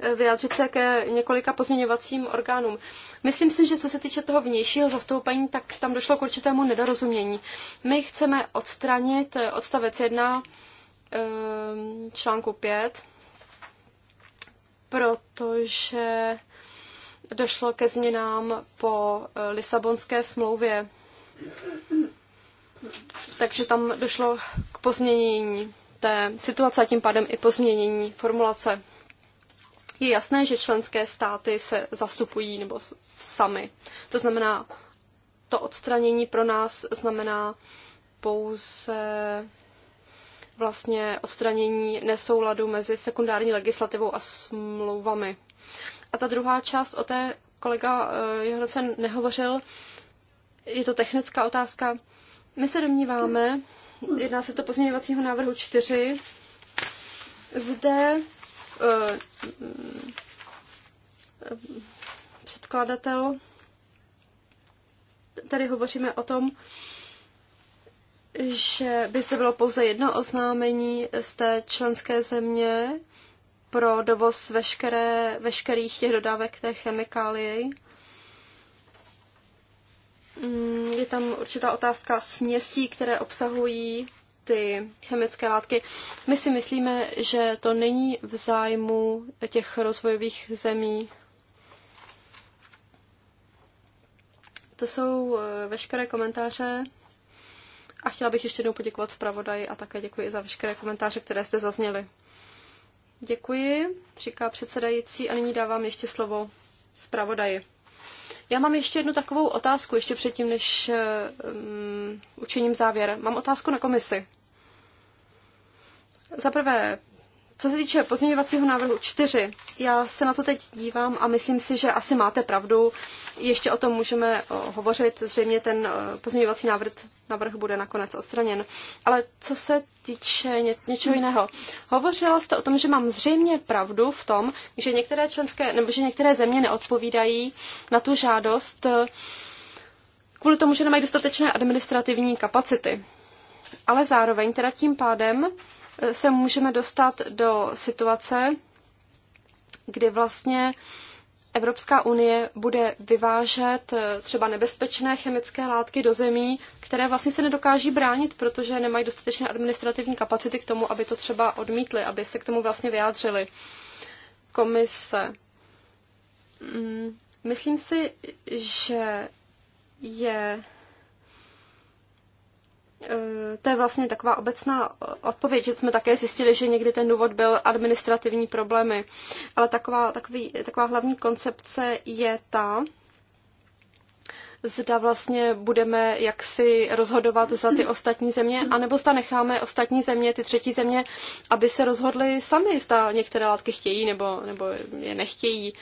eh, vyjádřit se ke několika pozměňovacím orgánům. Myslím si, že co se týče toho vnějšího zastoupení, tak tam došlo k určitému nedorozumění. My chceme odstranit eh, odstavec 1 eh, článku 5 protože došlo ke změnám po eh, Lisabonské smlouvě. Takže tam došlo k pozměnění té situace a tím pádem i pozměnění formulace. Je jasné, že členské státy se zastupují nebo sami. To znamená, to odstranění pro nás znamená pouze vlastně odstranění nesouladu mezi sekundární legislativou a smlouvami. A ta druhá část, o té kolega eh, Johannsen nehovořil, je to technická otázka. My se domníváme, jedná se to pozměňovacího návrhu 4, zde eh, předkladatel, tady hovoříme o tom, že by zde bylo pouze jedno oznámení z té členské země pro dovoz veškeré, veškerých těch dodávek té chemikálie. Mm, je tam určitá otázka směsí, které obsahují ty chemické látky. My si myslíme, že to není v zájmu těch rozvojových zemí. To jsou eh, veškeré komentáře. A chtěla bych ještě jednou poděkovat zpravodaji a také děkuji za veškeré komentáře, které jste zazněli. Děkuji, říká předsedající a nyní dávám ještě slovo zpravodaji. Já mám ještě jednu takovou otázku, ještě předtím, než um, učiním závěr. Mám otázku na komisi. Za prvé, co se týče pozměňovacího návrhu 4, já se na to teď dívám a myslím si, že asi máte pravdu. Ještě o tom můžeme eh, hovořit. Zřejmě ten eh, pozměňovací návrh, návrh bude nakonec odstraněn. Ale co se týče ně, něčeho hmm. jiného. Hovořila jste o tom, že mám zřejmě pravdu v tom, že některé členské, nebo že některé země neodpovídají na tu žádost eh, kvůli tomu, že nemají dostatečné administrativní kapacity. Ale zároveň teda tím pádem se můžeme dostat do situace, kdy vlastně Evropská unie bude vyvážet eh, třeba nebezpečné chemické látky do zemí, které vlastně se nedokáží bránit, protože nemají dostatečné administrativní kapacity k tomu, aby to třeba odmítli, aby se k tomu vlastně vyjádřili. Komise. Mm, myslím si, že je Eh, to je vlastně taková obecná odpověď, že jsme také zjistili, že někdy ten důvod byl administrativní problémy. Ale taková, takový, taková hlavní koncepce je ta, zda vlastně budeme jaksi rozhodovat za ty ostatní země, anebo zda necháme ostatní země, ty třetí země, aby se rozhodly sami, zda některé látky chtějí nebo, nebo je nechtějí. Uh,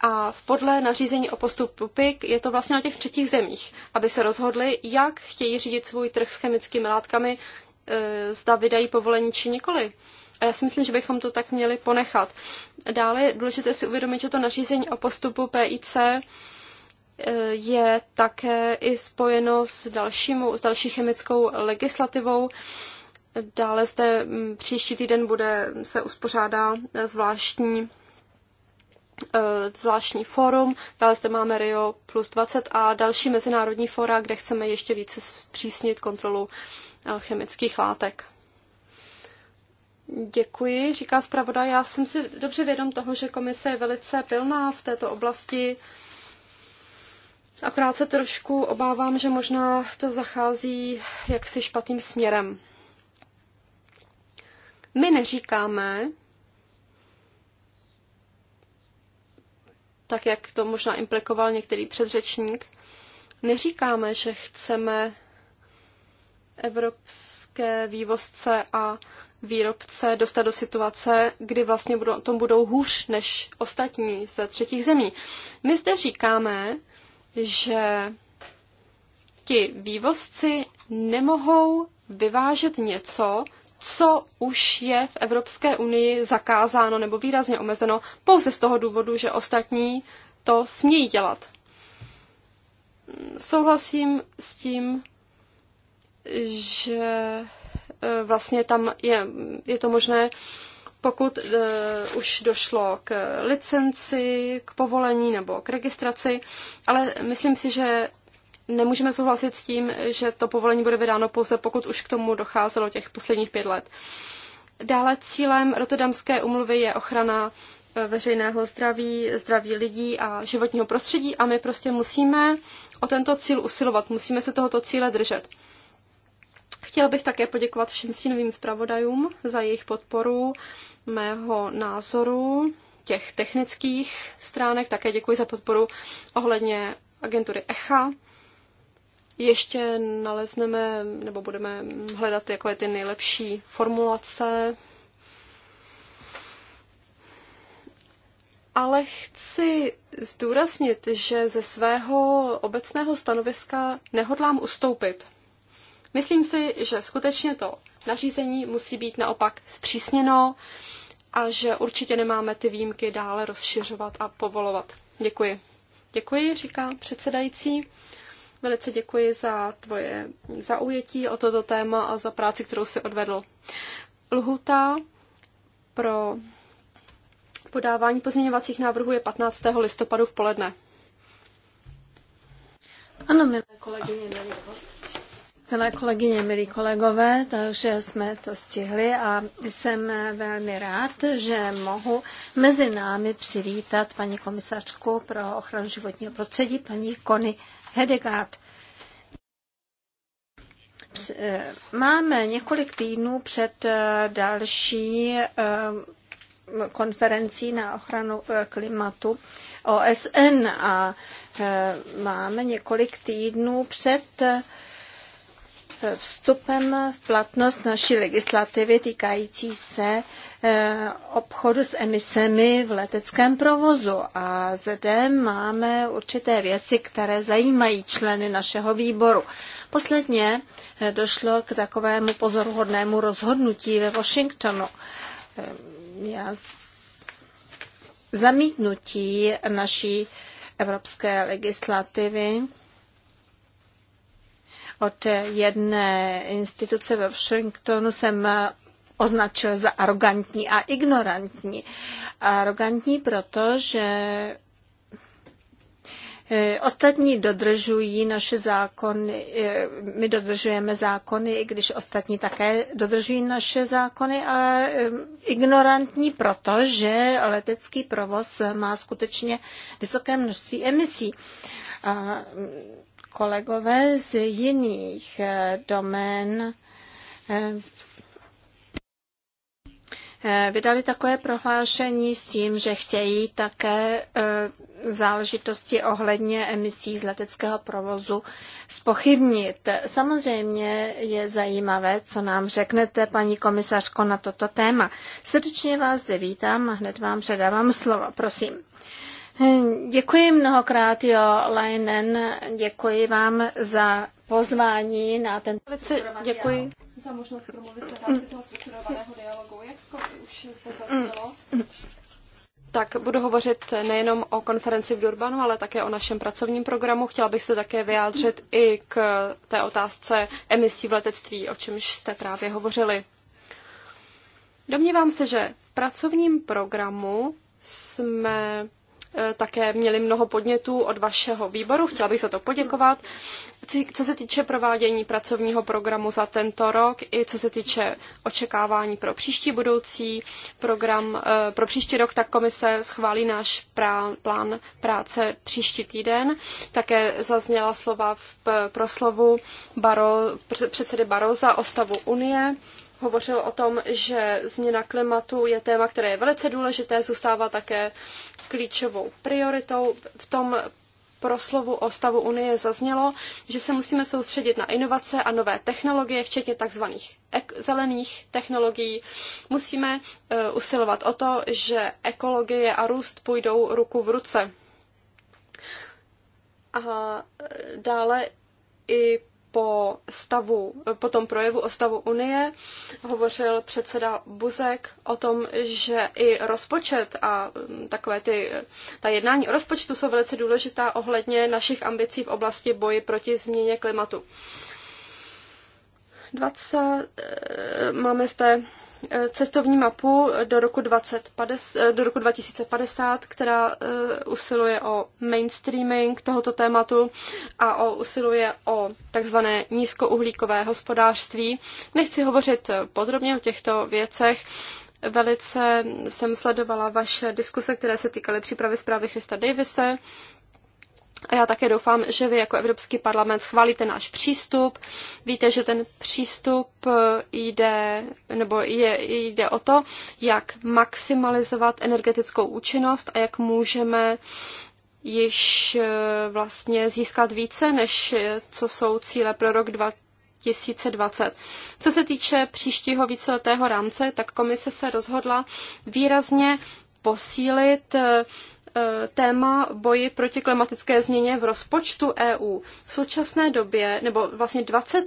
a podle nařízení o postupu PIK je to vlastně na těch třetích zemích, aby se rozhodli, jak chtějí řídit svůj trh s chemickými látkami, e, zda vydají povolení či nikoli. A já si myslím, že bychom to tak měli ponechat. Dále je důležité si uvědomit, že to nařízení o postupu PIC e, je také i spojeno s, dalšímu, s další chemickou legislativou. Dále zde příští týden bude, se uspořádá e, zvláštní Eh, zvláštní fórum, dále zde máme Rio plus 20 a další mezinárodní fóra, kde chceme ještě více zpřísnit kontrolu eh, chemických látek. Děkuji, říká zpravoda. Já jsem si dobře vědom toho, že komise je velice pilná v této oblasti. Akorát se trošku obávám, že možná to zachází jaksi špatným směrem. My neříkáme, tak jak to možná implikoval některý předřečník, neříkáme, že chceme evropské vývozce a výrobce dostat do situace, kdy vlastně budou, tom budou hůř než ostatní ze třetích zemí. My zde říkáme, že ti vývozci nemohou vyvážet něco, co už je v Evropské unii zakázáno nebo výrazně omezeno pouze z toho důvodu, že ostatní to smějí dělat. Souhlasím s tím, že e, vlastně tam je, je to možné, pokud uh, už došlo k licenci, k povolení nebo k registraci, ale myslím si, že nemůžeme souhlasit s tím, že to povolení bude vydáno pouze, pokud už k tomu docházelo těch posledních pět let. Dále cílem Rotterdamské umluvy je ochrana e, veřejného zdraví, zdraví lidí a životního prostředí a my prostě musíme o tento cíl usilovat, musíme se tohoto cíle držet. Chtěla bych také poděkovat všem stínovým zpravodajům za jejich podporu mého názoru, těch technických stránek. Také děkuji za podporu ohledně agentury ECHA ještě nalezneme nebo budeme hledat jako je ty nejlepší formulace. Ale chci zdůraznit, že ze svého obecného stanoviska nehodlám ustoupit. Myslím si, že skutečně to nařízení musí být naopak zpřísněno a že určitě nemáme ty výjimky dále rozšiřovat a povolovat. Děkuji. Děkuji, říká předsedající. Velice děkuji za tvoje zaujetí o toto téma a za práci, kterou si odvedl. Lhuta pro podávání pozměňovacích návrhů je 15. listopadu v poledne. Ano, milé kolegyně, milí Milé kolegyně, milí kolegové, takže jsme to stihli a jsem velmi rád, že mohu mezi námi přivítat paní komisařku pro ochranu životního prostředí, paní Kony Hedegard. Eh, máme několik týdnů před eh, další eh, konferencí na ochranu klimatu OSN a máme několik týdnů před vstupem v platnost naší legislativy týkající se eh, obchodu s emisemi v leteckém provozu. A zde máme určité věci, které zajímají členy našeho výboru. Posledně eh, došlo k takovému pozoruhodnému rozhodnutí ve Washingtonu. Eh, já zamítnutí naší evropské legislativy od jedné instituce ve Washingtonu jsem označil za arrogantní a ignorantní. Arrogantní proto, že eh, Ostatní dodržují naše zákony, eh, my dodržujeme zákony, i když ostatní také dodržují naše zákony a eh, ignorantní proto, že letecký provoz má skutečně vysoké množství emisí. A kolegové z jiných eh, domén eh, eh, vydali takové prohlášení s tím, že chtějí také záležitosti ohledně emisí z leteckého provozu spochybnit. Samozřejmě je zajímavé, co nám řeknete, paní komisařko, na toto téma. Srdečně vás zde vítám a hned vám předávám slovo. Prosím. Hm, děkuji mnohokrát, Jo Leinen. Děkuji vám za pozvání na ten velice děkuji. Za možnost promluvit se dialogu, už Tak budu hovořit nejenom o konferenci v Durbanu, ale také o našem pracovním programu. Chtěla bych se také vyjádřit i k té otázce emisí v letectví, o čemž jste právě hovořili. Domnívám se, že v pracovním programu jsme Eh, také měli mnoho podnětů od vašeho výboru. Chtěla bych za to poděkovat. Co se týče provádění pracovního programu za tento rok i co se týče očekávání pro příští budoucí program, eh, pro příští rok, tak komise schválí náš plán práce příští týden. Také zazněla slova v proslovu Baro, předsedy Baroza o stavu Unie hovořil o tom, že změna klimatu je téma, které je velice důležité, zůstává také klíčovou prioritou. V tom proslovu o stavu Unie zaznělo, že se musíme soustředit na inovace a nové technologie, včetně tzv. zelených technologií. Musíme e, usilovat o to, že ekologie a růst půjdou ruku v ruce. A e, dále i po, stavu, po tom projevu o stavu Unie hovořil předseda Buzek o tom, že i rozpočet a mm, takové ty, ta jednání o rozpočtu jsou velice důležitá ohledně našich ambicí v oblasti boji proti změně klimatu. 20, eh, máme zde cestovní mapu do roku, 2050, do roku 2050, která eh, usiluje o mainstreaming tohoto tématu a o, usiluje o takzvané nízkouhlíkové hospodářství. Nechci hovořit podrobně o těchto věcech. Velice jsem sledovala vaše diskuse, které se týkaly přípravy zprávy Christa Davise. A já také doufám, že vy jako Evropský parlament schválíte náš přístup. Víte, že ten přístup eh, jde, nebo je, jde o to, jak maximalizovat energetickou účinnost a jak můžeme již eh, vlastně získat více, než eh, co jsou cíle pro rok 2020. Co se týče příštího víceletého rámce, tak komise se rozhodla výrazně posílit Eh, téma boji proti klimatické změně v rozpočtu EU. V současné době, nebo vlastně 20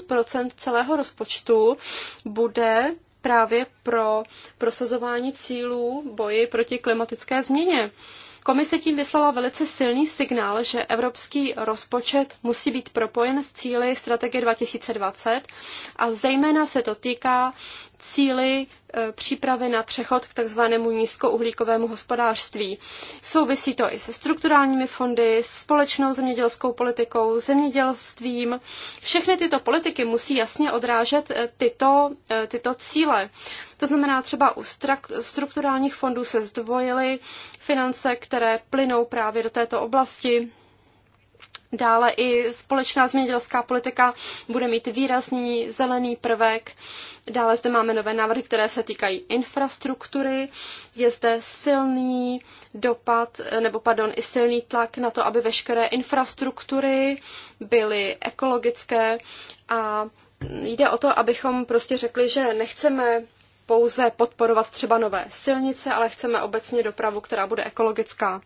celého rozpočtu bude právě pro prosazování cílů boji proti klimatické změně. Komise tím vyslala velice silný signál, že evropský rozpočet musí být propojen s cíly strategie 2020 a zejména se to týká cíly E, přípravy na přechod k takzvanému nízkouhlíkovému hospodářství. Souvisí to i se strukturálními fondy, společnou zemědělskou politikou, zemědělstvím. Všechny tyto politiky musí jasně odrážet e, tyto, e, tyto cíle. To znamená, třeba u strukturálních fondů se zdvojily finance, které plynou právě do této oblasti. Dále i společná zemědělská politika bude mít výrazný zelený prvek. Dále zde máme nové návrhy, které se týkají infrastruktury. Je zde silný dopad, nebo pardon, i silný tlak na to, aby veškeré infrastruktury byly ekologické a jde o to, abychom prostě řekli, že nechceme pouze podporovat třeba nové silnice, ale chceme obecně dopravu, která bude ekologická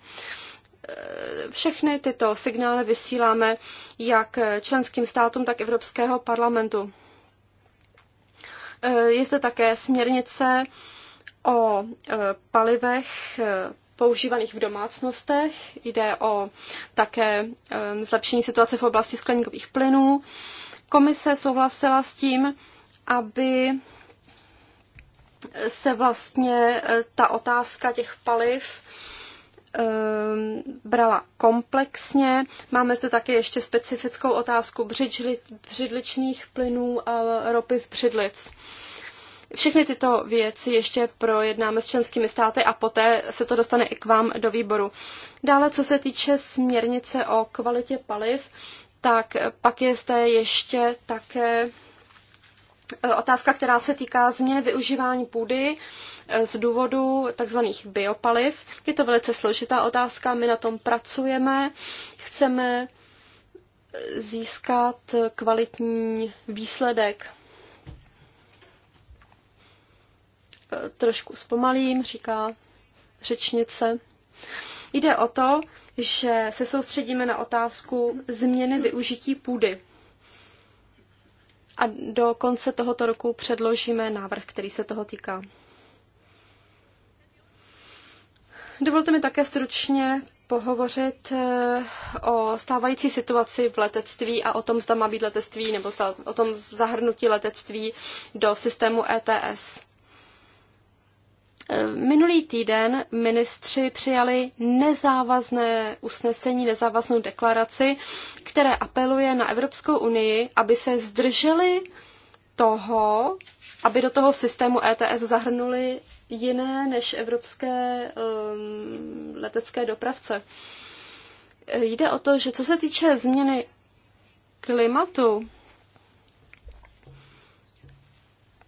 všechny tyto signály vysíláme jak členským státům, tak Evropského parlamentu. Eh, je zde také směrnice o eh, palivech eh, používaných v domácnostech. Jde o také zlepšení situace v oblasti skleníkových plynů. Komise souhlasila s tím, aby se vlastně ta otázka těch paliv Ehm, brala komplexně. Máme zde také ještě specifickou otázku břidli, břidličných plynů a ropy z břidlic. Všechny tyto věci ještě projednáme s členskými státy a poté se to dostane i k vám do výboru. Dále, co se týče směrnice o kvalitě paliv, tak pak je zde ještě také Eh, otázka, která se týká změn využívání půdy eh, z důvodu tzv. biopaliv. Je to velice složitá otázka, my na tom pracujeme, chceme eh, získat kvalitní výsledek. Trošku zpomalím, říká řečnice. Jde o to, že se soustředíme na otázku změny využití půdy a do konce tohoto roku předložíme návrh, který se toho týká. Dovolte mi také stručně pohovořit eh, o stávající situaci v letectví a o tom, zda má být letectví, nebo zda, o tom zahrnutí letectví do systému ETS. Minulý týden ministři přijali nezávazné usnesení, nezávaznou deklaraci, které apeluje na Evropskou unii, aby se zdrželi toho, aby do toho systému ETS zahrnuli jiné než evropské um, letecké dopravce. Jde o to, že co se týče změny klimatu,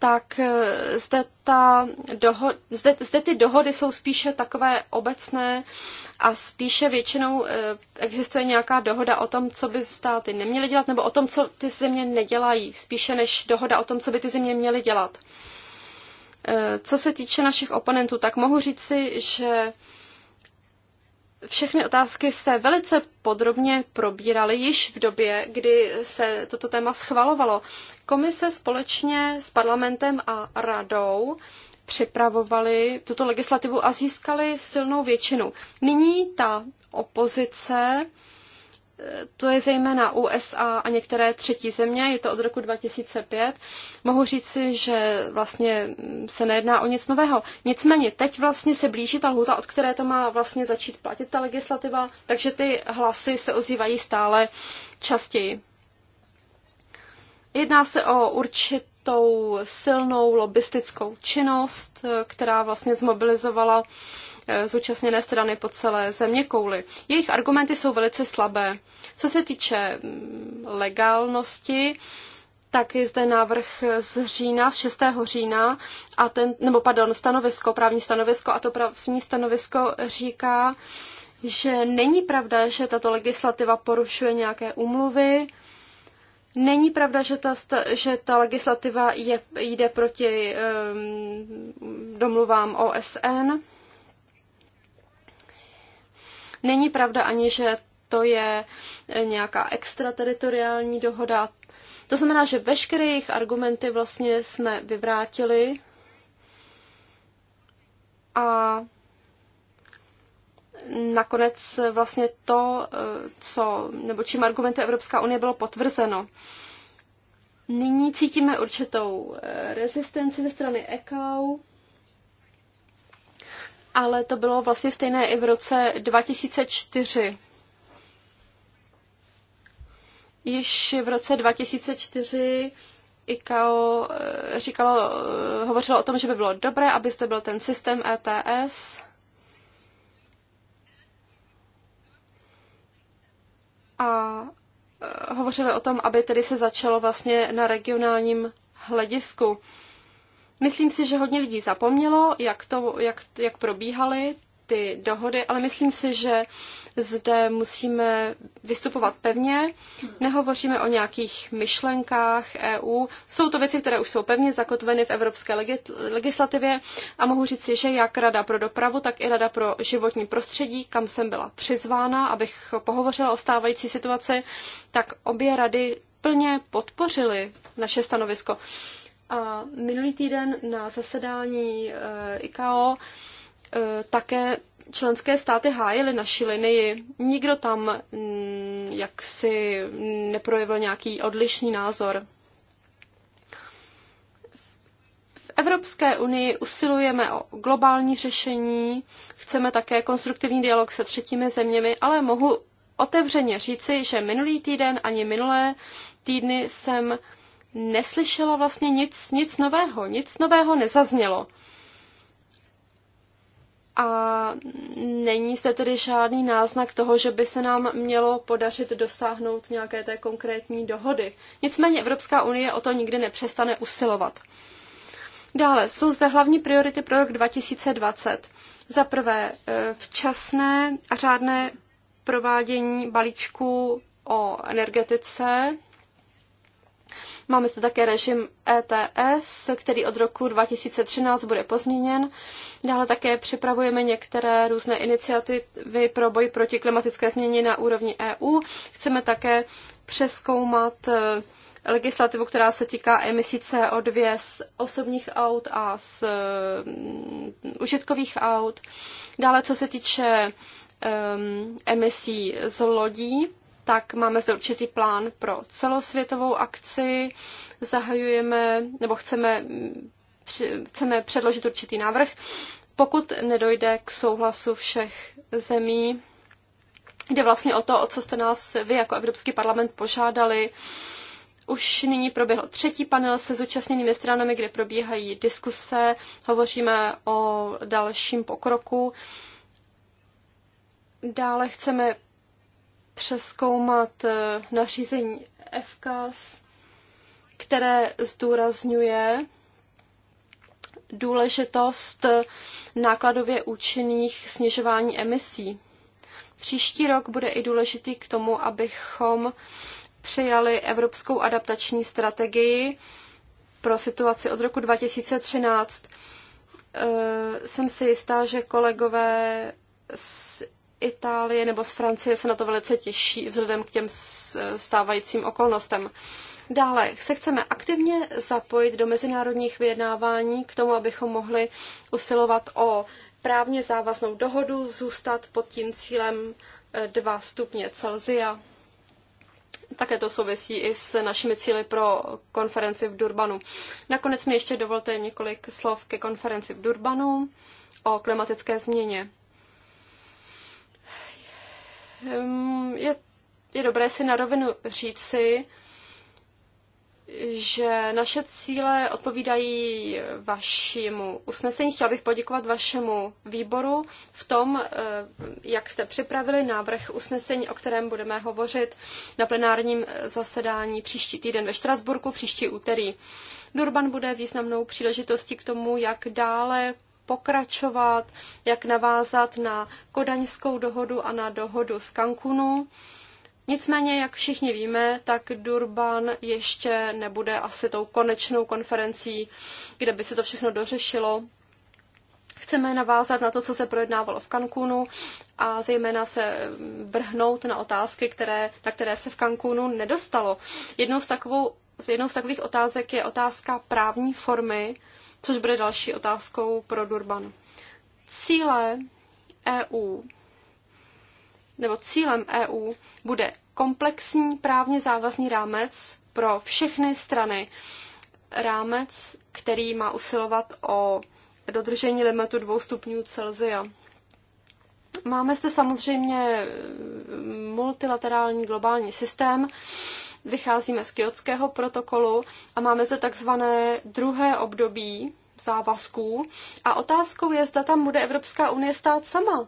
tak eh, zde, ta doho- zde, zde ty dohody jsou spíše takové obecné a spíše většinou eh, existuje nějaká dohoda o tom, co by státy neměly dělat, nebo o tom, co ty země nedělají, spíše než dohoda o tom, co by ty země měly dělat. Eh, co se týče našich oponentů, tak mohu říci, že všechny otázky se velice podrobně probíraly již v době, kdy se toto téma schvalovalo. Komise společně s parlamentem a radou připravovali tuto legislativu a získali silnou většinu. Nyní ta opozice to je zejména USA a některé třetí země, je to od roku 2005. Mohu říci, že vlastně se nejedná o nic nového. Nicméně teď vlastně se blíží ta lhuta, od které to má vlastně začít platit ta legislativa, takže ty hlasy se ozývají stále častěji. Jedná se o určitou silnou lobistickou činnost, která vlastně zmobilizovala Eh, zúčastněné strany po celé země kouly. Jejich argumenty jsou velice slabé. Co se týče mm, legálnosti, tak je zde návrh z října, 6. října, a ten, nebo pardon, stanovisko, právní stanovisko, a to právní stanovisko říká, že není pravda, že tato legislativa porušuje nějaké úmluvy, Není pravda, že ta, že ta legislativa je, jde proti um, domluvám OSN. Není pravda ani, že to je nějaká extrateritoriální dohoda. To znamená, že veškeré jejich argumenty vlastně jsme vyvrátili a nakonec vlastně to, co, nebo čím argumentu Evropská unie, bylo potvrzeno. Nyní cítíme určitou rezistenci ze strany ECAU, ale to bylo vlastně stejné i v roce 2004. Již v roce 2004 ICAO eh, říkalo, eh, hovořilo o tom, že by bylo dobré, aby zde byl ten systém ETS. A eh, hovořili o tom, aby tedy se začalo vlastně na regionálním hledisku. Myslím si, že hodně lidí zapomnělo, jak, to, jak, jak probíhaly ty dohody, ale myslím si, že zde musíme vystupovat pevně. Nehovoříme o nějakých myšlenkách EU. Jsou to věci, které už jsou pevně zakotveny v evropské legislativě a mohu říci, že jak Rada pro dopravu, tak i Rada pro životní prostředí, kam jsem byla přizvána, abych pohovořila o stávající situaci, tak obě rady plně podpořily naše stanovisko. A minulý týden na zasedání eh, ICAO eh, také členské státy hájily naši linii. Nikdo tam mm, jaksi neprojevil nějaký odlišný názor. V Evropské unii usilujeme o globální řešení, chceme také konstruktivní dialog se třetími zeměmi, ale mohu otevřeně říci, že minulý týden ani minulé týdny jsem neslyšela vlastně nic, nic nového, nic nového nezaznělo. A není se tedy žádný náznak toho, že by se nám mělo podařit dosáhnout nějaké té konkrétní dohody. Nicméně Evropská unie o to nikdy nepřestane usilovat. Dále jsou zde hlavní priority pro rok 2020. Za prvé eh, včasné a řádné provádění balíčků o energetice Máme tu také režim ETS, který od roku 2013 bude pozměněn. Dále také připravujeme některé různé iniciativy pro boj proti klimatické změně na úrovni EU. Chceme také přeskoumat eh, legislativu, která se týká emisí CO2 z osobních aut a z mm, užitkových aut. Dále, co se týče um, emisí z lodí, tak máme zde určitý plán pro celosvětovou akci. Zahajujeme, nebo chceme, chceme předložit určitý návrh. Pokud nedojde k souhlasu všech zemí, jde vlastně o to, o co jste nás vy jako Evropský parlament požádali, už nyní proběhl třetí panel se zúčastněnými stranami, kde probíhají diskuse, hovoříme o dalším pokroku. Dále chceme přeskoumat eh, nařízení FKS, které zdůrazňuje důležitost nákladově účinných snižování emisí. Příští rok bude i důležitý k tomu, abychom přijali Evropskou adaptační strategii pro situaci od roku 2013. Eh, jsem si jistá, že kolegové z Itálie nebo z Francie se na to velice těší vzhledem k těm stávajícím okolnostem. Dále se chceme aktivně zapojit do mezinárodních vyjednávání k tomu, abychom mohli usilovat o právně závaznou dohodu, zůstat pod tím cílem 2 e, stupně Celzia. Také to souvisí i s našimi cíly pro konferenci v Durbanu. Nakonec mi ještě dovolte několik slov ke konferenci v Durbanu o klimatické změně. Ehm, je, je dobré si na rovinu říci, že naše cíle odpovídají vašemu usnesení. Chtěla bych poděkovat vašemu výboru v tom, eh, jak jste připravili návrh usnesení, o kterém budeme hovořit na plenárním eh, zasedání příští týden ve Štrasburku, příští úterý. Durban bude významnou příležitostí k tomu, jak dále pokračovat, jak navázat na kodaňskou dohodu a na dohodu z Cancunu. Nicméně, jak všichni víme, tak Durban ještě nebude asi tou konečnou konferencí, kde by se to všechno dořešilo. Chceme navázat na to, co se projednávalo v Cancunu a zejména se vrhnout na otázky, které, na které se v Cancunu nedostalo. Jednou z, takovou, jednou z takových otázek je otázka právní formy což bude další otázkou pro Durban. Cíle EU nebo cílem EU bude komplexní právně závazný rámec pro všechny strany. Rámec, který má usilovat o dodržení limitu 2 stupňů Celzia. Máme zde samozřejmě multilaterální globální systém, Vycházíme z kyotského protokolu a máme zde takzvané druhé období závazků. A otázkou je, zda tam bude Evropská unie stát sama.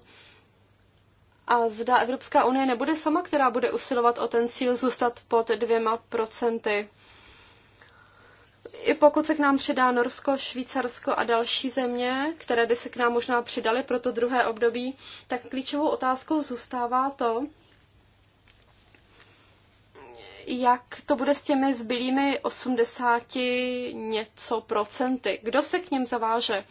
A zda Evropská unie nebude sama, která bude usilovat o ten cíl zůstat pod dvěma procenty. I pokud se k nám přidá Norsko, Švýcarsko a další země, které by se k nám možná přidaly pro to druhé období, tak klíčovou otázkou zůstává to, jak to bude s těmi zbylými 80 něco procenty. Kdo se k něm zaváže?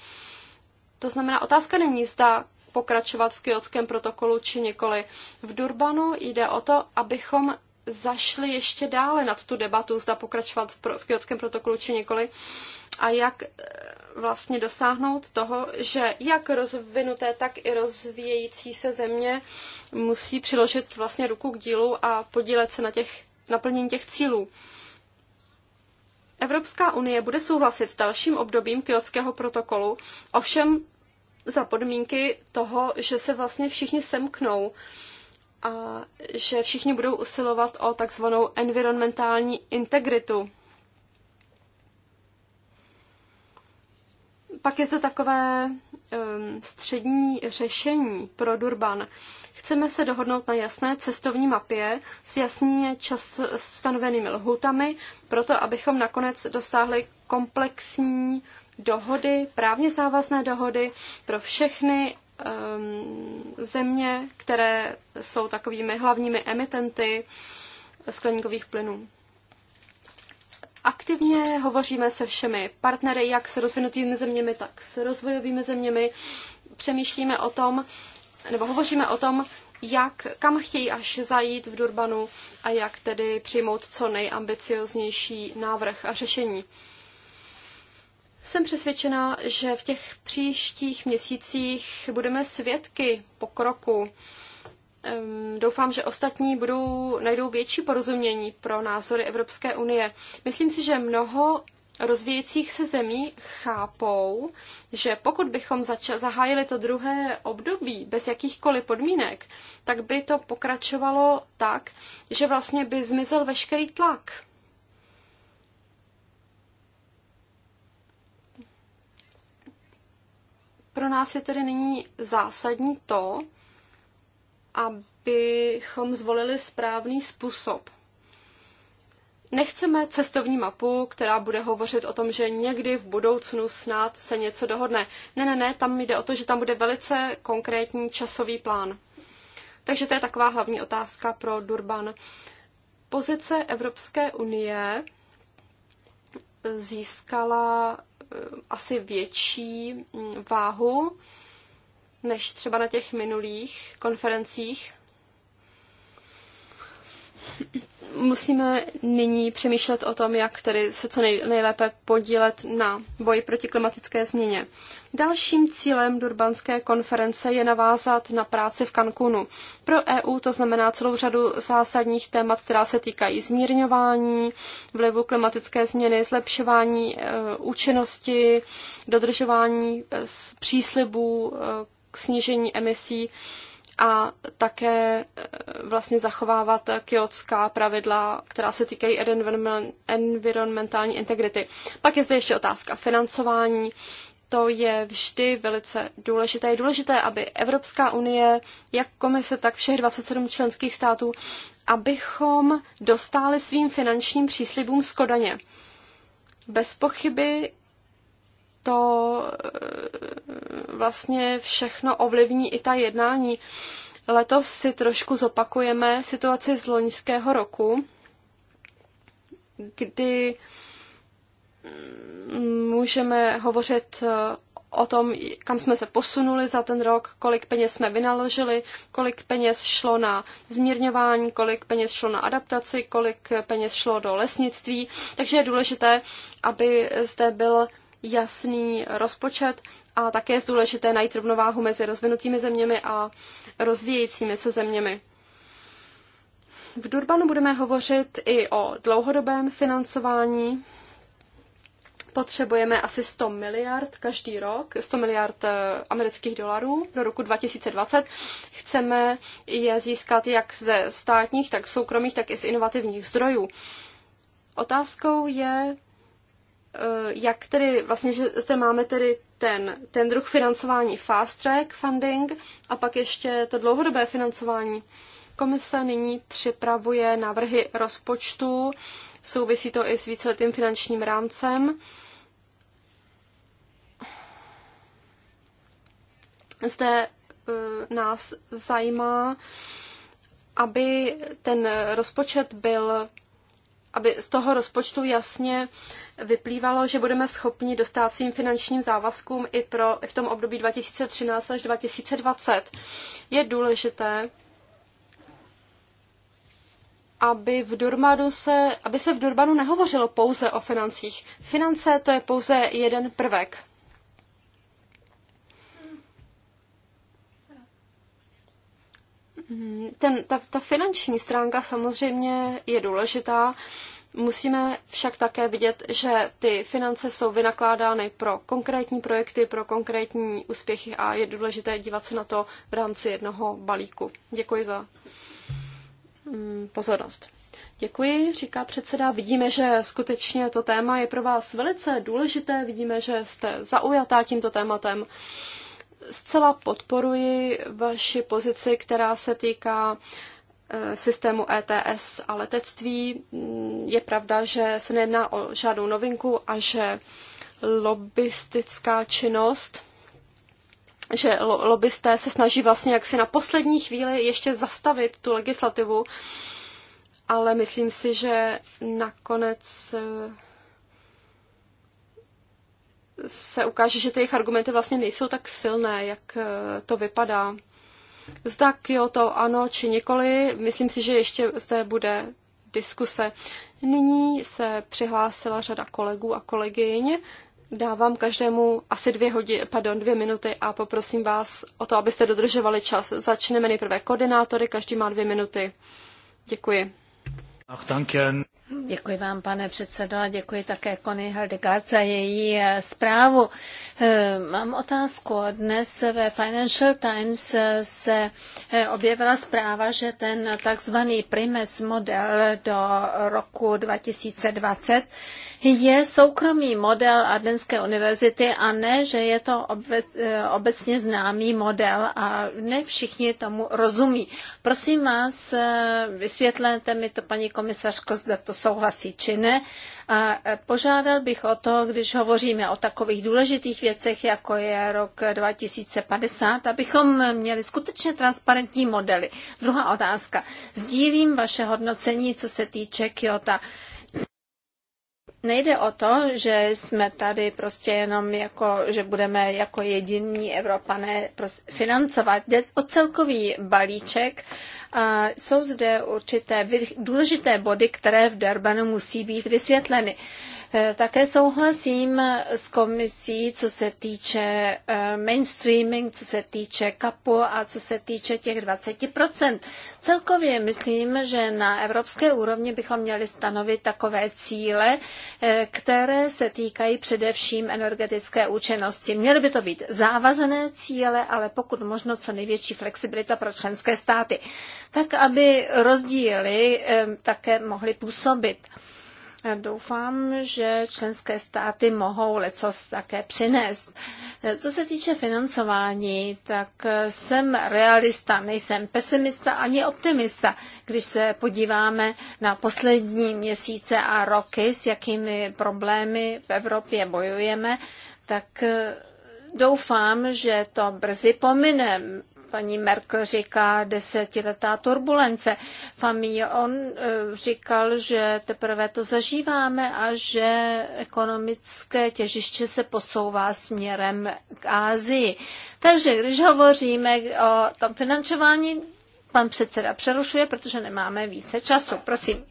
To znamená, otázka není, zda pokračovat v kyotském protokolu či nikoli. V Durbanu jde o to, abychom zašli ještě dále nad tu debatu, zda pokračovat v kyotském protokolu či nikoli a jak eh, vlastně dosáhnout toho, že jak rozvinuté, tak i rozvíjející se země musí přiložit vlastně ruku k dílu a podílet se na těch naplnění těch cílů. Evropská unie bude souhlasit s dalším obdobím Kyotského protokolu, ovšem za podmínky toho, že se vlastně všichni semknou a že všichni budou usilovat o takzvanou environmentální integritu. Pak je to takové um, střední řešení pro Durban. Chceme se dohodnout na jasné cestovní mapě s jasně čas stanovenými lhutami, proto abychom nakonec dosáhli komplexní dohody, právně závazné dohody pro všechny um, země, které jsou takovými hlavními emitenty skleníkových plynů. Aktivně hovoříme se všemi partnery, jak s rozvinutými zeměmi, tak s rozvojovými zeměmi. Přemýšlíme o tom, nebo hovoříme o tom, jak, kam chtějí až zajít v Durbanu a jak tedy přijmout co nejambicioznější návrh a řešení. Jsem přesvědčena, že v těch příštích měsících budeme svědky pokroku doufám, že ostatní budou, najdou větší porozumění pro názory Evropské unie. Myslím si, že mnoho rozvíjecích se zemí chápou, že pokud bychom zača- zahájili to druhé období bez jakýchkoliv podmínek, tak by to pokračovalo tak, že vlastně by zmizel veškerý tlak. Pro nás je tedy nyní zásadní to, abychom zvolili správný způsob. Nechceme cestovní mapu, která bude hovořit o tom, že někdy v budoucnu snad se něco dohodne. Ne, ne, ne, tam jde o to, že tam bude velice konkrétní časový plán. Takže to je taková hlavní otázka pro Durban. Pozice Evropské unie získala eh, asi větší mm, váhu než třeba na těch minulých konferencích. Musíme nyní přemýšlet o tom, jak tedy se co nejlépe podílet na boji proti klimatické změně. Dalším cílem Durbanské konference je navázat na práci v Cancunu. Pro EU to znamená celou řadu zásadních témat, která se týkají zmírňování, vlivu klimatické změny, zlepšování e, účinnosti, dodržování e, příslibů e, k snížení emisí a také eh, vlastně zachovávat kiotská pravidla, která se týkají environmentální integrity. Pak je zde ještě otázka financování. To je vždy velice důležité. Je důležité, aby Evropská unie, jak komise, tak všech 27 členských států, abychom dostali svým finančním příslibům z Kodaně. Bez pochyby to eh, vlastně všechno ovlivní i ta jednání. Letos si trošku zopakujeme situaci z loňského roku, kdy mm, můžeme hovořit eh, o tom, kam jsme se posunuli za ten rok, kolik peněz jsme vynaložili, kolik peněz šlo na zmírňování, kolik peněz šlo na adaptaci, kolik peněz šlo do lesnictví. Takže je důležité, aby zde byl jasný rozpočet a také je důležité najít rovnováhu mezi rozvinutými zeměmi a rozvíjejícími se zeměmi. V Durbanu budeme hovořit i o dlouhodobém financování. Potřebujeme asi 100 miliard každý rok, 100 miliard eh, amerických dolarů do roku 2020. Chceme je získat jak ze státních, tak soukromých, tak i z inovativních zdrojů. Otázkou je, Eh, jak tedy vlastně, že zde máme tedy ten, ten druh financování fast track funding a pak ještě to dlouhodobé financování. Komise nyní připravuje návrhy rozpočtu, souvisí to i s víceletým finančním rámcem. Zde eh, nás zajímá, aby ten rozpočet byl aby z toho rozpočtu jasně vyplývalo, že budeme schopni dostat svým finančním závazkům i pro, v tom období 2013 až 2020. Je důležité, aby, v Durmanu se, aby se v Durbanu nehovořilo pouze o financích. Finance to je pouze jeden prvek. ten, ta, ta finanční stránka samozřejmě je důležitá. Musíme však také vidět, že ty finance jsou vynakládány pro konkrétní projekty, pro konkrétní úspěchy a je důležité dívat se na to v rámci jednoho balíku. Děkuji za mm, pozornost. Děkuji, říká předseda. Vidíme, že skutečně to téma je pro vás velice důležité. Vidíme, že jste zaujatá tímto tématem. Zcela podporuji vaši pozici, která se týká eh, systému ETS a letectví. Mm, je pravda, že se nejedná o žádnou novinku a že lobbystická činnost, že lobbysté se snaží vlastně jaksi na poslední chvíli ještě zastavit tu legislativu, ale myslím si, že nakonec eh, se ukáže, že ty jejich argumenty vlastně nejsou tak silné, jak eh, to vypadá. Zda Kyoto ano či nikoli, myslím si, že ještě zde bude diskuse. Nyní se přihlásila řada kolegů a kolegyň. Dávám každému asi dvě, hodin, pardon, dvě minuty a poprosím vás o to, abyste dodržovali čas. Začneme nejprve koordinátory, každý má dvě minuty. Děkuji. Ach, danke. Děkuji vám, pane předsedo, a děkuji také Kony Hildegard za její eh, zprávu. Eh, mám otázku. Dnes ve Financial Times eh, se objevila zpráva, že ten takzvaný Primes model do roku 2020 je soukromý model Ardenské univerzity a ne, že je to obecně známý model a ne všichni tomu rozumí. Prosím vás, vysvětlete mi to, paní komisařko, zda to souhlasí či ne. A e, požádal bych o to, když hovoříme o takových důležitých věcech, jako je rok 2050, abychom měli skutečně transparentní modely. Druhá otázka. Sdílím vaše hodnocení, co se týče Kyoto. Nejde o to, že jsme tady prostě jenom jako, že budeme jako jediní Evropané financovat. Jde o celkový balíček. A jsou zde určité důležité body, které v Durbanu musí být vysvětleny. Eh, také souhlasím s komisí, co se týče eh, mainstreaming, co se týče kapu a co se týče těch 20%. Celkově myslím, že na evropské úrovni bychom měli stanovit takové cíle, eh, které se týkají především energetické účinnosti. Měly by to být závazné cíle, ale pokud možno co největší flexibilita pro členské státy, tak aby rozdíly také mohly působit. Doufám, že členské státy mohou lecos také přinést. Co se týče financování, tak jsem realista, nejsem pesimista ani optimista. Když se podíváme na poslední měsíce a roky, s jakými problémy v Evropě bojujeme, tak doufám, že to brzy pomine paní Merkel říká desetiletá turbulence. Pan on eh, říkal, že teprve to zažíváme a že ekonomické těžiště se posouvá směrem k Ázii. Takže když hovoříme o tom financování, pan předseda přerušuje, protože nemáme více času. Prosím.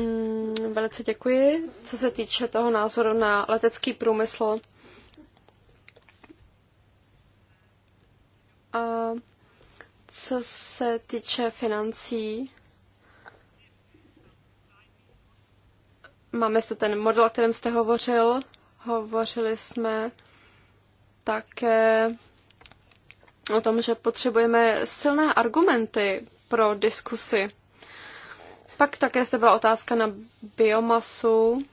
Mm, velice děkuji. Co se týče toho názoru na letecký průmysl, A co se týče financí, máme se ten model, o kterém jste hovořil. Hovořili jsme také o tom, že potřebujeme silné argumenty pro diskusy. Pak také se byla otázka na biomasu.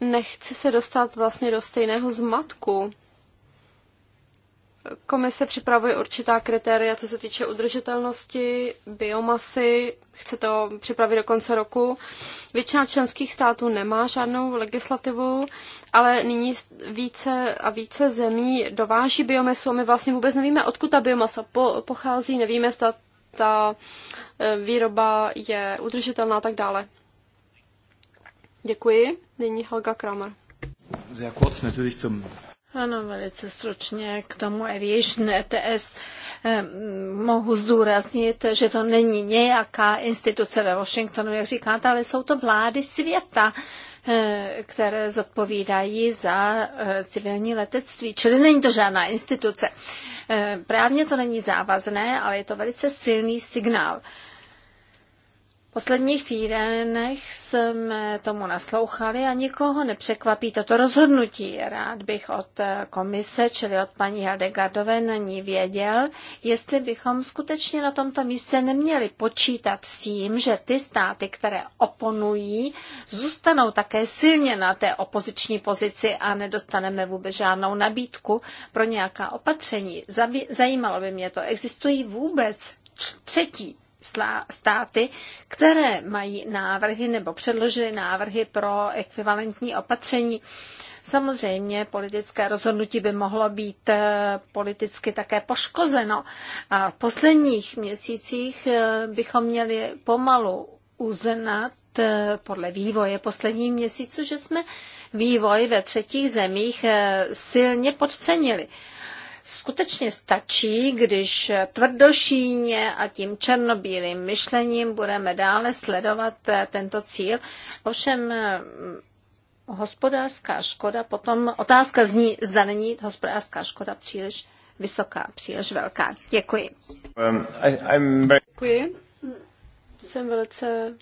Nechci se dostat vlastně do stejného zmatku Komise připravuje určitá kritéria, co se týče udržitelnosti, biomasy, chce to připravit do konce roku. Většina členských států nemá žádnou legislativu, ale nyní více a více zemí dováží biomasu a my vlastně vůbec nevíme, odkud ta biomasa po- pochází, nevíme, zda ta e, výroba je udržitelná a tak dále. Děkuji. Nyní Helga Kramer. Sehr kurz natürlich zum ano, velice stručně k tomu Aviation ETS mohu zdůraznit, že to není nějaká instituce ve Washingtonu, jak říkáte, ale jsou to vlády světa, eh, které zodpovídají za eh, civilní letectví. Čili není to žádná instituce. Eh, právně to není závazné, ale je to velice silný signál posledních týdnech jsme tomu naslouchali a nikoho nepřekvapí toto rozhodnutí. Rád bych od komise, čili od paní Hadegardové, na ní věděl, jestli bychom skutečně na tomto místě neměli počítat s tím, že ty státy, které oponují, zůstanou také silně na té opoziční pozici a nedostaneme vůbec žádnou nabídku pro nějaká opatření. Zajímalo by mě to, existují vůbec třetí státy, které mají návrhy nebo předložily návrhy pro ekvivalentní opatření. Samozřejmě politické rozhodnutí by mohlo být eh, politicky také poškozeno. A v posledních měsících eh, bychom měli pomalu uznat eh, podle vývoje posledních měsíců, že jsme vývoj ve třetích zemích silně podcenili. Skutečně stačí, když tvrdošíně a tím černobílým myšlením budeme dále sledovat eh, tento cíl. Ovšem mm, hospodářská škoda, potom otázka zní, zda není hospodářská škoda příliš vysoká, příliš velká. Děkuji. Um, I, very... Děkuji. Jsem velice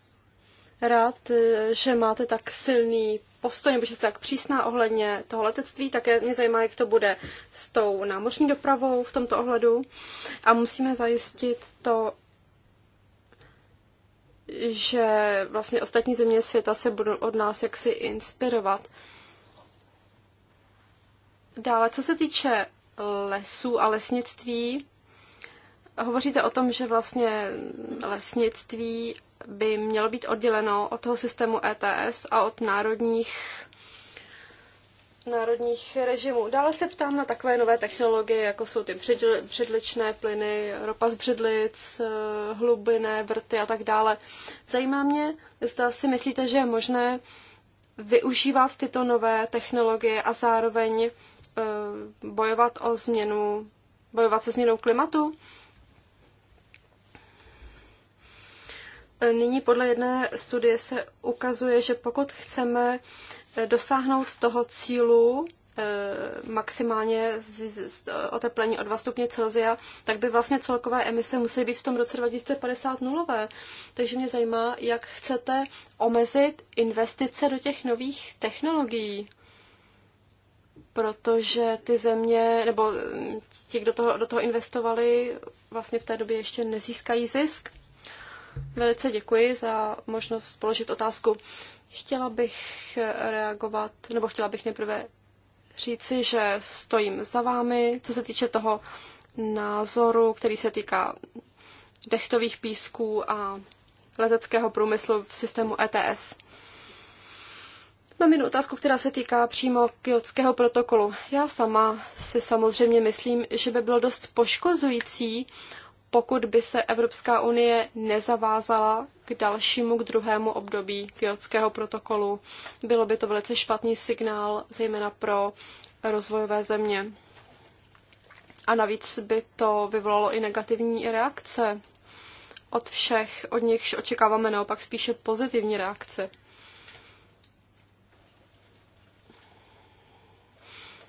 rád, eh, že máte tak silný postoj, nebo že jste tak přísná ohledně toho letectví. Také mě zajímá, jak to bude s tou námořní dopravou v tomto ohledu. A musíme zajistit to, že vlastně ostatní země světa se budou od nás jaksi inspirovat. Dále, co se týče lesů a lesnictví, hovoříte o tom, že vlastně lesnictví by mělo být odděleno od toho systému ETS a od národních národních režimů. Dále se ptám na takové nové technologie, jako jsou ty břidličné plyny, ropa z břidlic, eh, hlubiné vrty a tak dále. Zajímá mě, zda si myslíte, že je možné využívat tyto nové technologie a zároveň eh, bojovat o změnu, bojovat se změnou klimatu? Nyní podle jedné studie se ukazuje, že pokud chceme eh, dosáhnout toho cílu eh, maximálně oteplení o 2 stupně Celsia, tak by vlastně celkové emise musely být v tom roce 2050 nulové. Takže mě zajímá, jak chcete omezit investice do těch nových technologií protože ty země, nebo hm, ti, kdo toho, do toho investovali, vlastně v té době ještě nezískají zisk. Velice děkuji za možnost položit otázku. Chtěla bych reagovat, nebo chtěla bych nejprve říci, že stojím za vámi, co se týče toho názoru, který se týká dechtových písků a leteckého průmyslu v systému ETS. Mám jednu otázku, která se týká přímo kyotského protokolu. Já sama si samozřejmě myslím, že by bylo dost poškozující, pokud by se Evropská unie nezavázala k dalšímu, k druhému období Kyotského protokolu. Bylo by to velice špatný signál, zejména pro rozvojové země. A navíc by to vyvolalo i negativní reakce od všech, od nichž očekáváme naopak spíše pozitivní reakce.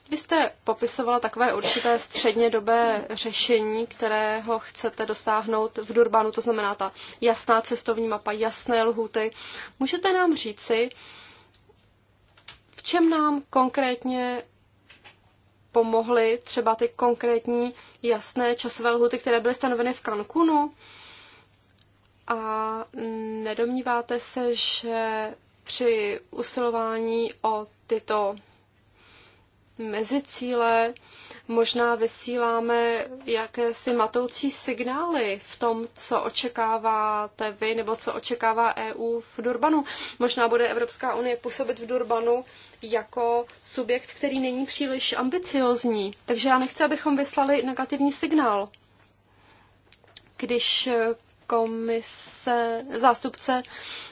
Vy jste popisovala takové určité střednědobé řešení, kterého chcete dosáhnout v Durbanu, to znamená ta jasná cestovní mapa, jasné lhuty. Můžete nám říci, v čem nám konkrétně pomohly třeba ty konkrétní jasné časové lhuty, které byly stanoveny v Cancunu? A nedomníváte se, že při usilování o tyto mezicíle, možná vysíláme jakési matoucí signály v tom, co očekáváte vy nebo co očekává EU v Durbanu. Možná bude Evropská unie působit v Durbanu jako subjekt, který není příliš ambiciozní. Takže já nechci, abychom vyslali negativní signál. Když komise, zástupce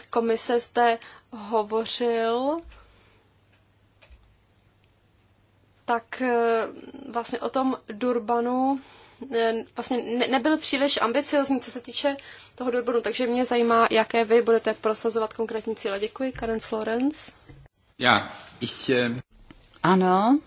komise jste hovořil, tak eh, vlastně o tom Durbanu eh, vlastně nebyl příliš ambiciozní, co se týče toho Durbanu, takže mě zajímá, jaké vy budete prosazovat konkrétní cíle. Děkuji, Karen Florence. Já, ich... Eh, ano,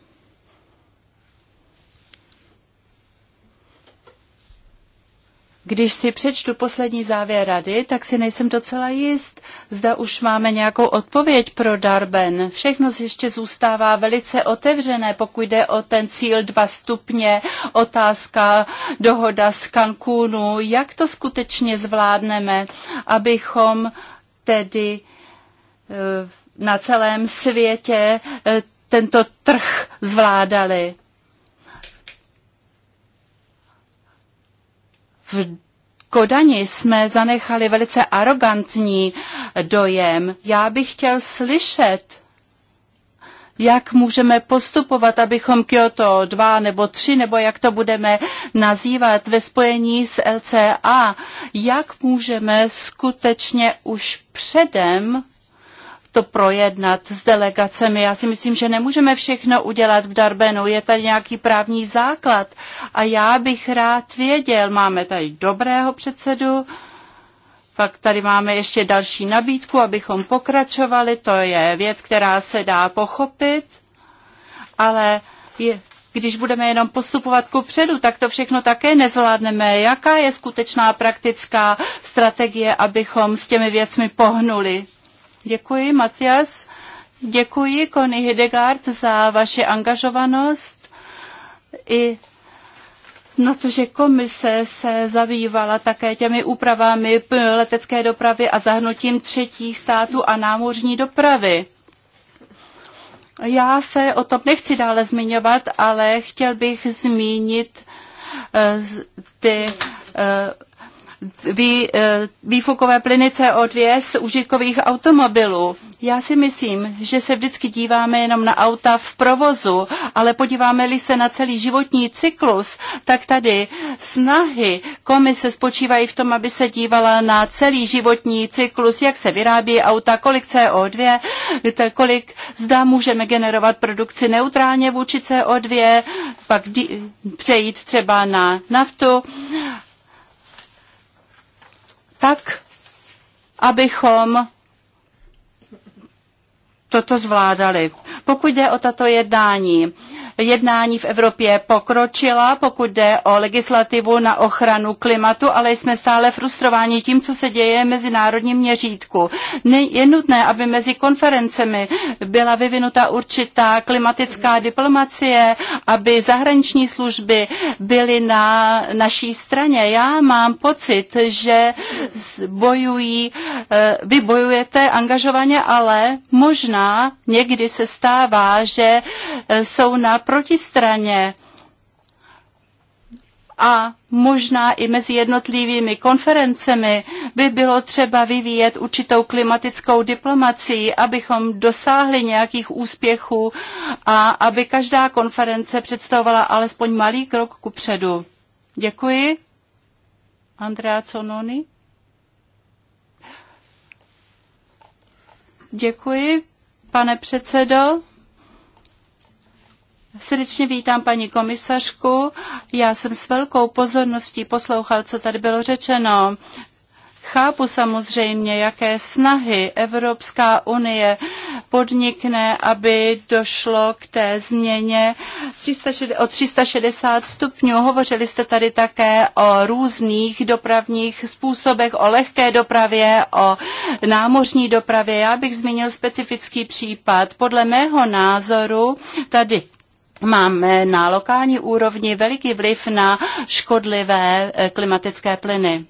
Když si přečtu poslední závěr rady, tak si nejsem docela jist, zda už máme nějakou odpověď pro Darben. Všechno ještě zůstává velice otevřené, pokud jde o ten cíl dva stupně, otázka, dohoda z Cancúnu, jak to skutečně zvládneme, abychom tedy eh, na celém světě eh, tento trh zvládali. v Kodani jsme zanechali velice arrogantní dojem. Já bych chtěl slyšet, jak můžeme postupovat, abychom Kyoto 2 nebo 3, nebo jak to budeme nazývat ve spojení s LCA, jak můžeme skutečně už předem to projednat s delegacemi. Já si myslím, že nemůžeme všechno udělat v Darbenu. Je tady nějaký právní základ a já bych rád věděl, máme tady dobrého předsedu, pak tady máme ještě další nabídku, abychom pokračovali. To je věc, která se dá pochopit, ale je, když budeme jenom postupovat ku předu, tak to všechno také nezvládneme. Jaká je skutečná praktická strategie, abychom s těmi věcmi pohnuli? Děkuji, Matias. Děkuji, Conny Hidegard, za vaši angažovanost i No to, že komise se zabývala také těmi úpravami letecké dopravy a zahnutím třetích států a námořní dopravy. Já se o tom nechci dále zmiňovat, ale chtěl bych zmínit eh, ty eh, vý, eh, výfukové plyny CO2 z užitkových automobilů. Já si myslím, že se vždycky díváme jenom na auta v provozu, ale podíváme-li se na celý životní cyklus, tak tady snahy komise spočívají v tom, aby se dívala na celý životní cyklus, jak se vyrábí auta, kolik CO2, kolik zda můžeme generovat produkci neutrálně vůči CO2, pak přejít třeba na naftu tak, abychom toto zvládali. Pokud jde o tato jednání, jednání v Evropě pokročila, pokud jde o legislativu na ochranu klimatu, ale jsme stále frustrováni tím, co se děje v mezinárodním měřítku. Je nutné, aby mezi konferencemi byla vyvinuta určitá klimatická diplomacie, aby zahraniční služby byly na naší straně. Já mám pocit, že bojují, eh, vy bojujete angažovaně, ale možná někdy se stává, že eh, jsou na protistraně a možná i mezi jednotlivými konferencemi by bylo třeba vyvíjet určitou klimatickou diplomacii, abychom dosáhli nějakých úspěchů a aby každá konference představovala alespoň malý krok ku předu. Děkuji. Andrea Cononi. Děkuji, pane předsedo. Srdečně vítám paní komisařku. Já jsem s velkou pozorností poslouchal, co tady bylo řečeno. Chápu samozřejmě, jaké snahy Evropská unie podnikne, aby došlo k té změně o 360 stupňů. Hovořili jste tady také o různých dopravních způsobech, o lehké dopravě, o námořní dopravě. Já bych zmínil specifický případ. Podle mého názoru tady máme na lokální úrovni veliký vliv na škodlivé eh, klimatické plyny.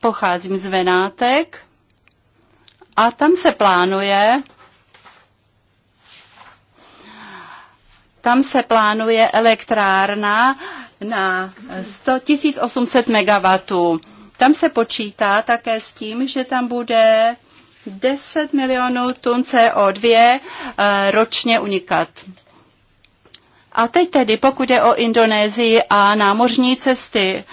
Pocházím z Venátek a tam se plánuje tam se plánuje elektrárna na 100 800 MW. Tam se počítá také s tím, že tam bude 10 milionů tun CO2 eh, ročně unikat. A teď tedy, pokud je o Indonésii a námořní cesty,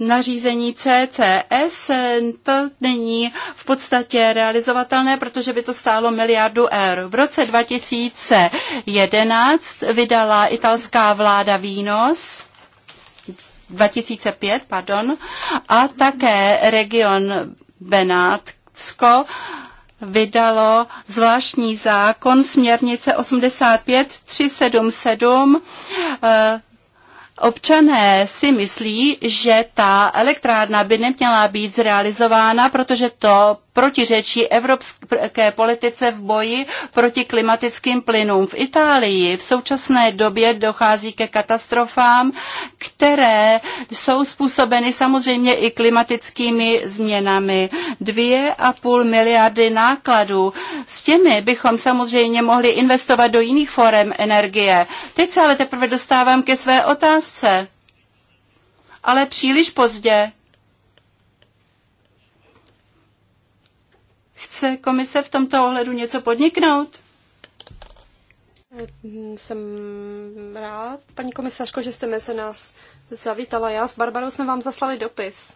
nařízení CCS eh, to není v podstatě realizovatelné, protože by to stálo miliardu eur. V roce 2011 vydala italská vláda výnos 2005, pardon, a také region Benát, Švédsko vydalo zvláštní zákon směrnice 85377 Občané si myslí, že ta elektrárna by neměla být zrealizována, protože to protiřečí evropské politice v boji proti klimatickým plynům. V Itálii v současné době dochází ke katastrofám, které jsou způsobeny samozřejmě i klimatickými změnami. Dvě a půl miliardy nákladů. S těmi bychom samozřejmě mohli investovat do jiných forem energie. Teď se ale teprve dostávám ke své otázce lásce, ale příliš pozdě. Chce komise v tomto ohledu něco podniknout? Jsem rád, paní komisařko, že jste mezi nás zavítala. Já s Barbarou jsme vám zaslali dopis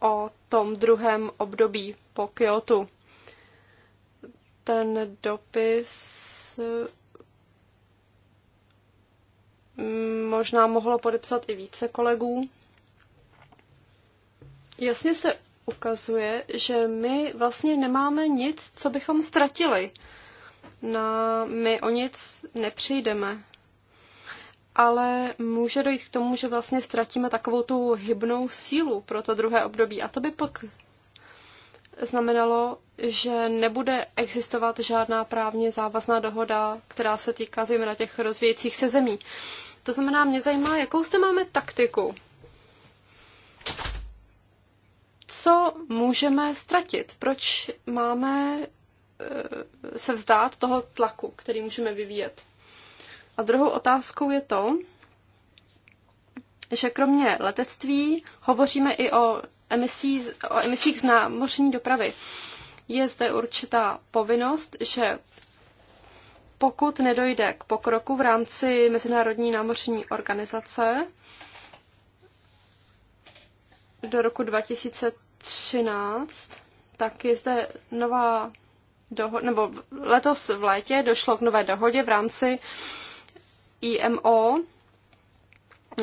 o tom druhém období po Kyoto. Ten dopis Mm, možná mohlo podepsat i více kolegů. Jasně se ukazuje, že my vlastně nemáme nic, co bychom ztratili. Na, my o nic nepřijdeme. Ale může dojít k tomu, že vlastně ztratíme takovou tu hybnou sílu pro to druhé období. A to by pak znamenalo, že nebude existovat žádná právně závazná dohoda, která se týká zejména těch rozvíjejících se zemí. To znamená, mě zajímá, jakou zde máme taktiku. Co můžeme ztratit? Proč máme eh, se vzdát toho tlaku, který můžeme vyvíjet? A druhou otázkou je to, že kromě letectví hovoříme i o, emisí, o emisích z námořní dopravy. Je zde určitá povinnost, že pokud nedojde k pokroku v rámci Mezinárodní námořní organizace do roku 2013, tak je zde nová dohoda, nebo letos v létě došlo k nové dohodě v rámci IMO.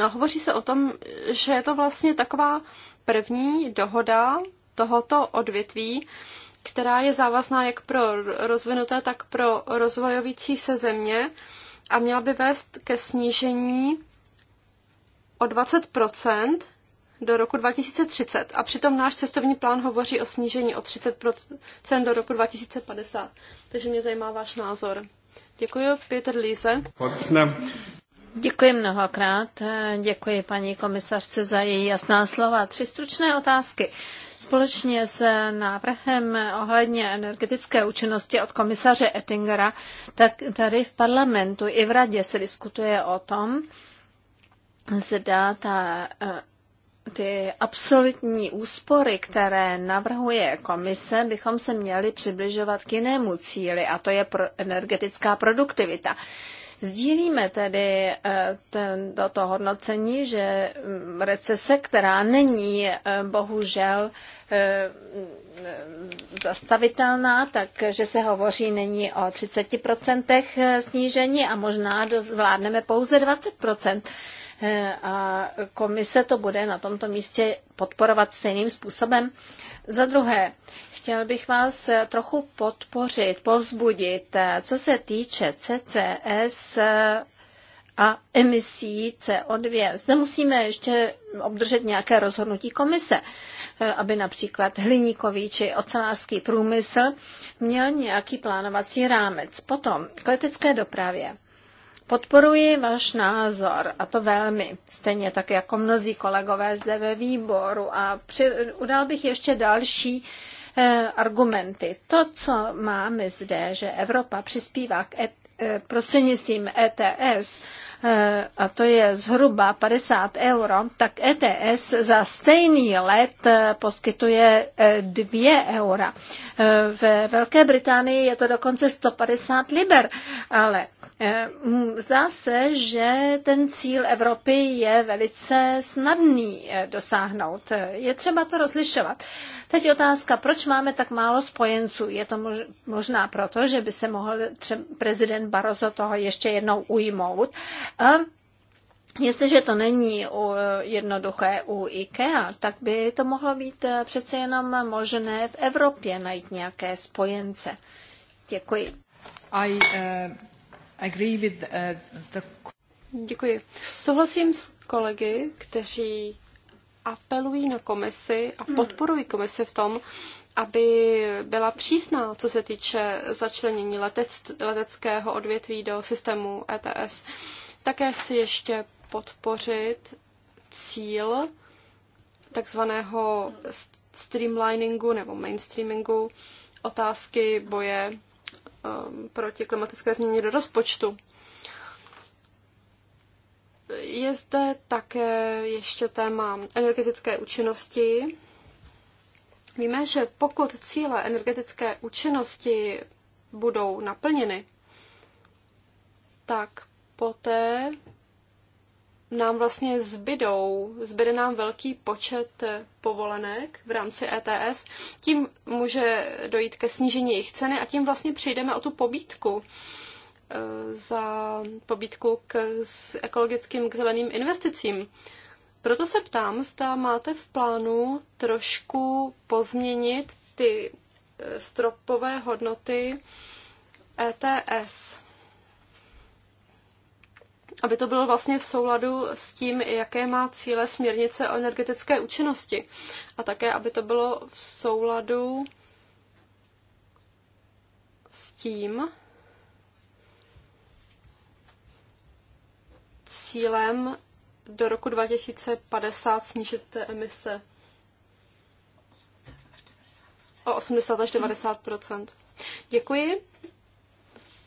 A hovoří se o tom, že je to vlastně taková první dohoda tohoto odvětví, která je závazná jak pro rozvinuté, tak pro rozvojovící se země a měla by vést ke snížení o 20 do roku 2030 a přitom náš cestovní plán hovoří o snížení o 30 do roku 2050. Takže mě zajímá váš názor. Děkuji, Peter Líze. Děkuji mnohokrát. Děkuji paní komisařce za její jasná slova. Tři stručné otázky. Společně s návrhem ohledně energetické účinnosti od komisaře Ettingera, tak tady v parlamentu i v radě se diskutuje o tom, zda ta ty absolutní úspory, které navrhuje komise, bychom se měli přibližovat k jinému cíli, a to je pro energetická produktivita. Sdílíme tedy eh, ten, to hodnocení, že mm, recese, která není eh, bohužel eh, mm, zastavitelná, takže se hovoří není o 30% snížení a možná zvládneme pouze 20%. A komise to bude na tomto místě podporovat stejným způsobem. Za druhé, Chtěl bych vás eh, trochu podpořit, povzbudit, eh, co se týče CCS eh, a emisí CO2. Zde musíme ještě obdržet nějaké rozhodnutí komise, aby například hliníkový či ocelářský průmysl měl nějaký plánovací rámec. Potom k letecké dopravě. Podporuji váš názor, a to velmi, stejně tak jako mnozí kolegové zde ve výboru. A při, udal bych ještě další Eh, argumenty. To, co máme zde, že Evropa přispívá k e- eh, prostřednictvím ETS, eh, a to je zhruba 50 euro, tak ETS za stejný let poskytuje 2 eura. V Velké Británii je to dokonce 150 liber, ale Eh, zdá se, že ten cíl Evropy je velice snadný eh, dosáhnout. Je třeba to rozlišovat. Teď otázka, proč máme tak málo spojenců? Je to možná proto, že by se mohl třeba prezident Barroso toho ještě jednou ujmout. A Jestliže to není jednoduché u IKEA, tak by to mohlo být eh, přece jenom možné v Evropě najít nějaké spojence. Děkuji. I, uh... Uh, Děkuji. Souhlasím s kolegy, kteří apelují na komisi a hmm. podporují komisi v tom, aby byla přísná, co se týče začlenění letec, leteckého odvětví do systému ETS. Také chci ještě podpořit cíl takzvaného streamliningu nebo mainstreamingu otázky boje Um, proti klimatické změně do rozpočtu. Je zde také ještě téma energetické účinnosti. Víme, že pokud cíle energetické účinnosti budou naplněny, tak poté nám vlastně zbydou, zbyde nám velký počet povolenek v rámci ETS, tím může dojít ke snížení jejich ceny a tím vlastně přijdeme o tu pobítku e, za pobítku k ekologickým k zeleným investicím. Proto se ptám, zda máte v plánu trošku pozměnit ty e, stropové hodnoty ETS aby to bylo vlastně v souladu s tím, jaké má cíle směrnice o energetické účinnosti. A také, aby to bylo v souladu s tím cílem do roku 2050 snížit té emise o 80 až 90 Děkuji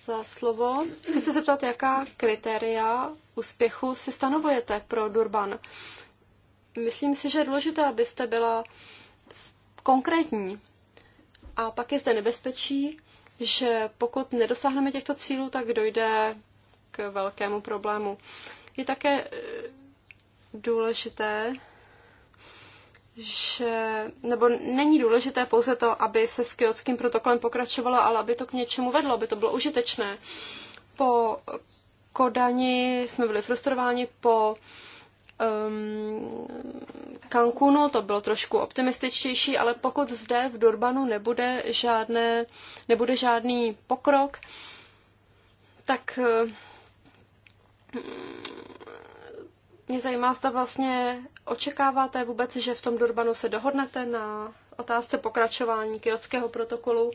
za slovo. Chci se zeptat, jaká kritéria úspěchu si stanovujete pro Durban. Myslím si, že je důležité, abyste byla konkrétní. A pak je zde nebezpečí, že pokud nedosáhneme těchto cílů, tak dojde k velkému problému. Je také eh, důležité že, nebo není důležité pouze to, aby se s kyotským protokolem pokračovalo, ale aby to k něčemu vedlo, aby to bylo užitečné. Po Kodani jsme byli frustrováni, po um, Cancunu to bylo trošku optimističtější, ale pokud zde v Durbanu nebude, žádné, nebude žádný pokrok, tak um, mě zajímá, zda vlastně očekáváte vůbec, že v tom Durbanu se dohodnete na otázce pokračování kyotského protokolu.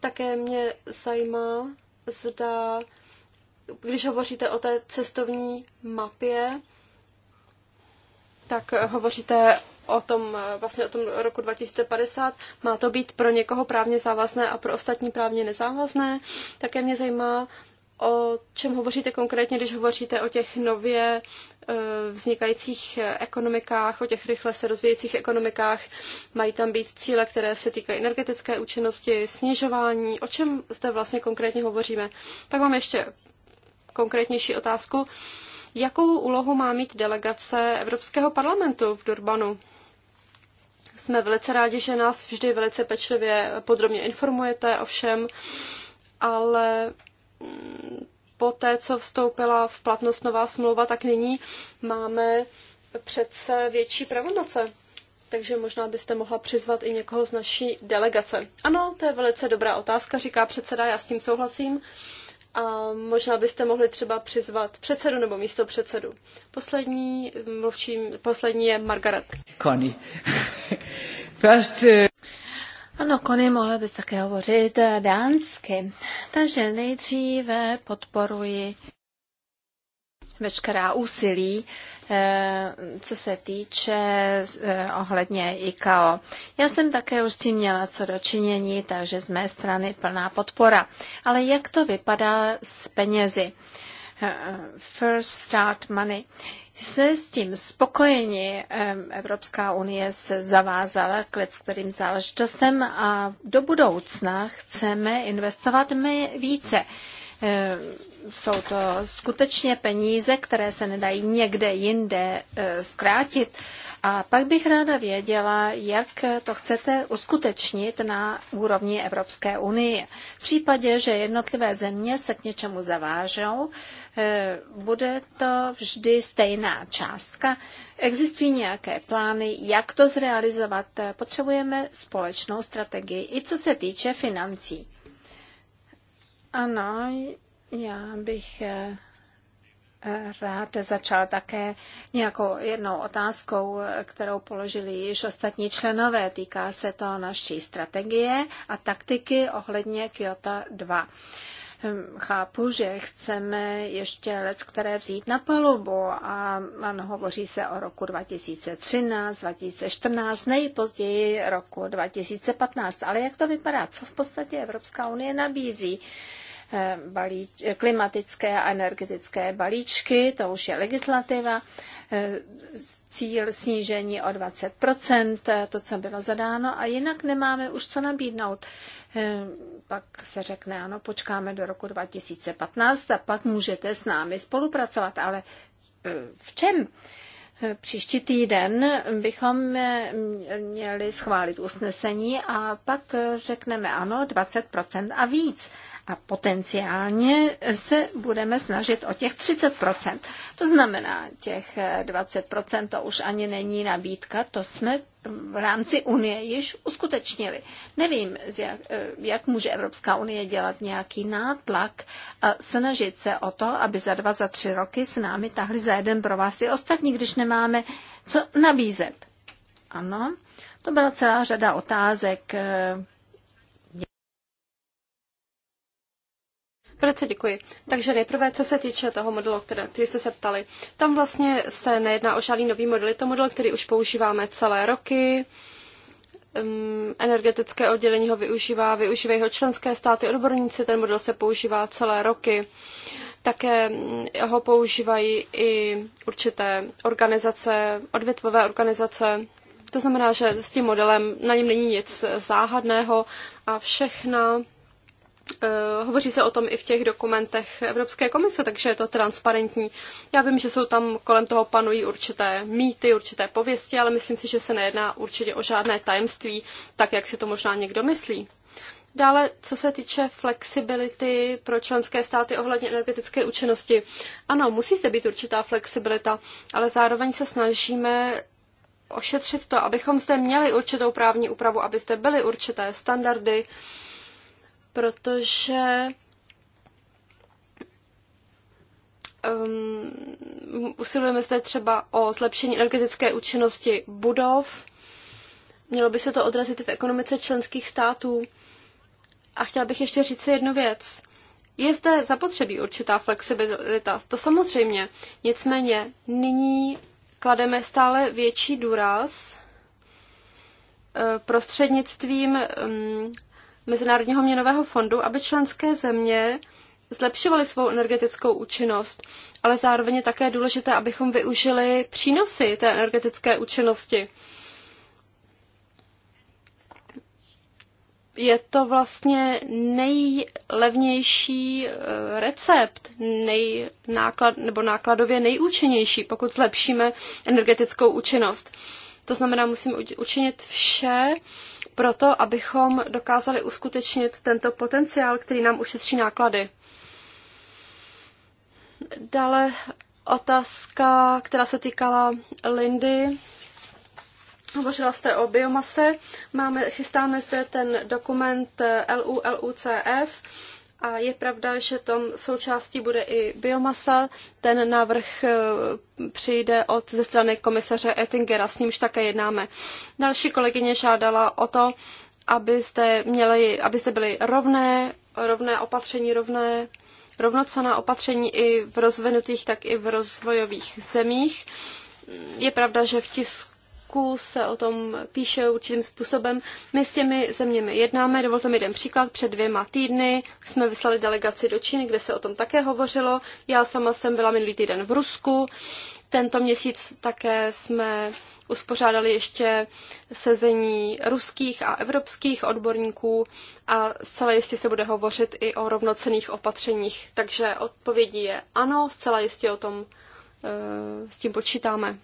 Také mě zajímá, zda, když hovoříte o té cestovní mapě, tak hovoříte o tom, vlastně o tom roku 2050. Má to být pro někoho právně závazné a pro ostatní právně nezávazné. Také mě zajímá, o čem hovoříte konkrétně, když hovoříte o těch nově eh, vznikajících ekonomikách, o těch rychle se rozvíjejících ekonomikách. Mají tam být cíle, které se týkají energetické účinnosti, snižování. O čem zde vlastně konkrétně hovoříme? Pak mám ještě konkrétnější otázku. Jakou úlohu má mít delegace Evropského parlamentu v Durbanu? Jsme velice rádi, že nás vždy velice pečlivě podrobně informujete o všem, ale po té, co vstoupila v platnost nová smlouva, tak nyní máme přece větší pravomoce. Takže možná byste mohla přizvat i někoho z naší delegace. Ano, to je velice dobrá otázka, říká předseda, já s tím souhlasím. A možná byste mohli třeba přizvat předsedu nebo místo předsedu. Poslední, mluvčím, poslední je Margaret. Connie. (laughs) First, eh, ano, Kony, mohla bys také hovořit eh, dánsky. Takže nejdříve podporuji veškerá úsilí, eh, co se týče eh, ohledně ICAO. Já jsem také už s tím měla co dočinění, takže z mé strany plná podpora. Ale jak to vypadá s penězi? Eh, first Start Money. Jste s tím spokojeni? Eh, Evropská unie se zavázala k kterým záležitostem a do budoucna chceme investovat my více. Eh, jsou to skutečně peníze, které se nedají někde jinde zkrátit. A pak bych ráda věděla, jak to chcete uskutečnit na úrovni Evropské unie. V případě, že jednotlivé země se k něčemu zavážou, eh, bude to vždy stejná částka. Existují nějaké plány, jak to zrealizovat. Potřebujeme společnou strategii, i co se týče financí. Ano, já bych eh, rád začal také nějakou jednou otázkou, kterou položili již ostatní členové. Týká se to naší strategie a taktiky ohledně Kyoto 2 hm, chápu, že chceme ještě let, které vzít na palubu a ano, hovoří se o roku 2013, 2014, nejpozději roku 2015. Ale jak to vypadá? Co v podstatě Evropská unie nabízí? Eh, eh, klimatické a energetické balíčky, to už je legislativa, eh, cíl snížení o 20 to, co bylo zadáno, a jinak nemáme už co nabídnout. Pak se řekne, ano, počkáme do roku 2015 a pak můžete s námi spolupracovat, ale v čem? Příští týden bychom měli schválit usnesení a pak řekneme ano, 20% a víc a potenciálně se budeme snažit o těch 30%. To znamená, těch 20% to už ani není nabídka, to jsme v rámci Unie již uskutečnili. Nevím, jak, jak může Evropská unie dělat nějaký nátlak a snažit se o to, aby za dva, za tři roky s námi tahli za jeden pro vás i ostatní, když nemáme co nabízet. Ano, to byla celá řada otázek, Velice děkuji. Takže nejprve, co se týče toho modelu, které, který jste se ptali, tam vlastně se nejedná o žádný nový model, je to model, který už používáme celé roky. Um, energetické oddělení ho využívá, využívají ho členské státy, odborníci, ten model se používá celé roky. Také mm, ho používají i určité organizace, odvětvové organizace, to znamená, že s tím modelem na něm není nic záhadného a všechna Eh, hovoří se o tom i v těch dokumentech Evropské komise, takže je to transparentní. Já vím, že jsou tam kolem toho panují určité mýty, určité pověsti, ale myslím si, že se nejedná určitě o žádné tajemství, tak jak si to možná někdo myslí. Dále, co se týče flexibility pro členské státy ohledně energetické účinnosti. Ano, musí se být určitá flexibilita, ale zároveň se snažíme ošetřit to, abychom zde měli určitou právní úpravu, abyste byly určité standardy, protože um, usilujeme zde třeba o zlepšení energetické účinnosti budov. Mělo by se to odrazit v ekonomice členských států. A chtěla bych ještě říct si jednu věc. Je zde zapotřebí určitá flexibilita, to samozřejmě. Nicméně nyní klademe stále větší důraz eh, prostřednictvím mm, Mezinárodního měnového fondu, aby členské země zlepšovaly svou energetickou účinnost, ale zároveň je také důležité, abychom využili přínosy té energetické účinnosti. Je to vlastně nejlevnější eh, recept, nejnáklad, nebo nákladově nejúčinnější, pokud zlepšíme energetickou účinnost. To znamená, musíme učinit vše, proto abychom dokázali uskutečnit tento potenciál, který nám ušetří náklady. Dále otázka, která se týkala Lindy. Hovořila jste o biomase. Máme, chystáme zde ten dokument LULUCF a je pravda, že tom součástí bude i biomasa. Ten návrh eh, přijde od ze strany komisaře Ettingera, s nímž také jednáme. Další kolegyně žádala o to, abyste, měli, abyste byli rovné, rovné opatření, rovné rovnocená opatření i v rozvinutých, tak i v rozvojových zemích. Je pravda, že v tisku článků se o tom píše určitým způsobem. My s těmi zeměmi jednáme, dovolte mi jeden příklad. Před dvěma týdny jsme vyslali delegaci do Číny, kde se o tom také hovořilo. Já sama jsem byla minulý týden v Rusku. Tento měsíc také jsme uspořádali ještě sezení ruských a evropských odborníků a zcela jistě se bude hovořit i o rovnocených opatřeních. Takže odpovědí je ano, zcela jistě o tom eh, s tím počítáme.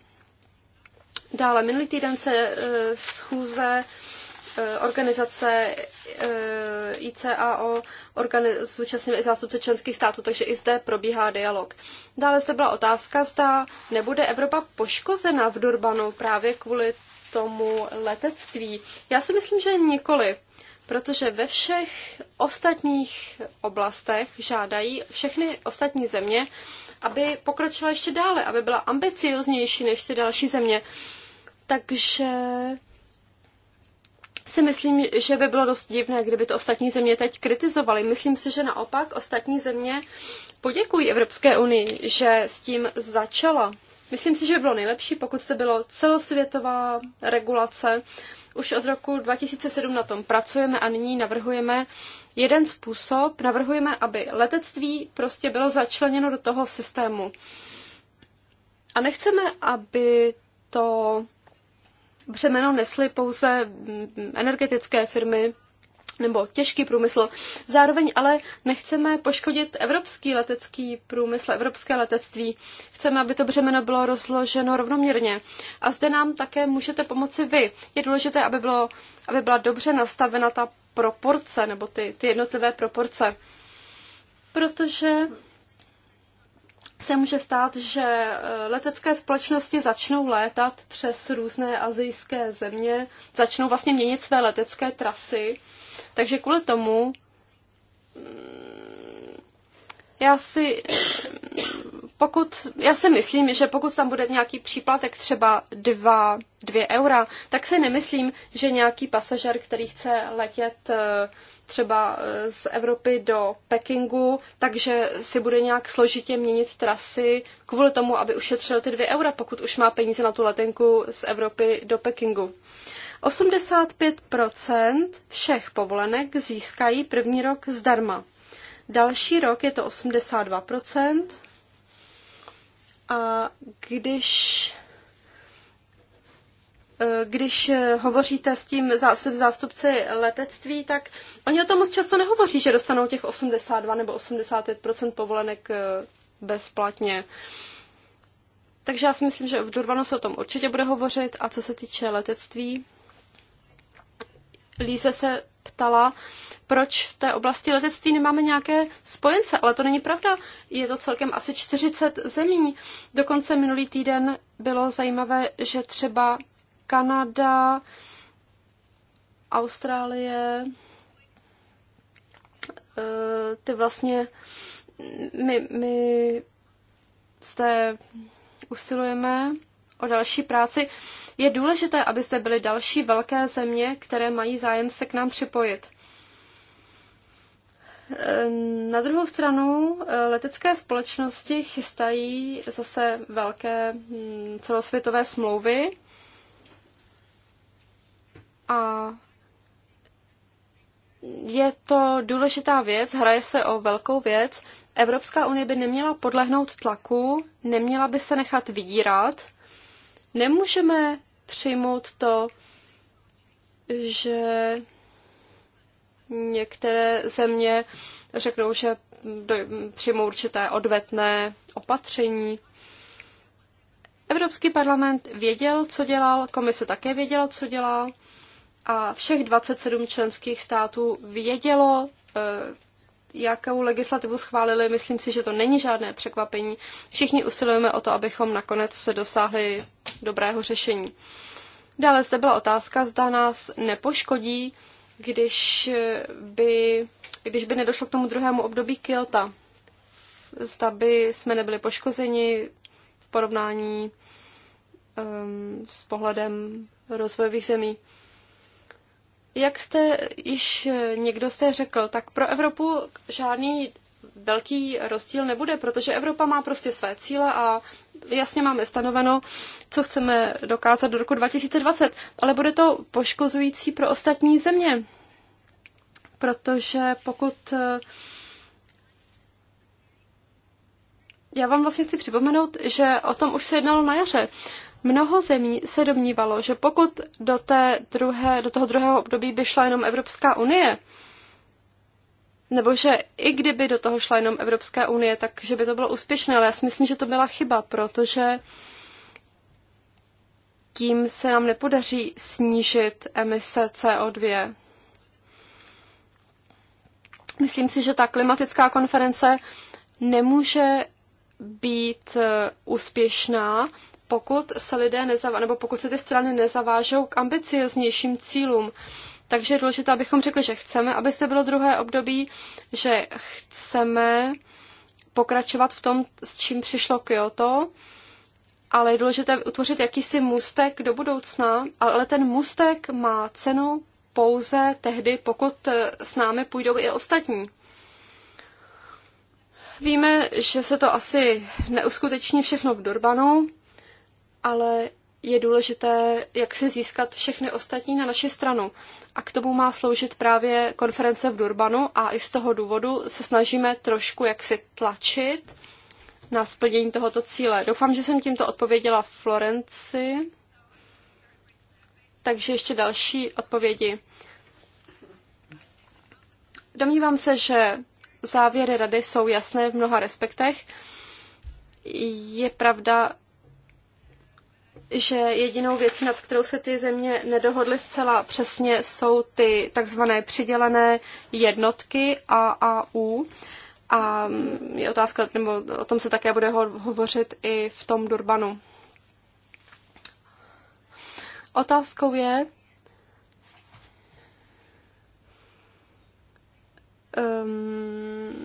Dále minulý týden se eh, schůze eh, organizace eh, ICAO organiz, zúčastnili i zástupce členských států, takže i zde probíhá dialog. Dále zde byla otázka, zda nebude Evropa poškozena v Durbanu právě kvůli tomu letectví. Já si myslím, že nikoli, protože ve všech ostatních oblastech žádají všechny ostatní země, aby pokročila ještě dále, aby byla ambicioznější než ty další země. Takže si myslím, že by bylo dost divné, kdyby to ostatní země teď kritizovaly. Myslím si, že naopak ostatní země poděkují Evropské unii, že s tím začala. Myslím si, že by bylo nejlepší, pokud to bylo celosvětová regulace. Už od roku 2007 na tom pracujeme a nyní navrhujeme jeden způsob. Navrhujeme, aby letectví prostě bylo začleněno do toho systému. A nechceme, aby to břemeno nesly pouze energetické firmy nebo těžký průmysl. Zároveň ale nechceme poškodit evropský letecký průmysl, evropské letectví. Chceme, aby to břemeno bylo rozloženo rovnoměrně. A zde nám také můžete pomoci vy. Je důležité, aby, bylo, aby byla dobře nastavena ta proporce nebo ty, ty jednotlivé proporce. Protože se může stát, že e, letecké společnosti začnou létat přes různé azijské země, začnou vlastně měnit své letecké trasy. Takže kvůli tomu mm, já si, mm, pokud, já si myslím, že pokud tam bude nějaký příplatek třeba 2, 2 eura, tak si nemyslím, že nějaký pasažer, který chce letět e, třeba eh, z Evropy do Pekingu, takže si bude nějak složitě měnit trasy kvůli tomu, aby ušetřil ty dvě eura, pokud už má peníze na tu letenku z Evropy do Pekingu. 85 všech povolenek získají první rok zdarma. Další rok je to 82 a když Eh, když eh, hovoříte s tím zástupci letectví, tak oni o tom moc často nehovoří, že dostanou těch 82 nebo 85 povolenek eh, bezplatně. Takže já si myslím, že v Durbanu se o tom určitě bude hovořit. A co se týče letectví, Líze se ptala, proč v té oblasti letectví nemáme nějaké spojence, ale to není pravda. Je to celkem asi 40 zemí. Dokonce minulý týden bylo zajímavé, že třeba Kanada, Austrálie, eh, ty vlastně my, my jste usilujeme o další práci. Je důležité, abyste byli byly další velké země, které mají zájem se k nám připojit. Eh, na druhou stranu eh, letecké společnosti chystají zase velké hm, celosvětové smlouvy a je to důležitá věc, hraje se o velkou věc. Evropská unie by neměla podlehnout tlaku, neměla by se nechat vydírat. Nemůžeme přijmout to, že některé země řeknou, že přijmou určité odvetné opatření. Evropský parlament věděl, co dělal, komise také věděla, co dělal a všech 27 členských států vědělo, eh, jakou legislativu schválili. Myslím si, že to není žádné překvapení. Všichni usilujeme o to, abychom nakonec se dosáhli dobrého řešení. Dále zde byla otázka, zda nás nepoškodí, když eh, by, když by nedošlo k tomu druhému období Kyoto. Zda by jsme nebyli poškozeni v porovnání um, s pohledem rozvojových zemí. Jak jste již eh, někdo jste řekl, tak pro Evropu žádný velký rozdíl nebude, protože Evropa má prostě své cíle a jasně máme stanoveno, co chceme dokázat do roku 2020, ale bude to poškozující pro ostatní země, protože pokud eh, já vám vlastně chci připomenout, že o tom už se jednalo na jaře. Mnoho zemí se domnívalo, že pokud do, té druhé, do toho druhého období by šla jenom Evropská unie, nebo že i kdyby do toho šla jenom Evropská unie, tak že by to bylo úspěšné, ale já si myslím, že to byla chyba, protože tím se nám nepodaří snížit emise CO2. Myslím si, že ta klimatická konference nemůže být eh, úspěšná, pokud se lidé nezava- nebo pokud se ty strany nezavážou k ambicioznějším cílům. Takže je důležité, abychom řekli, že chceme, aby se bylo druhé období, že chceme pokračovat v tom, s čím přišlo Kyoto, ale je důležité utvořit jakýsi mustek do budoucna, ale ten mustek má cenu pouze tehdy, pokud s námi půjdou i ostatní. Víme, že se to asi neuskuteční všechno v Durbanu, ale je důležité, jak si získat všechny ostatní na naši stranu. A k tomu má sloužit právě konference v Durbanu a i z toho důvodu se snažíme trošku jaksi tlačit na splnění tohoto cíle. Doufám, že jsem tímto odpověděla Florenci. Takže ještě další odpovědi. Domnívám se, že závěry rady jsou jasné v mnoha respektech. Je pravda, že jedinou věcí, nad kterou se ty země nedohodly zcela přesně, jsou ty takzvané přidělené jednotky AAU. A mm, je otázka, nebo o tom se také bude hovořit i v tom Durbanu. Otázkou je, um,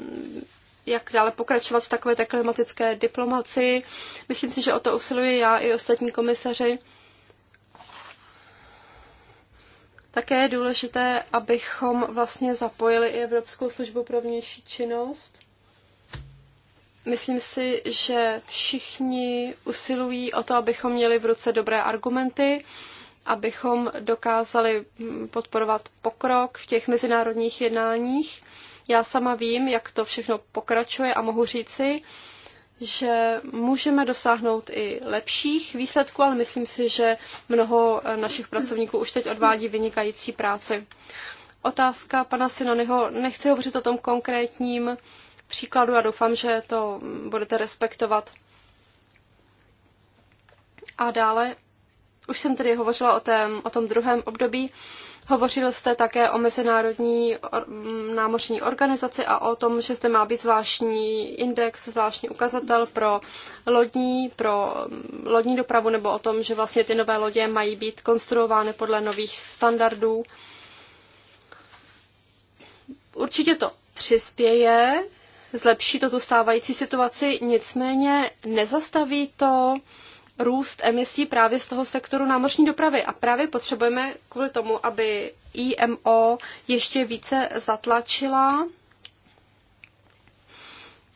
jak dále pokračovat v takové té klimatické diplomacii. Myslím si, že o to usiluji já i ostatní komisaři. Také je důležité, abychom vlastně zapojili i Evropskou službu pro vnější činnost. Myslím si, že všichni usilují o to, abychom měli v ruce dobré argumenty, abychom dokázali podporovat pokrok v těch mezinárodních jednáních. Já sama vím, jak to všechno pokračuje a mohu říci, že můžeme dosáhnout i lepších výsledků, ale myslím si, že mnoho eh, našich pracovníků už teď odvádí vynikající práci. Otázka pana Sinonyho, nechci hovořit o tom konkrétním příkladu a doufám, že to budete respektovat. A dále, už jsem tedy hovořila o, tém, o tom druhém období. Hovořil jste také o Mezinárodní mm, námořní organizaci a o tom, že zde má být zvláštní index, zvláštní ukazatel pro lodní, pro mm, lodní dopravu, nebo o tom, že vlastně ty nové lodě mají být konstruovány podle nových standardů. Určitě to přispěje, zlepší to tu stávající situaci, nicméně nezastaví to růst emisí právě z toho sektoru námořní dopravy. A právě potřebujeme kvůli tomu, aby IMO ještě více zatlačila,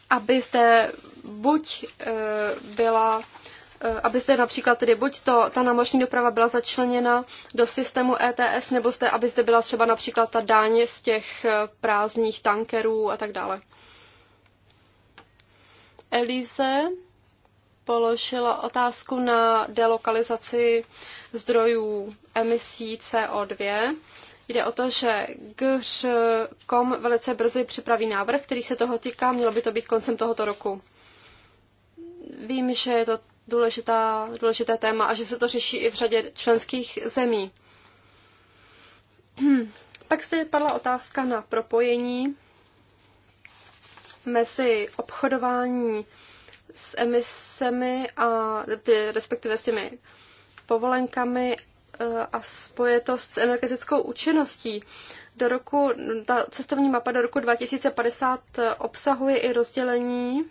aby zde buď eh, byla eh, aby zde například tedy buď to, ta námořní doprava byla začleněna do systému ETS, nebo zde, aby zde byla třeba například ta dáň z těch eh, prázdných tankerů a tak dále. Elize, položila otázku na delokalizaci zdrojů emisí CO2. Jde o to, že GŘKOM velice brzy připraví návrh, který se toho týká. Mělo by to být koncem tohoto roku. Vím, že je to důležitá, důležité téma a že se to řeší i v řadě členských zemí. (clears throat) Pak zde padla otázka na propojení mezi obchodování s emisemi a respektive s těmi povolenkami e, a spojetost s energetickou účinností. Do roku, ta cestovní mapa do roku 2050 e, obsahuje i rozdělení.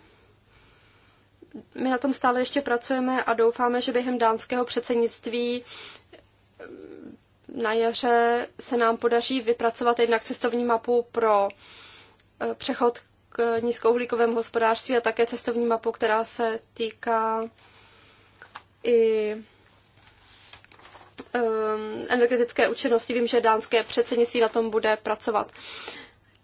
My na tom stále ještě pracujeme a doufáme, že během dánského předsednictví e, na jaře se nám podaří vypracovat jednak cestovní mapu pro přechod k nízkouhlíkovému hospodářství a také cestovní mapu, která se týká i um, energetické účinnosti. Vím, že dánské předsednictví na tom bude pracovat.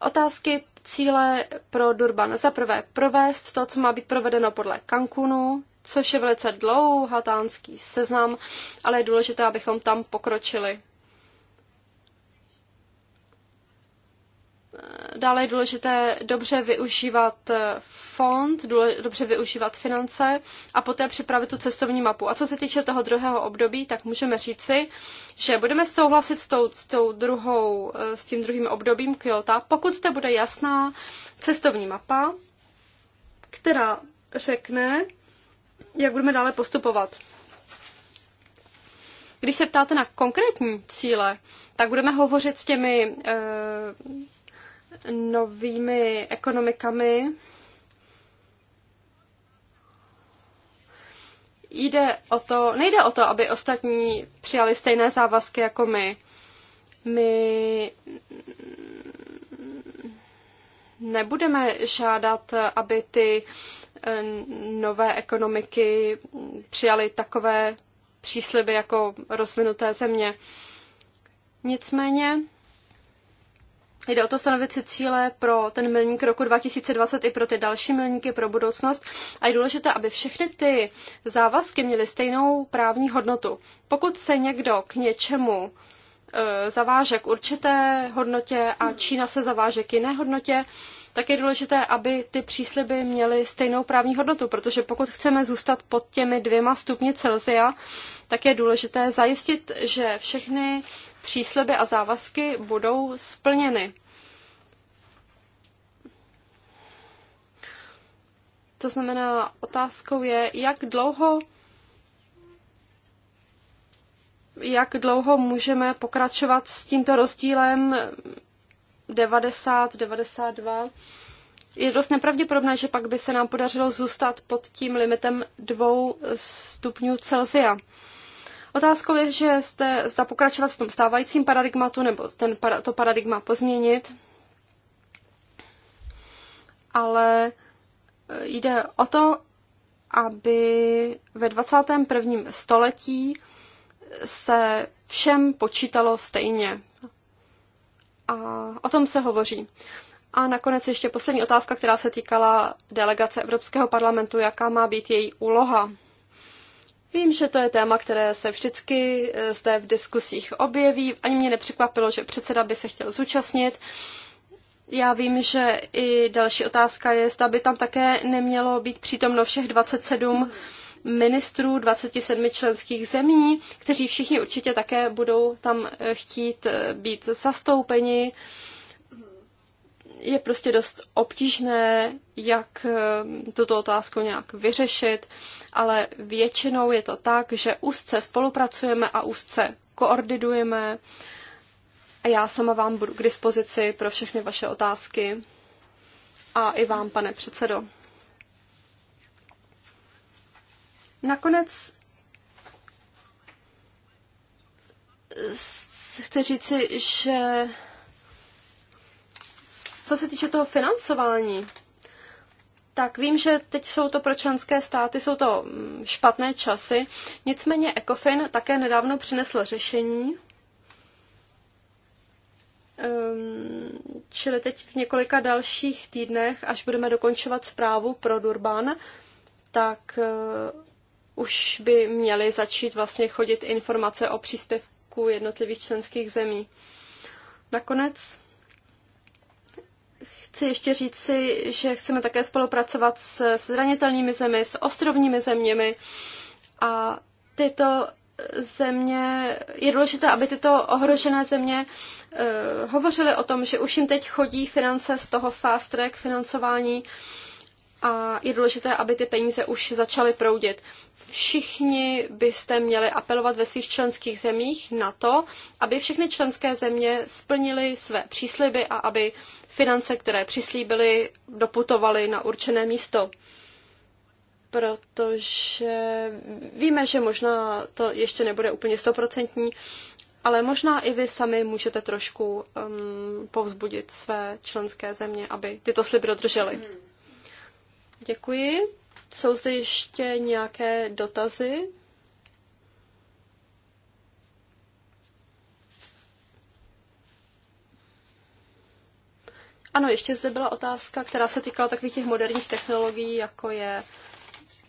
Otázky cíle pro Durban. Za prvé, provést to, co má být provedeno podle Cancunu, což je velice dlouhatánský seznam, ale je důležité, abychom tam pokročili. Dále je důležité dobře využívat eh, fond, dobře využívat finance a poté připravit tu cestovní mapu. A co se týče toho druhého období, tak můžeme říci, že budeme souhlasit s, tou, s, tou druhou, eh, s tím druhým obdobím Kyoto, pokud zde bude jasná cestovní mapa, která řekne, jak budeme dále postupovat. Když se ptáte na konkrétní cíle, tak budeme hovořit s těmi eh, novými ekonomikami. Jde o to, nejde o to, aby ostatní přijali stejné závazky jako my. My nebudeme žádat, aby ty eh, nové ekonomiky přijaly takové přísliby jako rozvinuté země. Nicméně Jde o to stanovit si cíle pro ten milník roku 2020 i pro ty další milníky pro budoucnost a je důležité, aby všechny ty závazky měly stejnou právní hodnotu. Pokud se někdo k něčemu e, zaváže k určité hodnotě a Čína se zaváže k jiné hodnotě, tak je důležité, aby ty přísliby měly stejnou právní hodnotu, protože pokud chceme zůstat pod těmi dvěma stupni Celsia, tak je důležité zajistit, že všechny přísliby a závazky budou splněny. To znamená, otázkou je, jak dlouho jak dlouho můžeme pokračovat s tímto rozdílem 90, 92. Je dost nepravděpodobné, že pak by se nám podařilo zůstat pod tím limitem 2 stupňů Celsia. Otázkou je, že jste, zda pokračovat v tom stávajícím paradigmatu nebo ten, to paradigma pozměnit. Ale eh, jde o to, aby ve 21. století se všem počítalo stejně. A o tom se hovoří. A nakonec ještě poslední otázka, která se týkala delegace Evropského parlamentu, jaká má být její úloha. Vím, že to je téma, které se vždycky eh, zde v diskusích objeví. Ani mě nepřekvapilo, že předseda by se chtěl zúčastnit. Já vím, že i další otázka je, zda by tam také nemělo být přítomno všech 27 ministrů 27 členských zemí, kteří všichni určitě také budou tam eh, chtít eh, být zastoupeni je prostě dost obtížné, jak eh, tuto otázku nějak vyřešit, ale většinou je to tak, že úzce spolupracujeme a úzce koordinujeme. A já sama vám budu k dispozici pro všechny vaše otázky a i vám, pane předsedo. Nakonec eh, chci říci, že co se týče toho financování, tak vím, že teď jsou to pro členské státy, jsou to mm, špatné časy. Nicméně ECOFIN také nedávno přinesl řešení. Ehm, čili teď v několika dalších týdnech, až budeme dokončovat zprávu pro Durban, tak eh, už by měly začít vlastně chodit informace o příspěvku jednotlivých členských zemí. Nakonec Chci ještě říct si, že chceme také spolupracovat s zranitelnými zemi, s ostrovními zeměmi a tyto země, je důležité, aby tyto ohrožené země uh, hovořily o tom, že už jim teď chodí finance z toho fast track financování uh, a je důležité, aby ty peníze už začaly proudit. Všichni byste měli apelovat ve svých členských zemích na to, aby všechny členské země splnily své přísliby a aby finance, které přislíbily, doputovaly na určené místo. Protože víme, že možná to ještě nebude úplně stoprocentní, ale možná i vy sami můžete trošku um, povzbudit své členské země, aby tyto sliby dodržely. Hmm. Děkuji. Jsou zde ještě nějaké dotazy? Ano, ještě zde byla otázka, která se týkala takových těch moderních technologií, jako je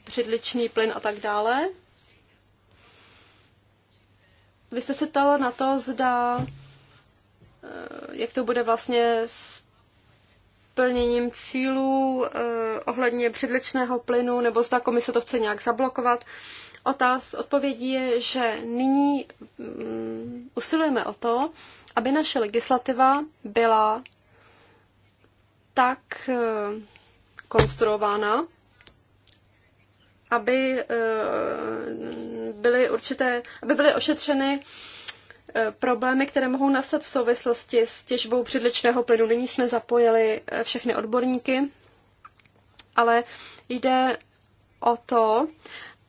břidličný plyn a tak dále. Vy jste se ptala na to, zda, eh, jak to bude vlastně s plněním cílů eh, ohledně předličného plynu, nebo zda komise to chce nějak zablokovat. Otáz odpovědí je, že nyní mm, usilujeme o to, aby naše legislativa byla tak eh, konstruována, aby eh, byly určité, aby byly ošetřeny Eh, problémy, které mohou nastat v souvislosti s těžbou předličného plynu. Nyní jsme zapojili eh, všechny odborníky, ale jde o to,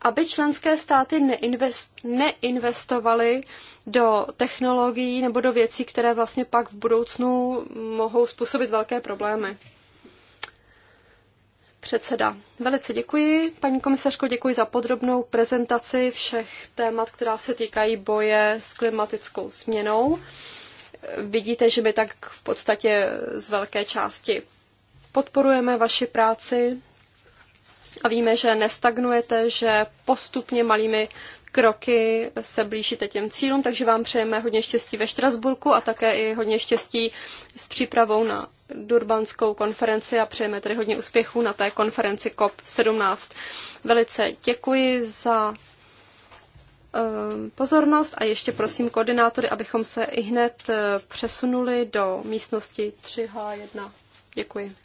aby členské státy neinvest, neinvestovaly do technologií nebo do věcí, které vlastně pak v budoucnu mohou způsobit velké problémy. Předseda, velice děkuji. Paní komisařko, děkuji za podrobnou prezentaci všech témat, která se týkají boje s klimatickou změnou. Vidíte, že my tak v podstatě z velké části podporujeme vaši práci a víme, že nestagnujete, že postupně malými kroky se blížíte těm cílům, takže vám přejeme hodně štěstí ve Štrasburku a také i hodně štěstí s přípravou na Durbanskou konferenci a přejeme tedy hodně úspěchů na té konferenci COP17. Velice děkuji za eh, pozornost a ještě prosím koordinátory, abychom se i hned eh, přesunuli do místnosti 3H1. Děkuji.